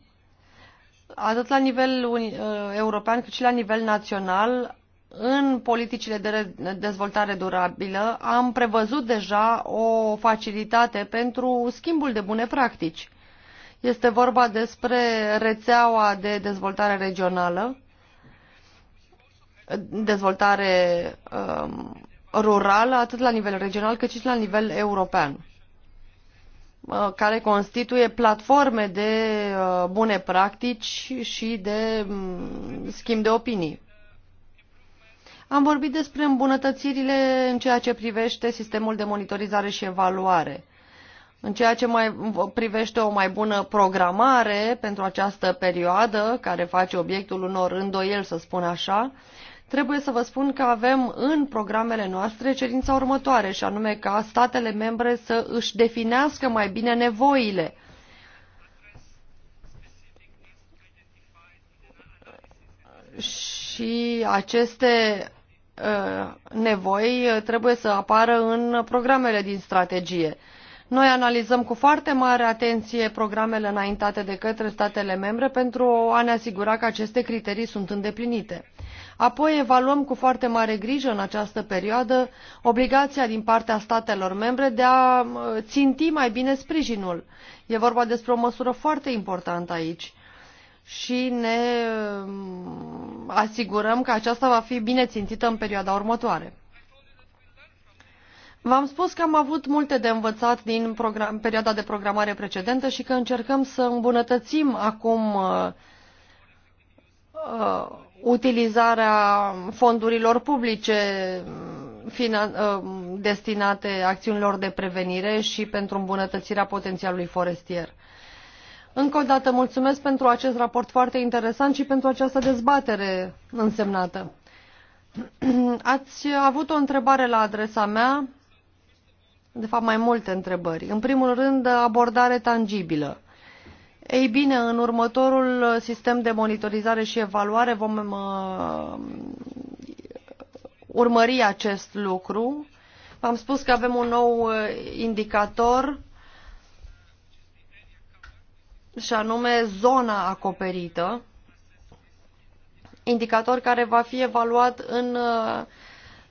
atât la nivel uh, european cât și la nivel național, în politicile de dezvoltare durabilă am prevăzut deja o facilitate pentru schimbul de bune practici. Este vorba despre rețeaua de dezvoltare regională, dezvoltare um, rurală, atât la nivel regional cât și la nivel european. Uh, care constituie platforme de uh, bune practici și de mm, schimb de opinii. Am vorbit despre îmbunătățirile în ceea ce privește sistemul de monitorizare și evaluare. În ceea ce mai privește o mai bună programare pentru această perioadă, care face obiectul unor îndoieli, să spun așa, trebuie să vă spun că avem în programele noastre cerința următoare, și anume ca statele membre să își definească mai bine nevoile. Și aceste uh, nevoi uh, trebuie să apară în programele din strategie. Noi analizăm cu foarte mare atenție programele înaintate de către statele membre pentru a ne asigura că aceste criterii sunt îndeplinite. Apoi evaluăm cu foarte mare grijă în această perioadă obligația din partea statelor membre de a uh, ținti mai bine sprijinul. E vorba despre o măsură foarte importantă aici și ne uh, asigurăm că aceasta va fi bine țintită în perioada următoare. V-am spus că am avut multe de învățat din program, perioada de programare precedentă și că încercăm să îmbunătățim acum uh, uh, utilizarea fondurilor publice mm, ă, mm, destinate acțiunilor de prevenire și pentru îmbunătățirea potențialului forestier. Încă o dată mulțumesc pentru acest raport foarte interesant și pentru această dezbatere însemnată. Ați avut o întrebare la adresa mea, de fapt mai multe întrebări. În primul rând, abordare tangibilă. Ei bine, în următorul sistem de monitorizare și evaluare vom uh, urmări acest lucru. V-am spus că avem un nou uh, indicator și anume zona acoperită, indicator care va fi evaluat în uh,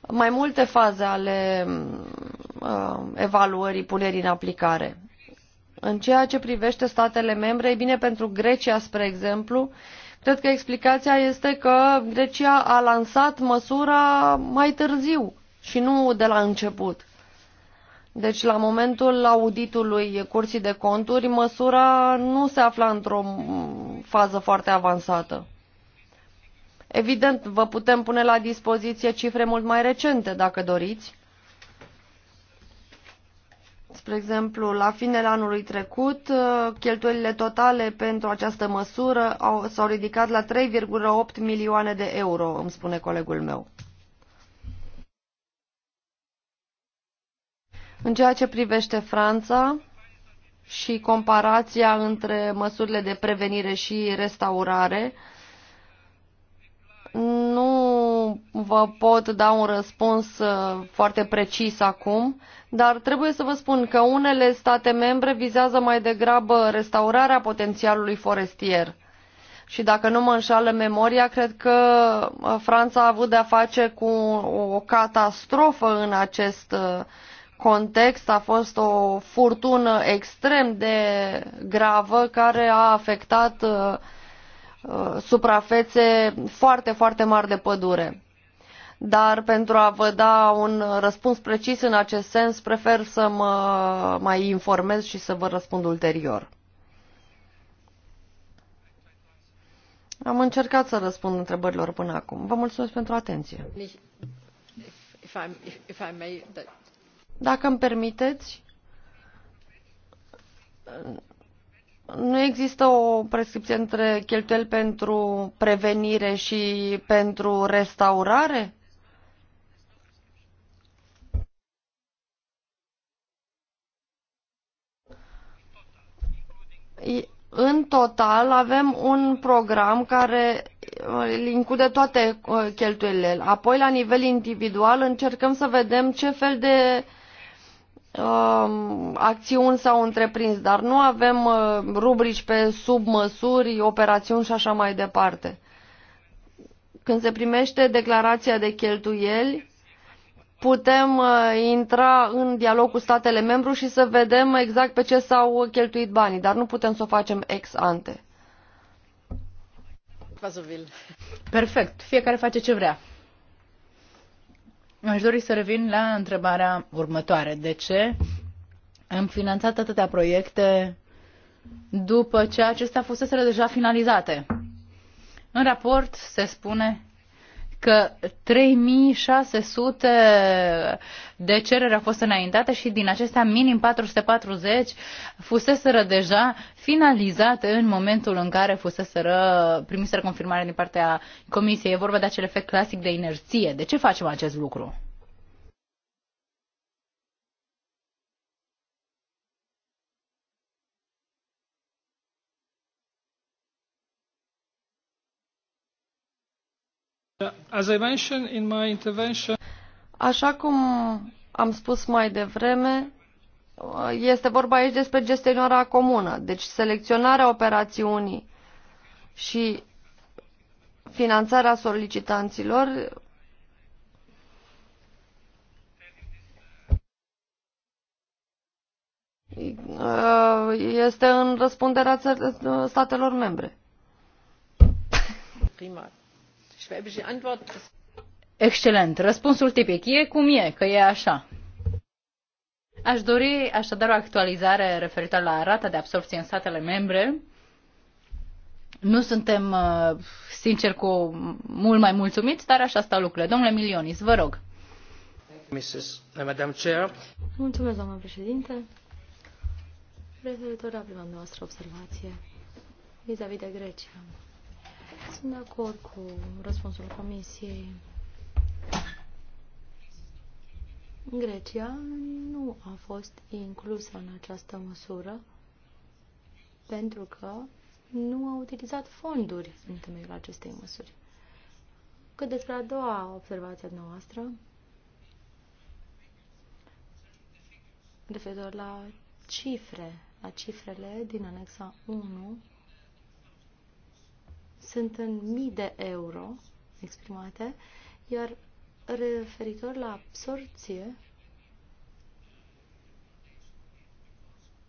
mai multe faze ale uh, evaluării punerii în aplicare. În ceea ce privește statele membre, e bine pentru Grecia, spre exemplu, cred că explicația este că Grecia a lansat măsura mai târziu și nu de la început. Deci, la momentul auditului Curții de Conturi, măsura nu se afla într-o fază foarte avansată. Evident, vă putem pune la dispoziție cifre mult mai recente, dacă doriți. Spre exemplu, la finele anului trecut, uh, cheltuielile totale pentru această măsură s-au ridicat la 3,8 milioane de euro, îmi spune colegul meu. În ceea ce privește Franța și comparația între măsurile de prevenire și restaurare, vă pot da un răspuns uh, foarte precis acum, dar trebuie să vă spun că unele state membre vizează mai degrabă restaurarea potențialului forestier. Și dacă nu mă înșală memoria, cred că uh, Franța a avut de-a face cu o catastrofă în acest uh, context. A fost o furtună extrem de gravă care a afectat suprafețe foarte, foarte mari de pădure dar pentru a vă da un răspuns precis în acest sens, prefer să mă mai informez și să vă răspund ulterior. Am încercat să răspund întrebărilor până acum. Vă mulțumesc pentru atenție. Dacă îmi permiteți, nu există o prescripție între cheltuieli pentru prevenire și pentru restaurare? În total avem un program care uh, include toate uh, cheltuielile. Apoi, la nivel individual, încercăm să vedem ce fel de uh, acțiuni s-au întreprins, dar nu avem uh, rubrici pe submăsuri, operațiuni și așa mai departe. Când se primește declarația de cheltuieli, putem uh, intra în dialog cu statele membre și să vedem exact pe ce s-au cheltuit banii, dar nu putem să o facem ex ante. Perfect. Fiecare face ce vrea. Aș dori să revin la întrebarea următoare. De ce am finanțat atâtea proiecte după ce acestea fusese deja finalizate? În raport se spune că 3600 de cereri au fost înaintate și din acestea minim 440 fuseseră deja finalizate în momentul în care fuseseră primiseră confirmare din partea comisiei. E vorba de acel efect clasic de inerție. De ce facem acest lucru? As I mentioned in my intervention... Așa cum am spus mai devreme, este vorba aici despre gestionarea comună, deci selecționarea operațiunii și finanțarea solicitanților este în răspunderea statelor membre. Primar. Excelent. Răspunsul tipic e cum e, că e așa. Aș dori așadar o actualizare referitoare la rata de absorpție în statele membre. Nu suntem, uh, sincer, cu mult mai mulțumiți, dar așa stau lucrurile. Domnule Milionis, vă rog. Mrs. Madam Chair. Mulțumesc, doamnă președinte. Referitor la prima noastră observație vis-a-vis -vis de Grecia. Sunt de acord cu răspunsul Comisiei. Grecia nu a fost inclusă în această măsură pentru că nu a utilizat fonduri în temeiul acestei măsuri. Cât despre a doua observație noastră, referitor la cifre, la cifrele din anexa 1 sunt în mii de euro exprimate, iar referitor la absorție,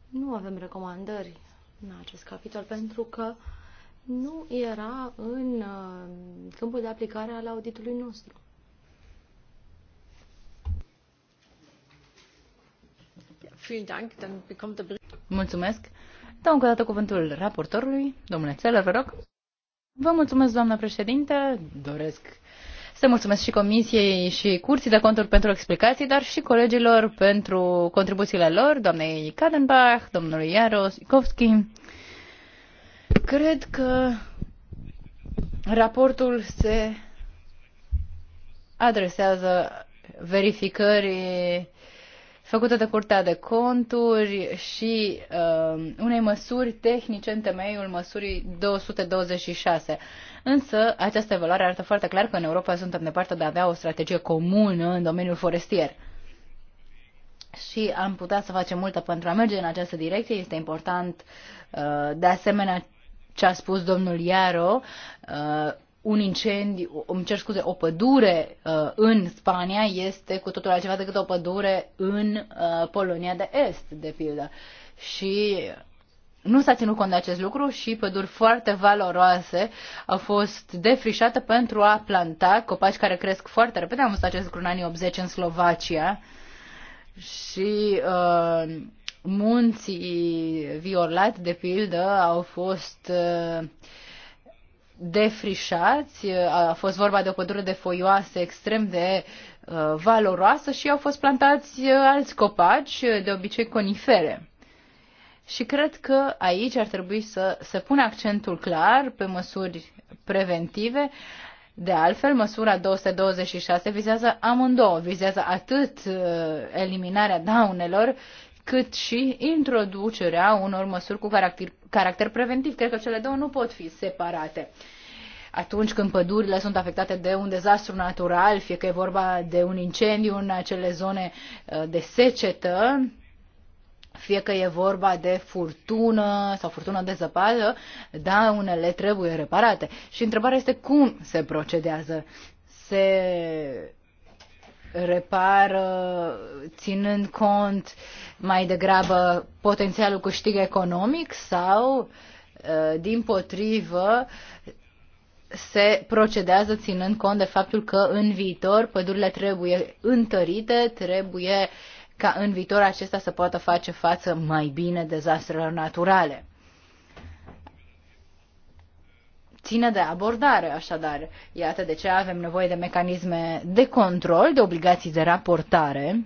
nu avem recomandări în acest capitol, pentru că nu era în uh, câmpul de aplicare al auditului nostru. Mulțumesc. Dau încă o dată cuvântul raportorului. Domnule Țelă, vă rog. Vă mulțumesc, doamnă președinte. Doresc să mulțumesc și Comisiei și Curții de Conturi pentru explicații, dar și colegilor pentru contribuțiile lor, doamnei Kadenbach, domnului Iaros, Ikovski. Cred că raportul se adresează verificării făcută de Curtea de Conturi și uh, unei măsuri tehnice în temeiul măsurii 226. Însă, această evaluare arată foarte clar că în Europa suntem departe de a avea o strategie comună în domeniul forestier. Și am putea să facem multă pentru a merge în această direcție. Este important, uh, de asemenea, ce a spus domnul Iaro, uh, un incendiu, îmi cer scuze, o pădure uh, în Spania este cu totul altceva decât o pădure în uh, Polonia de Est, de pildă. Și nu s-a ținut cont de acest lucru și păduri foarte valoroase au fost defrișate pentru a planta copaci care cresc foarte repede. Am văzut acest lucru în anii 80 în Slovacia și uh, munții Violat, de pildă, au fost uh, defrișați, a fost vorba de o pădure de foioase extrem de uh, valoroasă și au fost plantați uh, alți copaci, uh, de obicei conifere. Și cred că aici ar trebui să se pună accentul clar pe măsuri preventive. De altfel, măsura 226 vizează amândouă, vizează atât eliminarea daunelor, cât și introducerea unor măsuri cu caracter, caracter preventiv. Cred că cele două nu pot fi separate. Atunci când pădurile sunt afectate de un dezastru natural, fie că e vorba de un incendiu în acele zone uh, de secetă, fie că e vorba de furtună sau furtună de zăpadă, da, unele trebuie reparate. Și întrebarea este cum se procedează. Se repară ținând cont mai degrabă potențialul câștig economic sau, uh, din potrivă, se procedează ținând cont de faptul că în viitor pădurile trebuie întărite, trebuie ca în viitor acesta să poată face față mai bine dezastrelor naturale. ține de abordare, așadar. Iată de ce avem nevoie de mecanisme de control, de obligații de raportare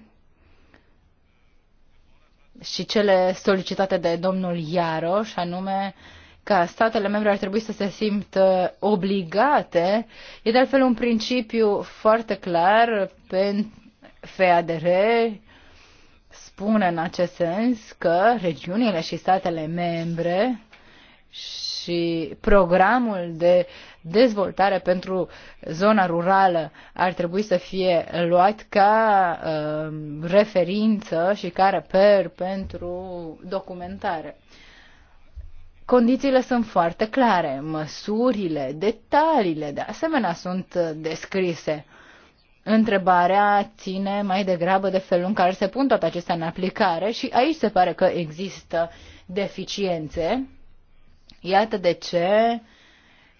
și cele solicitate de domnul Iaro, și anume ca statele membre ar trebui să se simt obligate. E de altfel un principiu foarte clar pe FADR, spune în acest sens că regiunile și statele membre și programul de dezvoltare pentru zona rurală ar trebui să fie luat ca uh, referință și ca reper pentru documentare. Condițiile sunt foarte clare, măsurile, detaliile de asemenea sunt descrise. Întrebarea ține mai degrabă de felul în care se pun toate acestea în aplicare și aici se pare că există deficiențe Iată de ce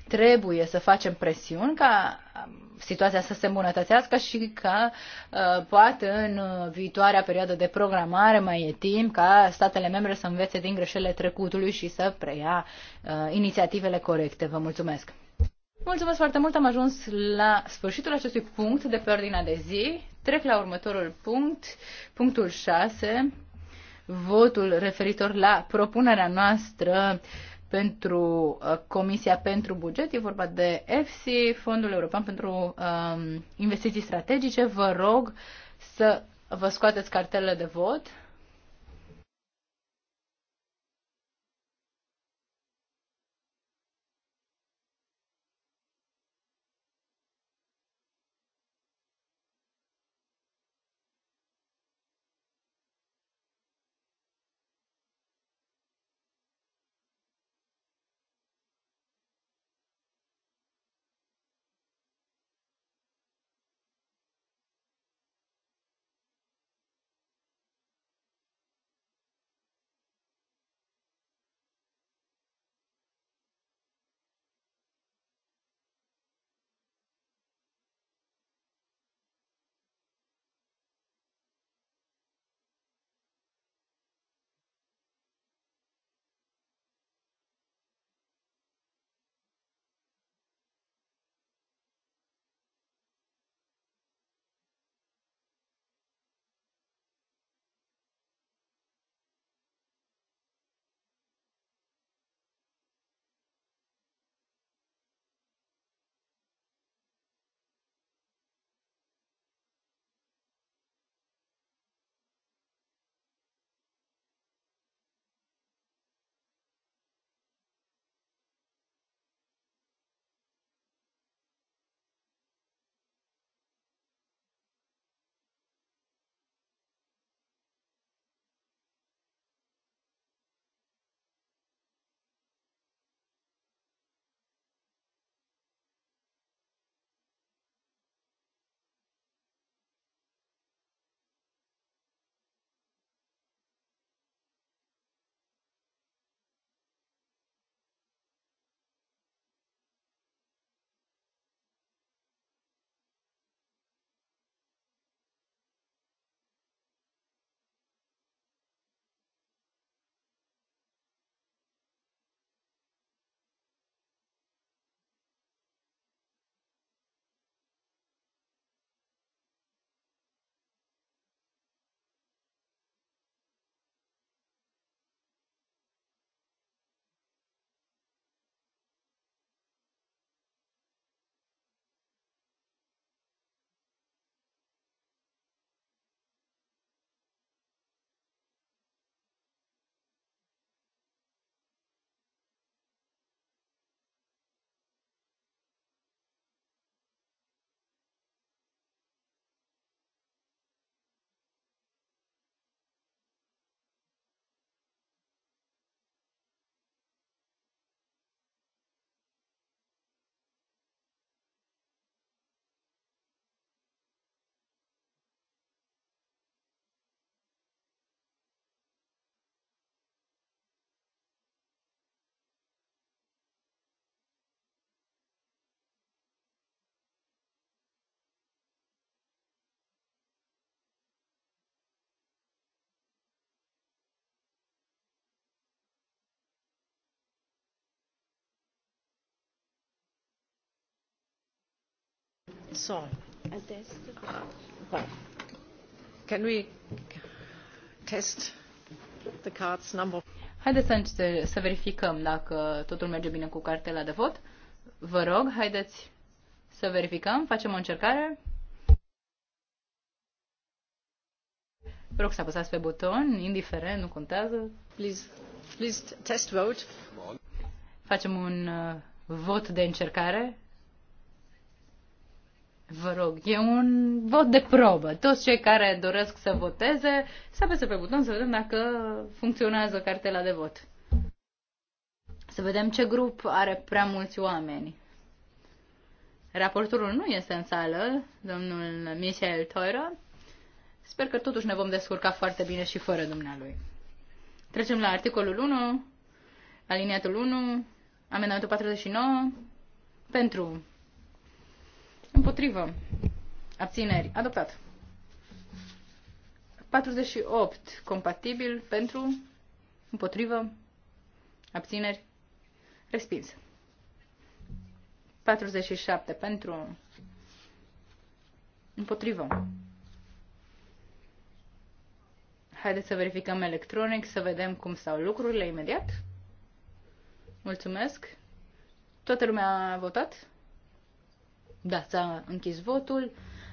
trebuie să facem presiuni ca um, situația să se îmbunătățească și ca uh, poate în uh, viitoarea perioadă de programare mai e timp ca statele membre să învețe din greșelile trecutului și să preia uh, inițiativele corecte. Vă mulțumesc! Mulțumesc foarte mult, am ajuns la sfârșitul acestui punct de pe ordinea de zi. Trec la următorul punct, punctul 6, votul referitor la propunerea noastră uh, pentru uh, Comisia pentru Buget, e vorba de EFSI, Fondul European pentru um, Investiții Strategice. Vă rog să vă scoateți cartelele de vot. can we test the cards number? Haideți să, să verificăm dacă totul merge bine cu cartela de vot. Vă rog, haideți să verificăm, facem o încercare. Vă rog să apăsați pe buton, indiferent, nu contează. Please, please test vote. Facem un uh, vot de încercare. Vă rog, e un vot de probă. Toți cei care doresc să voteze, să apese pe buton să vedem dacă funcționează cartela de vot. Să vedem ce grup are prea mulți oameni. Raportorul nu este în sală, domnul Michel Toira. Sper că totuși ne vom descurca foarte bine și fără dumnealui. Trecem la articolul 1, aliniatul 1, amendamentul 49, pentru Împotrivă. Abțineri. Adoptat. 48. Compatibil pentru. Împotrivă. Abțineri. Respins. 47. Pentru. Împotrivă. Haideți să verificăm electronic, să vedem cum stau lucrurile imediat. Mulțumesc. Toată lumea a votat? Da, s-a închis votul.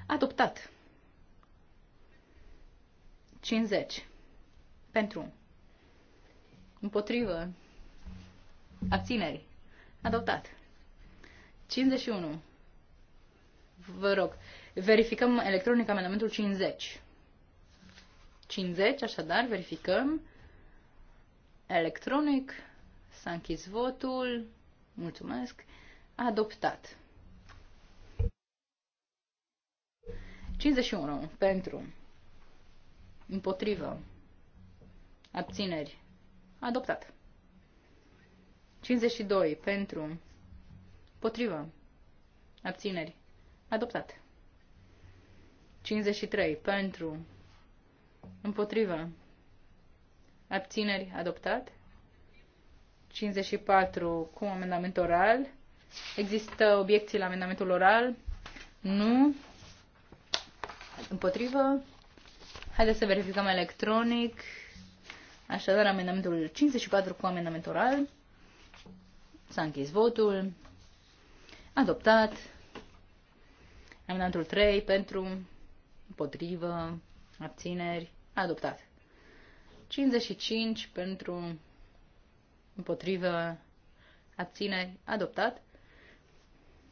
Adoptat. 50. Pentru. Împotrivă. Abțineri. Adoptat. 51. Vă rog, verificăm electronic amendamentul 50. 50, așadar, verificăm electronic. S-a închis votul. Mulțumesc. Adoptat. 51 pentru, împotrivă, abțineri, adoptat. 52 pentru, împotrivă, abțineri, adoptat. 53 pentru, împotrivă, abțineri, adoptat. 54 cu amendament oral. Există obiecții la amendamentul oral? Nu. Împotrivă. Haideți să verificăm electronic. Așadar, amendamentul 54 cu amendament oral. S-a închis votul. Adoptat. Amendamentul 3 pentru, împotrivă, abțineri, adoptat. 55 pentru, împotrivă, abțineri, adoptat.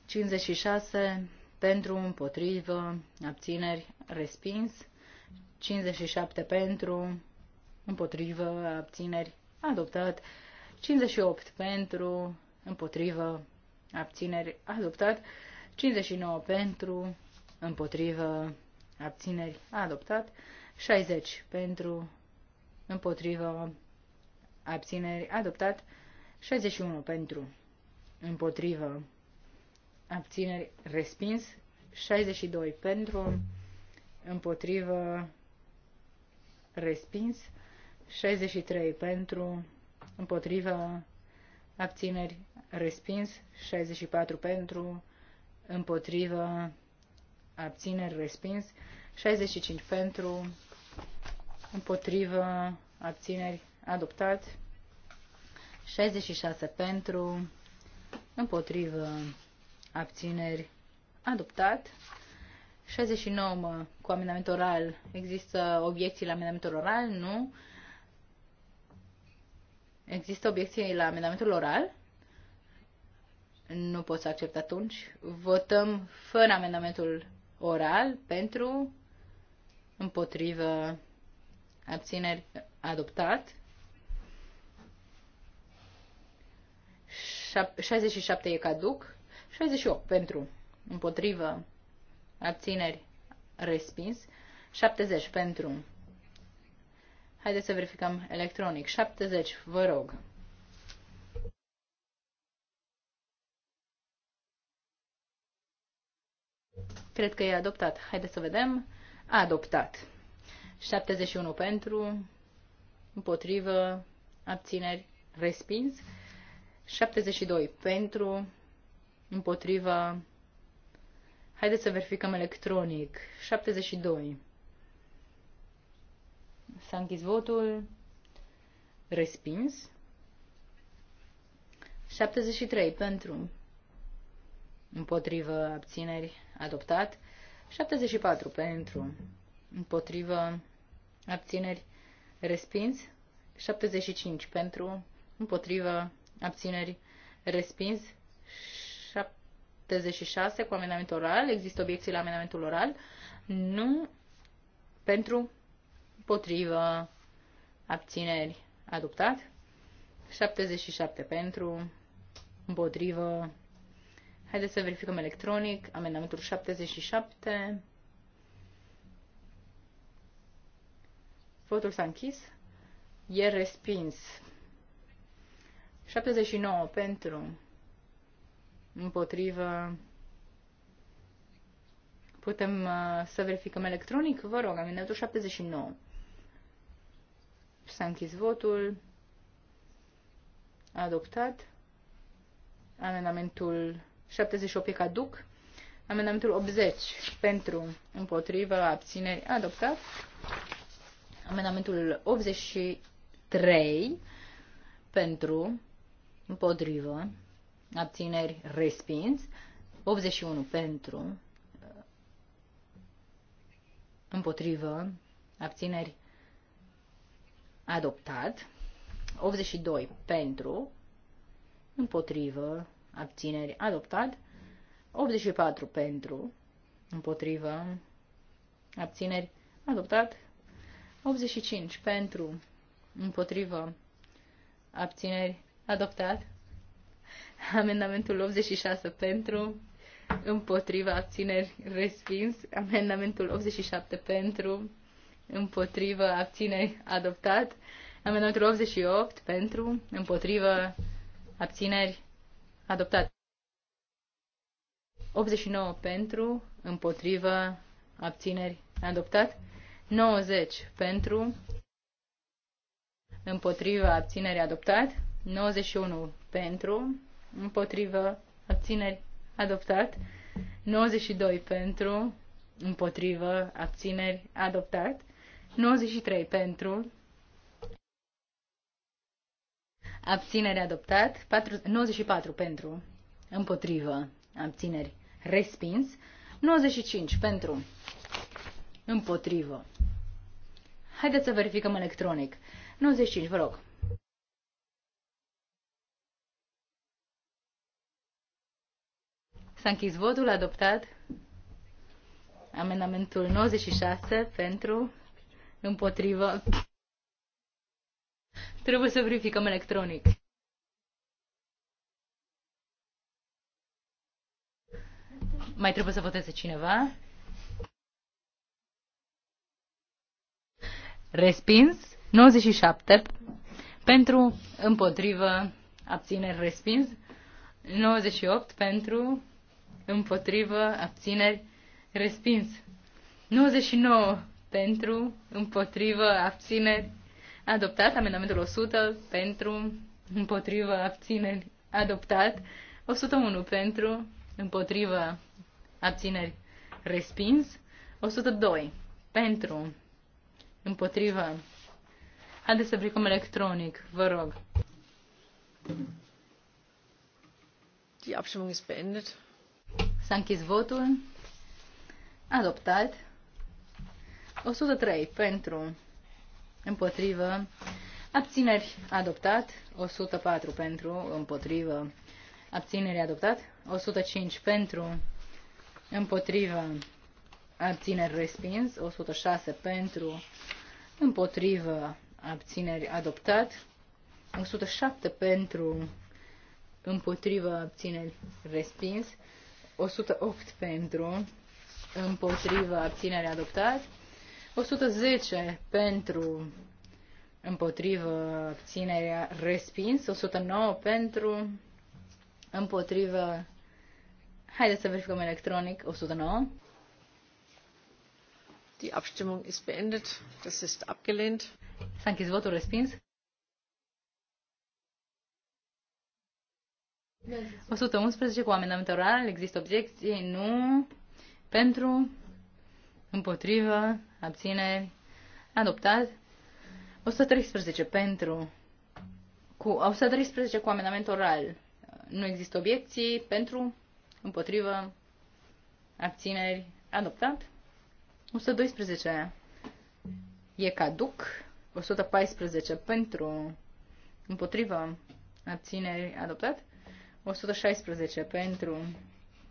56 pentru, împotrivă, abțineri, respins, 57 pentru, împotrivă, abțineri, adoptat, 58 pentru, împotrivă, abțineri, adoptat, 59 pentru, împotrivă, abțineri, adoptat, 60 pentru, împotrivă, abțineri, adoptat, 61 pentru, împotrivă, abțineri, respins. 62 pentru, împotrivă, respins. 63 pentru, împotrivă, abțineri, respins. 64 pentru, împotrivă, abțineri, respins. 65 pentru, împotrivă, abțineri, adoptat. 66 pentru, împotrivă, abțineri, adoptat. 69 cu amendament oral. Există obiecții la amendamentul oral? Nu. Există obiecții la amendamentul oral? Nu pot să accept atunci. Votăm fără amendamentul oral pentru împotrivă abțineri adoptat. 67 e caduc. 68 pentru, împotrivă, abțineri, respins. 70 pentru. Haideți să verificăm electronic. 70, vă rog. Cred că e adoptat. Haideți să vedem. A adoptat. 71 pentru, împotrivă, abțineri, respins. 72 pentru, împotriva. Haideți să verificăm electronic. 72. S-a închis votul. Respins. 73 pentru. Împotrivă abțineri. Adoptat. 74 pentru. Împotrivă abțineri. Respins. 75 pentru. Împotrivă abțineri. Respins. 76 cu amendamentul oral. Există obiecții la amendamentul oral? Nu. Pentru, potrivă, abțineri, adoptat. 77 pentru, împotrivă. Haideți să verificăm electronic. Amendamentul 77. Votul s-a închis. E respins. 79 pentru, împotrivă. Putem uh, să verificăm electronic? Vă rog, amendamentul 79. S-a închis votul. Adoptat. Amendamentul 78 e caduc. Amendamentul 80 pentru împotrivă abțineri adoptat. Amendamentul 83 pentru împotrivă abțineri, respins. 81 pentru, împotrivă, abțineri, adoptat. 82 pentru, împotrivă, abțineri, adoptat. 84 pentru, împotrivă, abțineri, adoptat. 85 pentru, împotrivă, abțineri, adoptat. Amendamentul 86 pentru, împotriva abțineri respins. Amendamentul 87 pentru, împotriva abțineri adoptat. Amendamentul 88 pentru, împotriva abțineri adoptat. 89 pentru, împotriva abțineri, adoptat. 90 pentru, împotriva abțineri, adoptat. 91 pentru, împotrivă, abțineri, adoptat. 92 pentru, împotrivă, abțineri, adoptat. 93 pentru, abțineri, adoptat. 4, 94 pentru, împotrivă, abțineri, respins. 95 pentru, împotrivă. Haideți să verificăm electronic. 95, vă rog. S-a închis votul adoptat. Amendamentul 96 pentru, împotrivă. Trebuie să verificăm electronic. Mai trebuie să voteze cineva? Respins. 97 pentru, împotrivă, abțineri, respins. 98 pentru, împotrivă, abțineri, respins. 99 pentru, împotrivă, abțineri, adoptat. Amendamentul 100 pentru, împotrivă, abțineri, adoptat. 101 pentru, împotrivă, abțineri, respins. 102 pentru, împotrivă. Haideți să plicăm electronic, vă rog. Die Abstimmung ist beendet. S-a închis votul. Adoptat. 103 pentru, împotrivă, abțineri adoptat, 104 pentru, împotrivă, abțineri adoptat, 105 pentru, împotrivă, abțineri respins, 106 pentru, împotrivă, abțineri adoptat, 107 pentru, împotrivă, abțineri respins, 108 pentru, împotriva abținerea adoptat, 110 pentru, împotriva abținerea respins, 109 pentru, împotriva, haideți să verificăm electronic, 109. Die Abstimmung ist beendet. Das ist abgelehnt. S-a închis votul respins. 111 cu amendament oral. Există obiecții? Nu. Pentru? Împotrivă? Abțineri? Adoptat. 113 pentru? Cu, 113 cu amendament oral. Nu există obiecții? Pentru? Împotrivă? Abțineri? Adoptat. 112 e caduc. 114 pentru? Împotrivă? Abțineri? Adoptat. 116 pentru,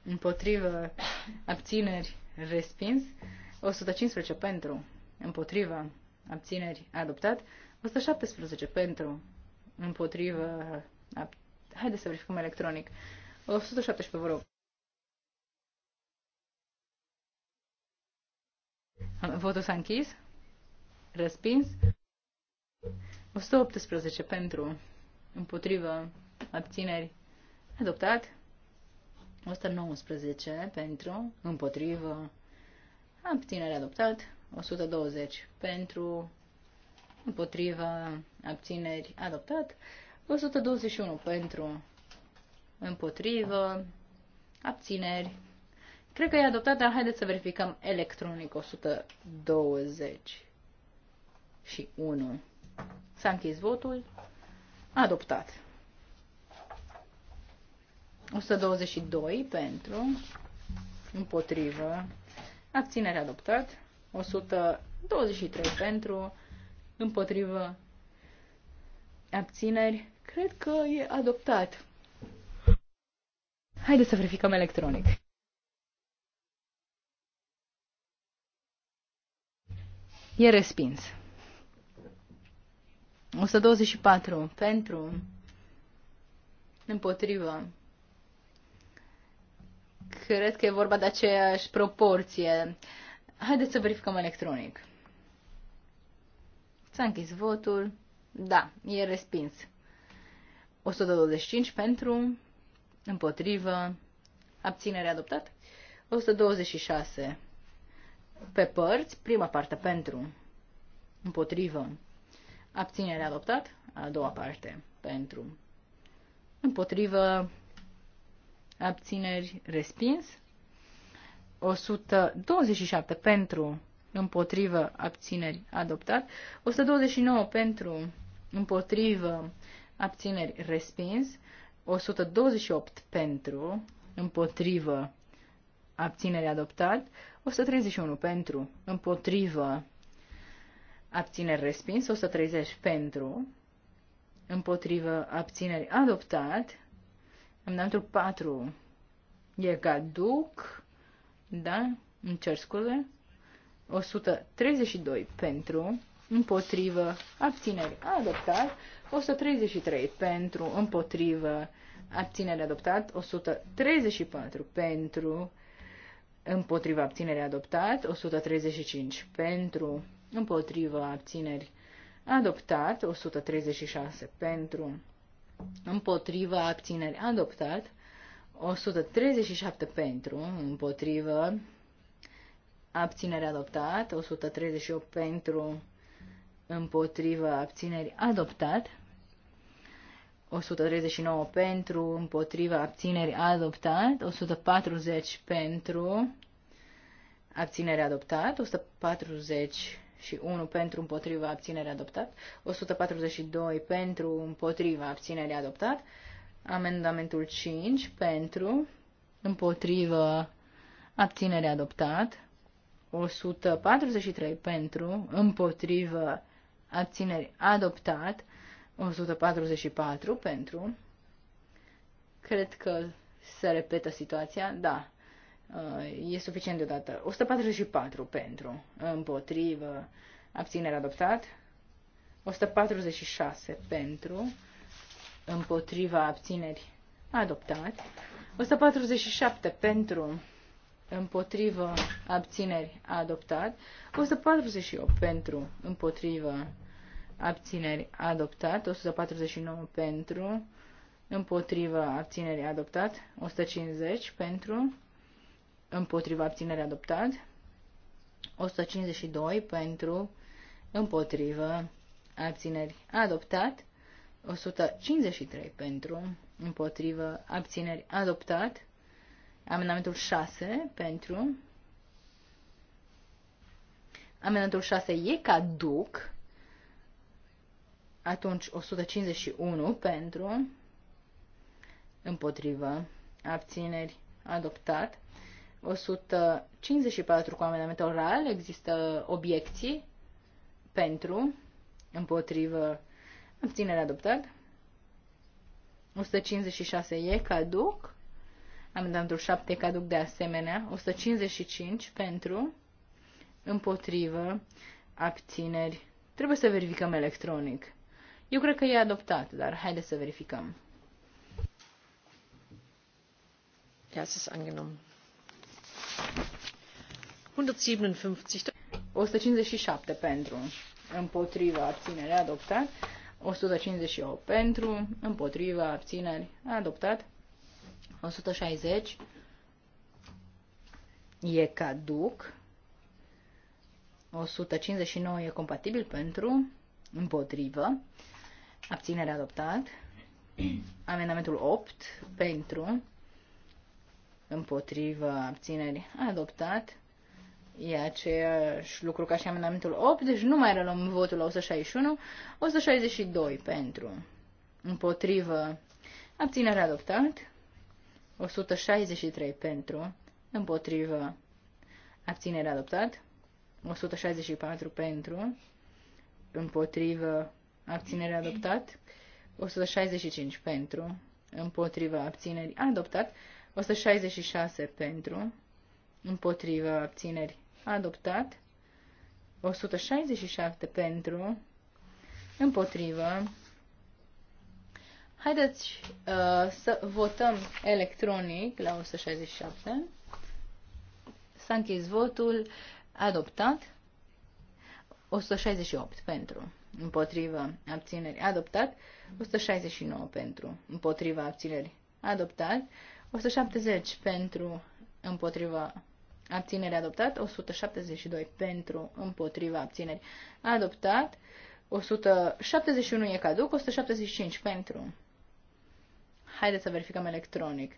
împotrivă, abțineri, respins. 115 pentru, împotrivă, abțineri, adoptat. 117 pentru, împotrivă, ab... haideți să verificăm electronic. 117, vă rog. Votul s-a închis. respins 118 pentru, împotrivă, abțineri, Adoptat. 119 pentru, împotrivă, abținere adoptat. 120 pentru, împotrivă, abțineri adoptat. 121 pentru, împotrivă, abțineri. Cred că e adoptat, dar haideți să verificăm electronic 120 și 1. S-a închis votul. Adoptat. 122 pentru, împotrivă, abținere adoptat, 123 pentru, împotrivă, abțineri, cred că e adoptat. Haideți să verificăm electronic. E respins. 124 pentru, împotrivă, cred că e vorba de aceeași proporție. Haideți să verificăm electronic. S-a închis votul. Da, e respins. 125 pentru, împotrivă, abținere adoptat. 126 pe părți, prima parte pentru, împotrivă, abținere adoptat, a doua parte pentru, împotrivă, abțineri, respins. 127 pentru, împotrivă, abțineri, adoptat. 129 pentru, împotrivă, abțineri, respins. 128 pentru, împotrivă, abțineri adoptat, 131 pentru, împotrivă, abțineri respins, 130 pentru, împotrivă, abțineri adoptat, Amendamentul 4 e caduc, da? Îmi cer scuze. 132 pentru, împotrivă, abțineri, adoptat. 133 pentru, împotrivă, abținere adoptat. 134 pentru, împotrivă, abținere adoptat. 135 pentru, împotrivă, abțineri adoptat. 136 pentru, împotriva abținere adoptat, 137 pentru, împotrivă, abținere adoptat, 138 pentru, împotrivă, abțineri adoptat, 139 pentru, împotriva abțineri adoptat, 140 pentru, abținere adoptat, 140 și 1 pentru împotriva abținere adoptat, 142 pentru împotriva abținere adoptat, amendamentul 5 pentru împotriva abținere adoptat, 143 pentru împotriva abținere adoptat, 144 pentru. Cred că se repetă situația, da. Uh, e suficient deodată. 144 pentru, împotrivă, abținere adoptat. 146 pentru, împotriva abțineri adoptat. 147 pentru, împotrivă, abțineri adoptat. 148 pentru, împotrivă, abțineri adoptat. 149 pentru, împotrivă, abțineri adoptat. 150 pentru, împotriva abținerea adoptat, 152 pentru împotrivă abțineri adoptat, 153 pentru împotrivă abțineri adoptat, amendamentul 6 pentru amendamentul 6 e caduc, atunci 151 pentru împotrivă abțineri adoptat, 154 cu amendament oral. Există obiecții pentru, împotrivă, abținere adoptat. 156 e caduc. Amendamentul 7 caduc de asemenea. 155 pentru, împotrivă, abțineri. Trebuie să verificăm electronic. Eu cred că e adoptat, dar haideți să verificăm. Ja, es ist angenommen. 157. 157 pentru, împotriva abținere adoptat, 158 pentru, împotriva abțineri adoptat, 160 e caduc, 159 e compatibil pentru, împotrivă, abținere adoptat, amendamentul 8 pentru, abținerii. A adoptat. E aceeași lucru ca și amendamentul 8, deci nu mai reluăm votul la 161. 162 pentru, împotrivă, abținerea adoptat. 163 pentru, împotrivă, abținerea adoptat. 164 pentru, împotrivă, abținerea adoptat. 165 pentru, împotriva abținerii adoptat, 166 pentru, împotrivă abțineri adoptat, 167 pentru, împotrivă. Haideți uh, să votăm electronic la 167. S-a închis votul adoptat. 168 pentru, împotrivă abțineri adoptat, 169 pentru, împotriva abțineri adoptat, 170 pentru împotriva abținere adoptat, 172 pentru împotriva abțineri adoptat, 171 e caduc, 175 pentru. Haideți să verificăm electronic.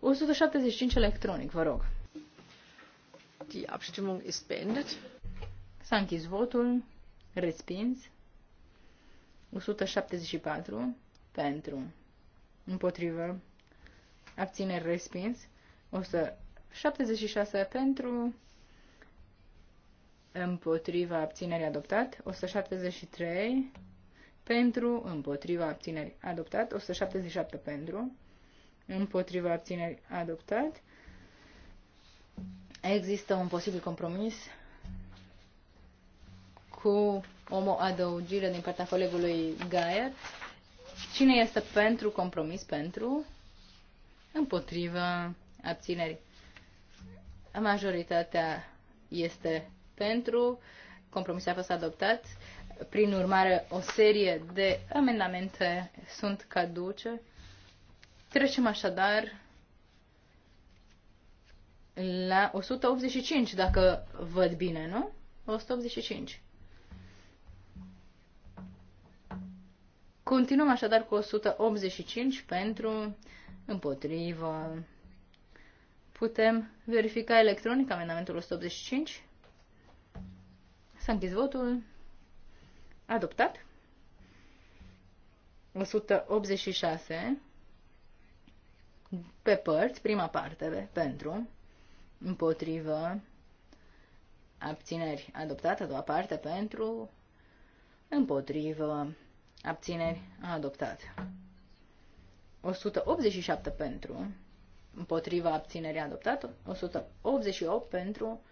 175 electronic, vă rog. Die Abstimmung ist beendet. S-a închis votul. Respins. 174 pentru. Împotrivă abțineri respins, 176 pentru, împotriva abținerii adoptat, 173 pentru, împotriva abținerii adoptat, 177 pentru, împotriva abținerii adoptat. Există un posibil compromis cu o adăugire din partea colegului Gaier. Cine este pentru compromis? Pentru, împotriva abținerii. Majoritatea este pentru, compromisul a fost adoptat, prin urmare o serie de amendamente sunt caduce. Trecem așadar la 185, dacă văd bine, nu? 185. Continuăm așadar cu 185 pentru împotrivă. Putem verifica electronic amendamentul 185. S-a închis votul. Adoptat. 186 pe părți, prima parte, pentru, împotrivă, abțineri, adoptată, a doua parte, pentru, împotrivă, abțineri, adoptată. 187 pentru, împotriva abținerii adoptată, 188 pentru,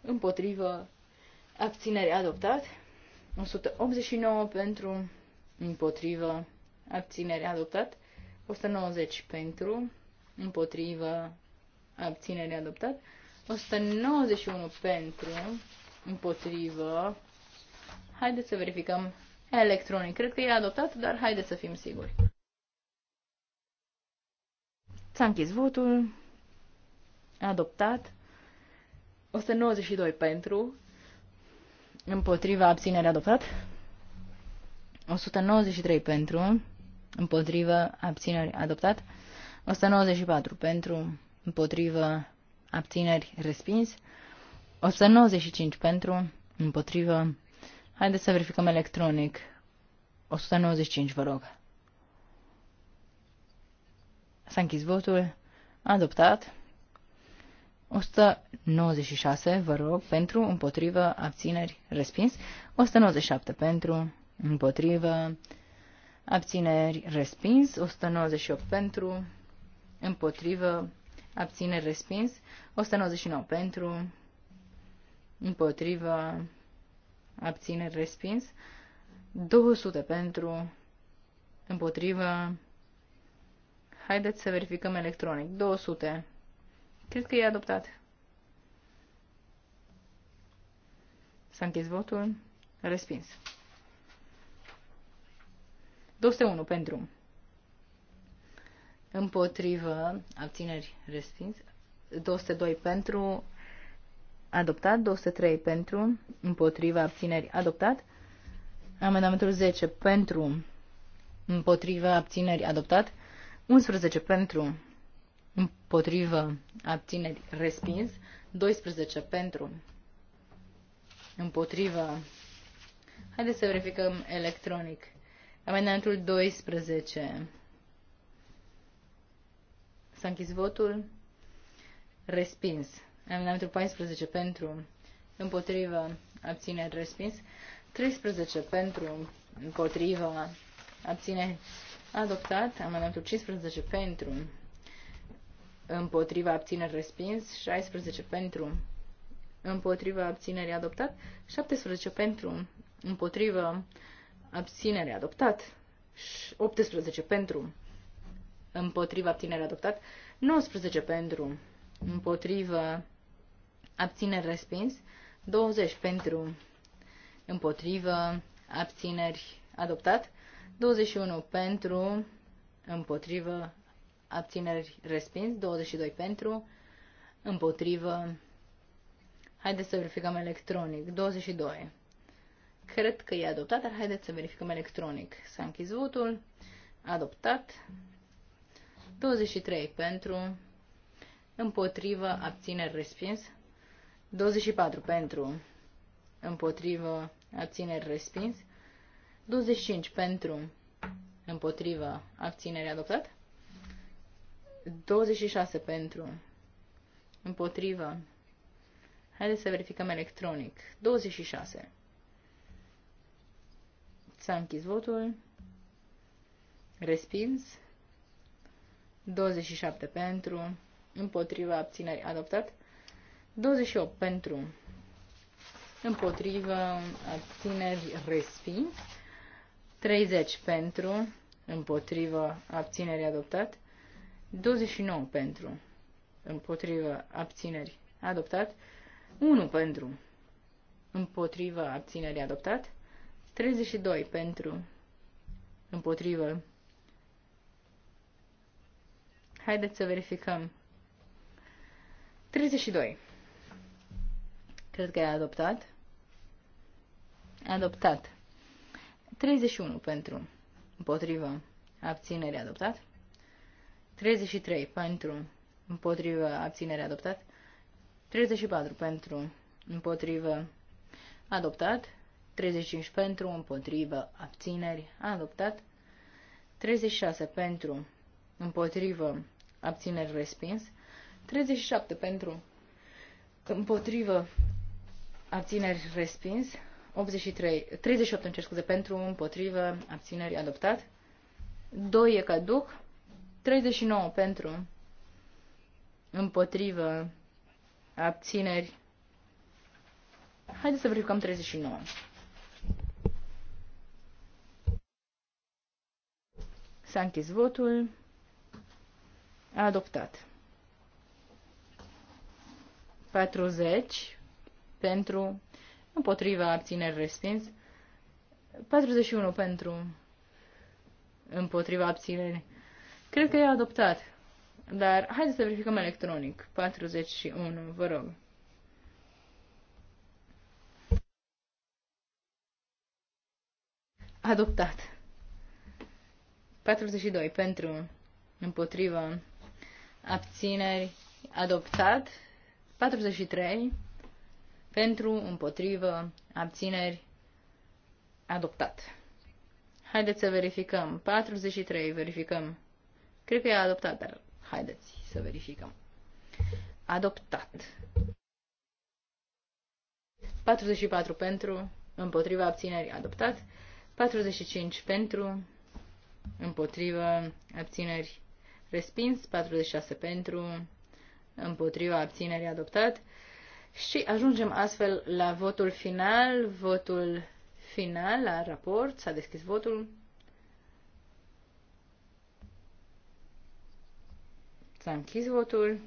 împotriva abținerii adoptat, 189 pentru, împotriva abținerii adoptat, 190 pentru, împotriva abținerii adoptat, 191 pentru, împotriva, Haideți să verificăm electronic. Cred că e adoptat, dar haideți să fim siguri. S-a închis votul. Adoptat. 192 pentru. Împotriva abținere adoptat. 193 pentru. împotriva abțineri adoptat. 194 pentru. împotriva abțineri respins. 195 pentru. Împotriva. Haideți să verificăm electronic. 195, vă rog. S-a închis votul. Adoptat. 196, vă rog, pentru, împotrivă, abțineri, respins. 197 pentru, împotrivă, abțineri, respins. 198 pentru, împotrivă, abțineri, respins. 199 pentru, împotrivă, abțineri, respins. 200 pentru, împotrivă, Haideți să verificăm electronic. 200. Cred că e adoptat. S-a închis votul. Respins. 201 pentru. Împotrivă. Abțineri. Respins. 202 pentru. Adoptat. 203 pentru. Împotrivă. Abțineri. Adoptat. Amendamentul 10 pentru. Împotrivă. Abțineri. Adoptat. 11 pentru, împotrivă, abțineri, respins. 12 pentru, împotrivă. Haideți să verificăm electronic. Amendamentul 12. S-a închis votul. Respins. Amendamentul 14 pentru, împotrivă, abțineri, respins. 13 pentru, împotrivă, abțineri, Adoptat. Amendamentul 15 pentru. Împotriva abțineri respins. 16 pentru. Împotriva abținerii adoptat. 17 pentru. Împotriva abținerii adoptat. 18 pentru. Împotriva abținerii adoptat. 19 pentru. Împotriva abțineri respins. 20 pentru. Împotriva abțineri adoptat. 21 pentru, împotrivă, abțineri respins, 22 pentru, împotrivă. Haideți să verificăm electronic, 22. Cred că e adoptat, dar haideți să verificăm electronic. S-a închis votul, adoptat, 23 pentru, împotrivă, abțineri respins, 24 pentru, împotrivă, abțineri respins, 25 pentru, împotrivă, abținere adoptat. 26 pentru, împotrivă. Haideți să verificăm electronic. 26. S-a închis votul. Respins. 27 pentru, împotriva abținere adoptat. 28 pentru, împotrivă abțineri respins. 30 pentru, împotrivă, abținerii adoptat. 29 pentru, împotrivă, abțineri adoptat. 1 pentru, împotrivă, abținerii adoptat. 32 pentru, împotrivă. Haideți să verificăm. 32. Cred că e adoptat. Adoptat. 31 pentru, împotrivă, abținere adoptat. 33 pentru, împotrivă, abținere adoptat. 34 pentru, împotrivă, adoptat. 35 pentru, împotrivă, abțineri, adoptat. 36 pentru, împotrivă, abțineri, respins. 37 pentru, împotrivă, abțineri, respins. 83, 38, îmi cer scuze, pentru, împotrivă, abțineri, adoptat. 2 e caduc. 39 pentru, împotrivă, abțineri. Haideți să verificăm 39. S-a închis votul. A adoptat. 40 pentru împotriva abțineri respins, 41 pentru împotriva abțineri. Cred că e adoptat, dar haideți să verificăm electronic. 41, vă rog. Adoptat. 42 pentru împotriva abțineri adoptat. 43 pentru, împotrivă, abțineri, adoptat. Haideți să verificăm. 43, verificăm. Cred că e adoptat, dar haideți să verificăm. Adoptat. 44 pentru, împotriva abținerii, adoptat. 45 pentru, împotriva abțineri, respins. 46 pentru, împotriva abținerii, adoptat. Și ajungem astfel la votul final, votul final la raport, s-a deschis votul. S-a închis votul.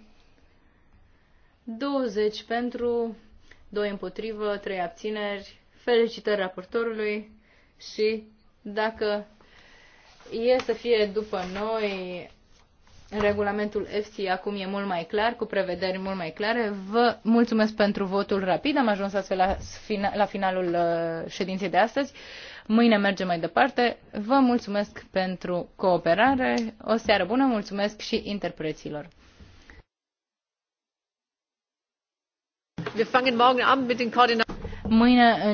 20 pentru, 2 împotrivă, 3 abțineri. Felicitări raportorului și dacă e să fie după noi regulamentul FC acum e mult mai clar, cu prevederi mult mai clare. Vă mulțumesc pentru votul rapid. Am ajuns astfel la, la finalul uh, ședinței de astăzi. Mâine mergem mai departe. Vă mulțumesc pentru cooperare. O seară bună. Mulțumesc și interpreților. Mâine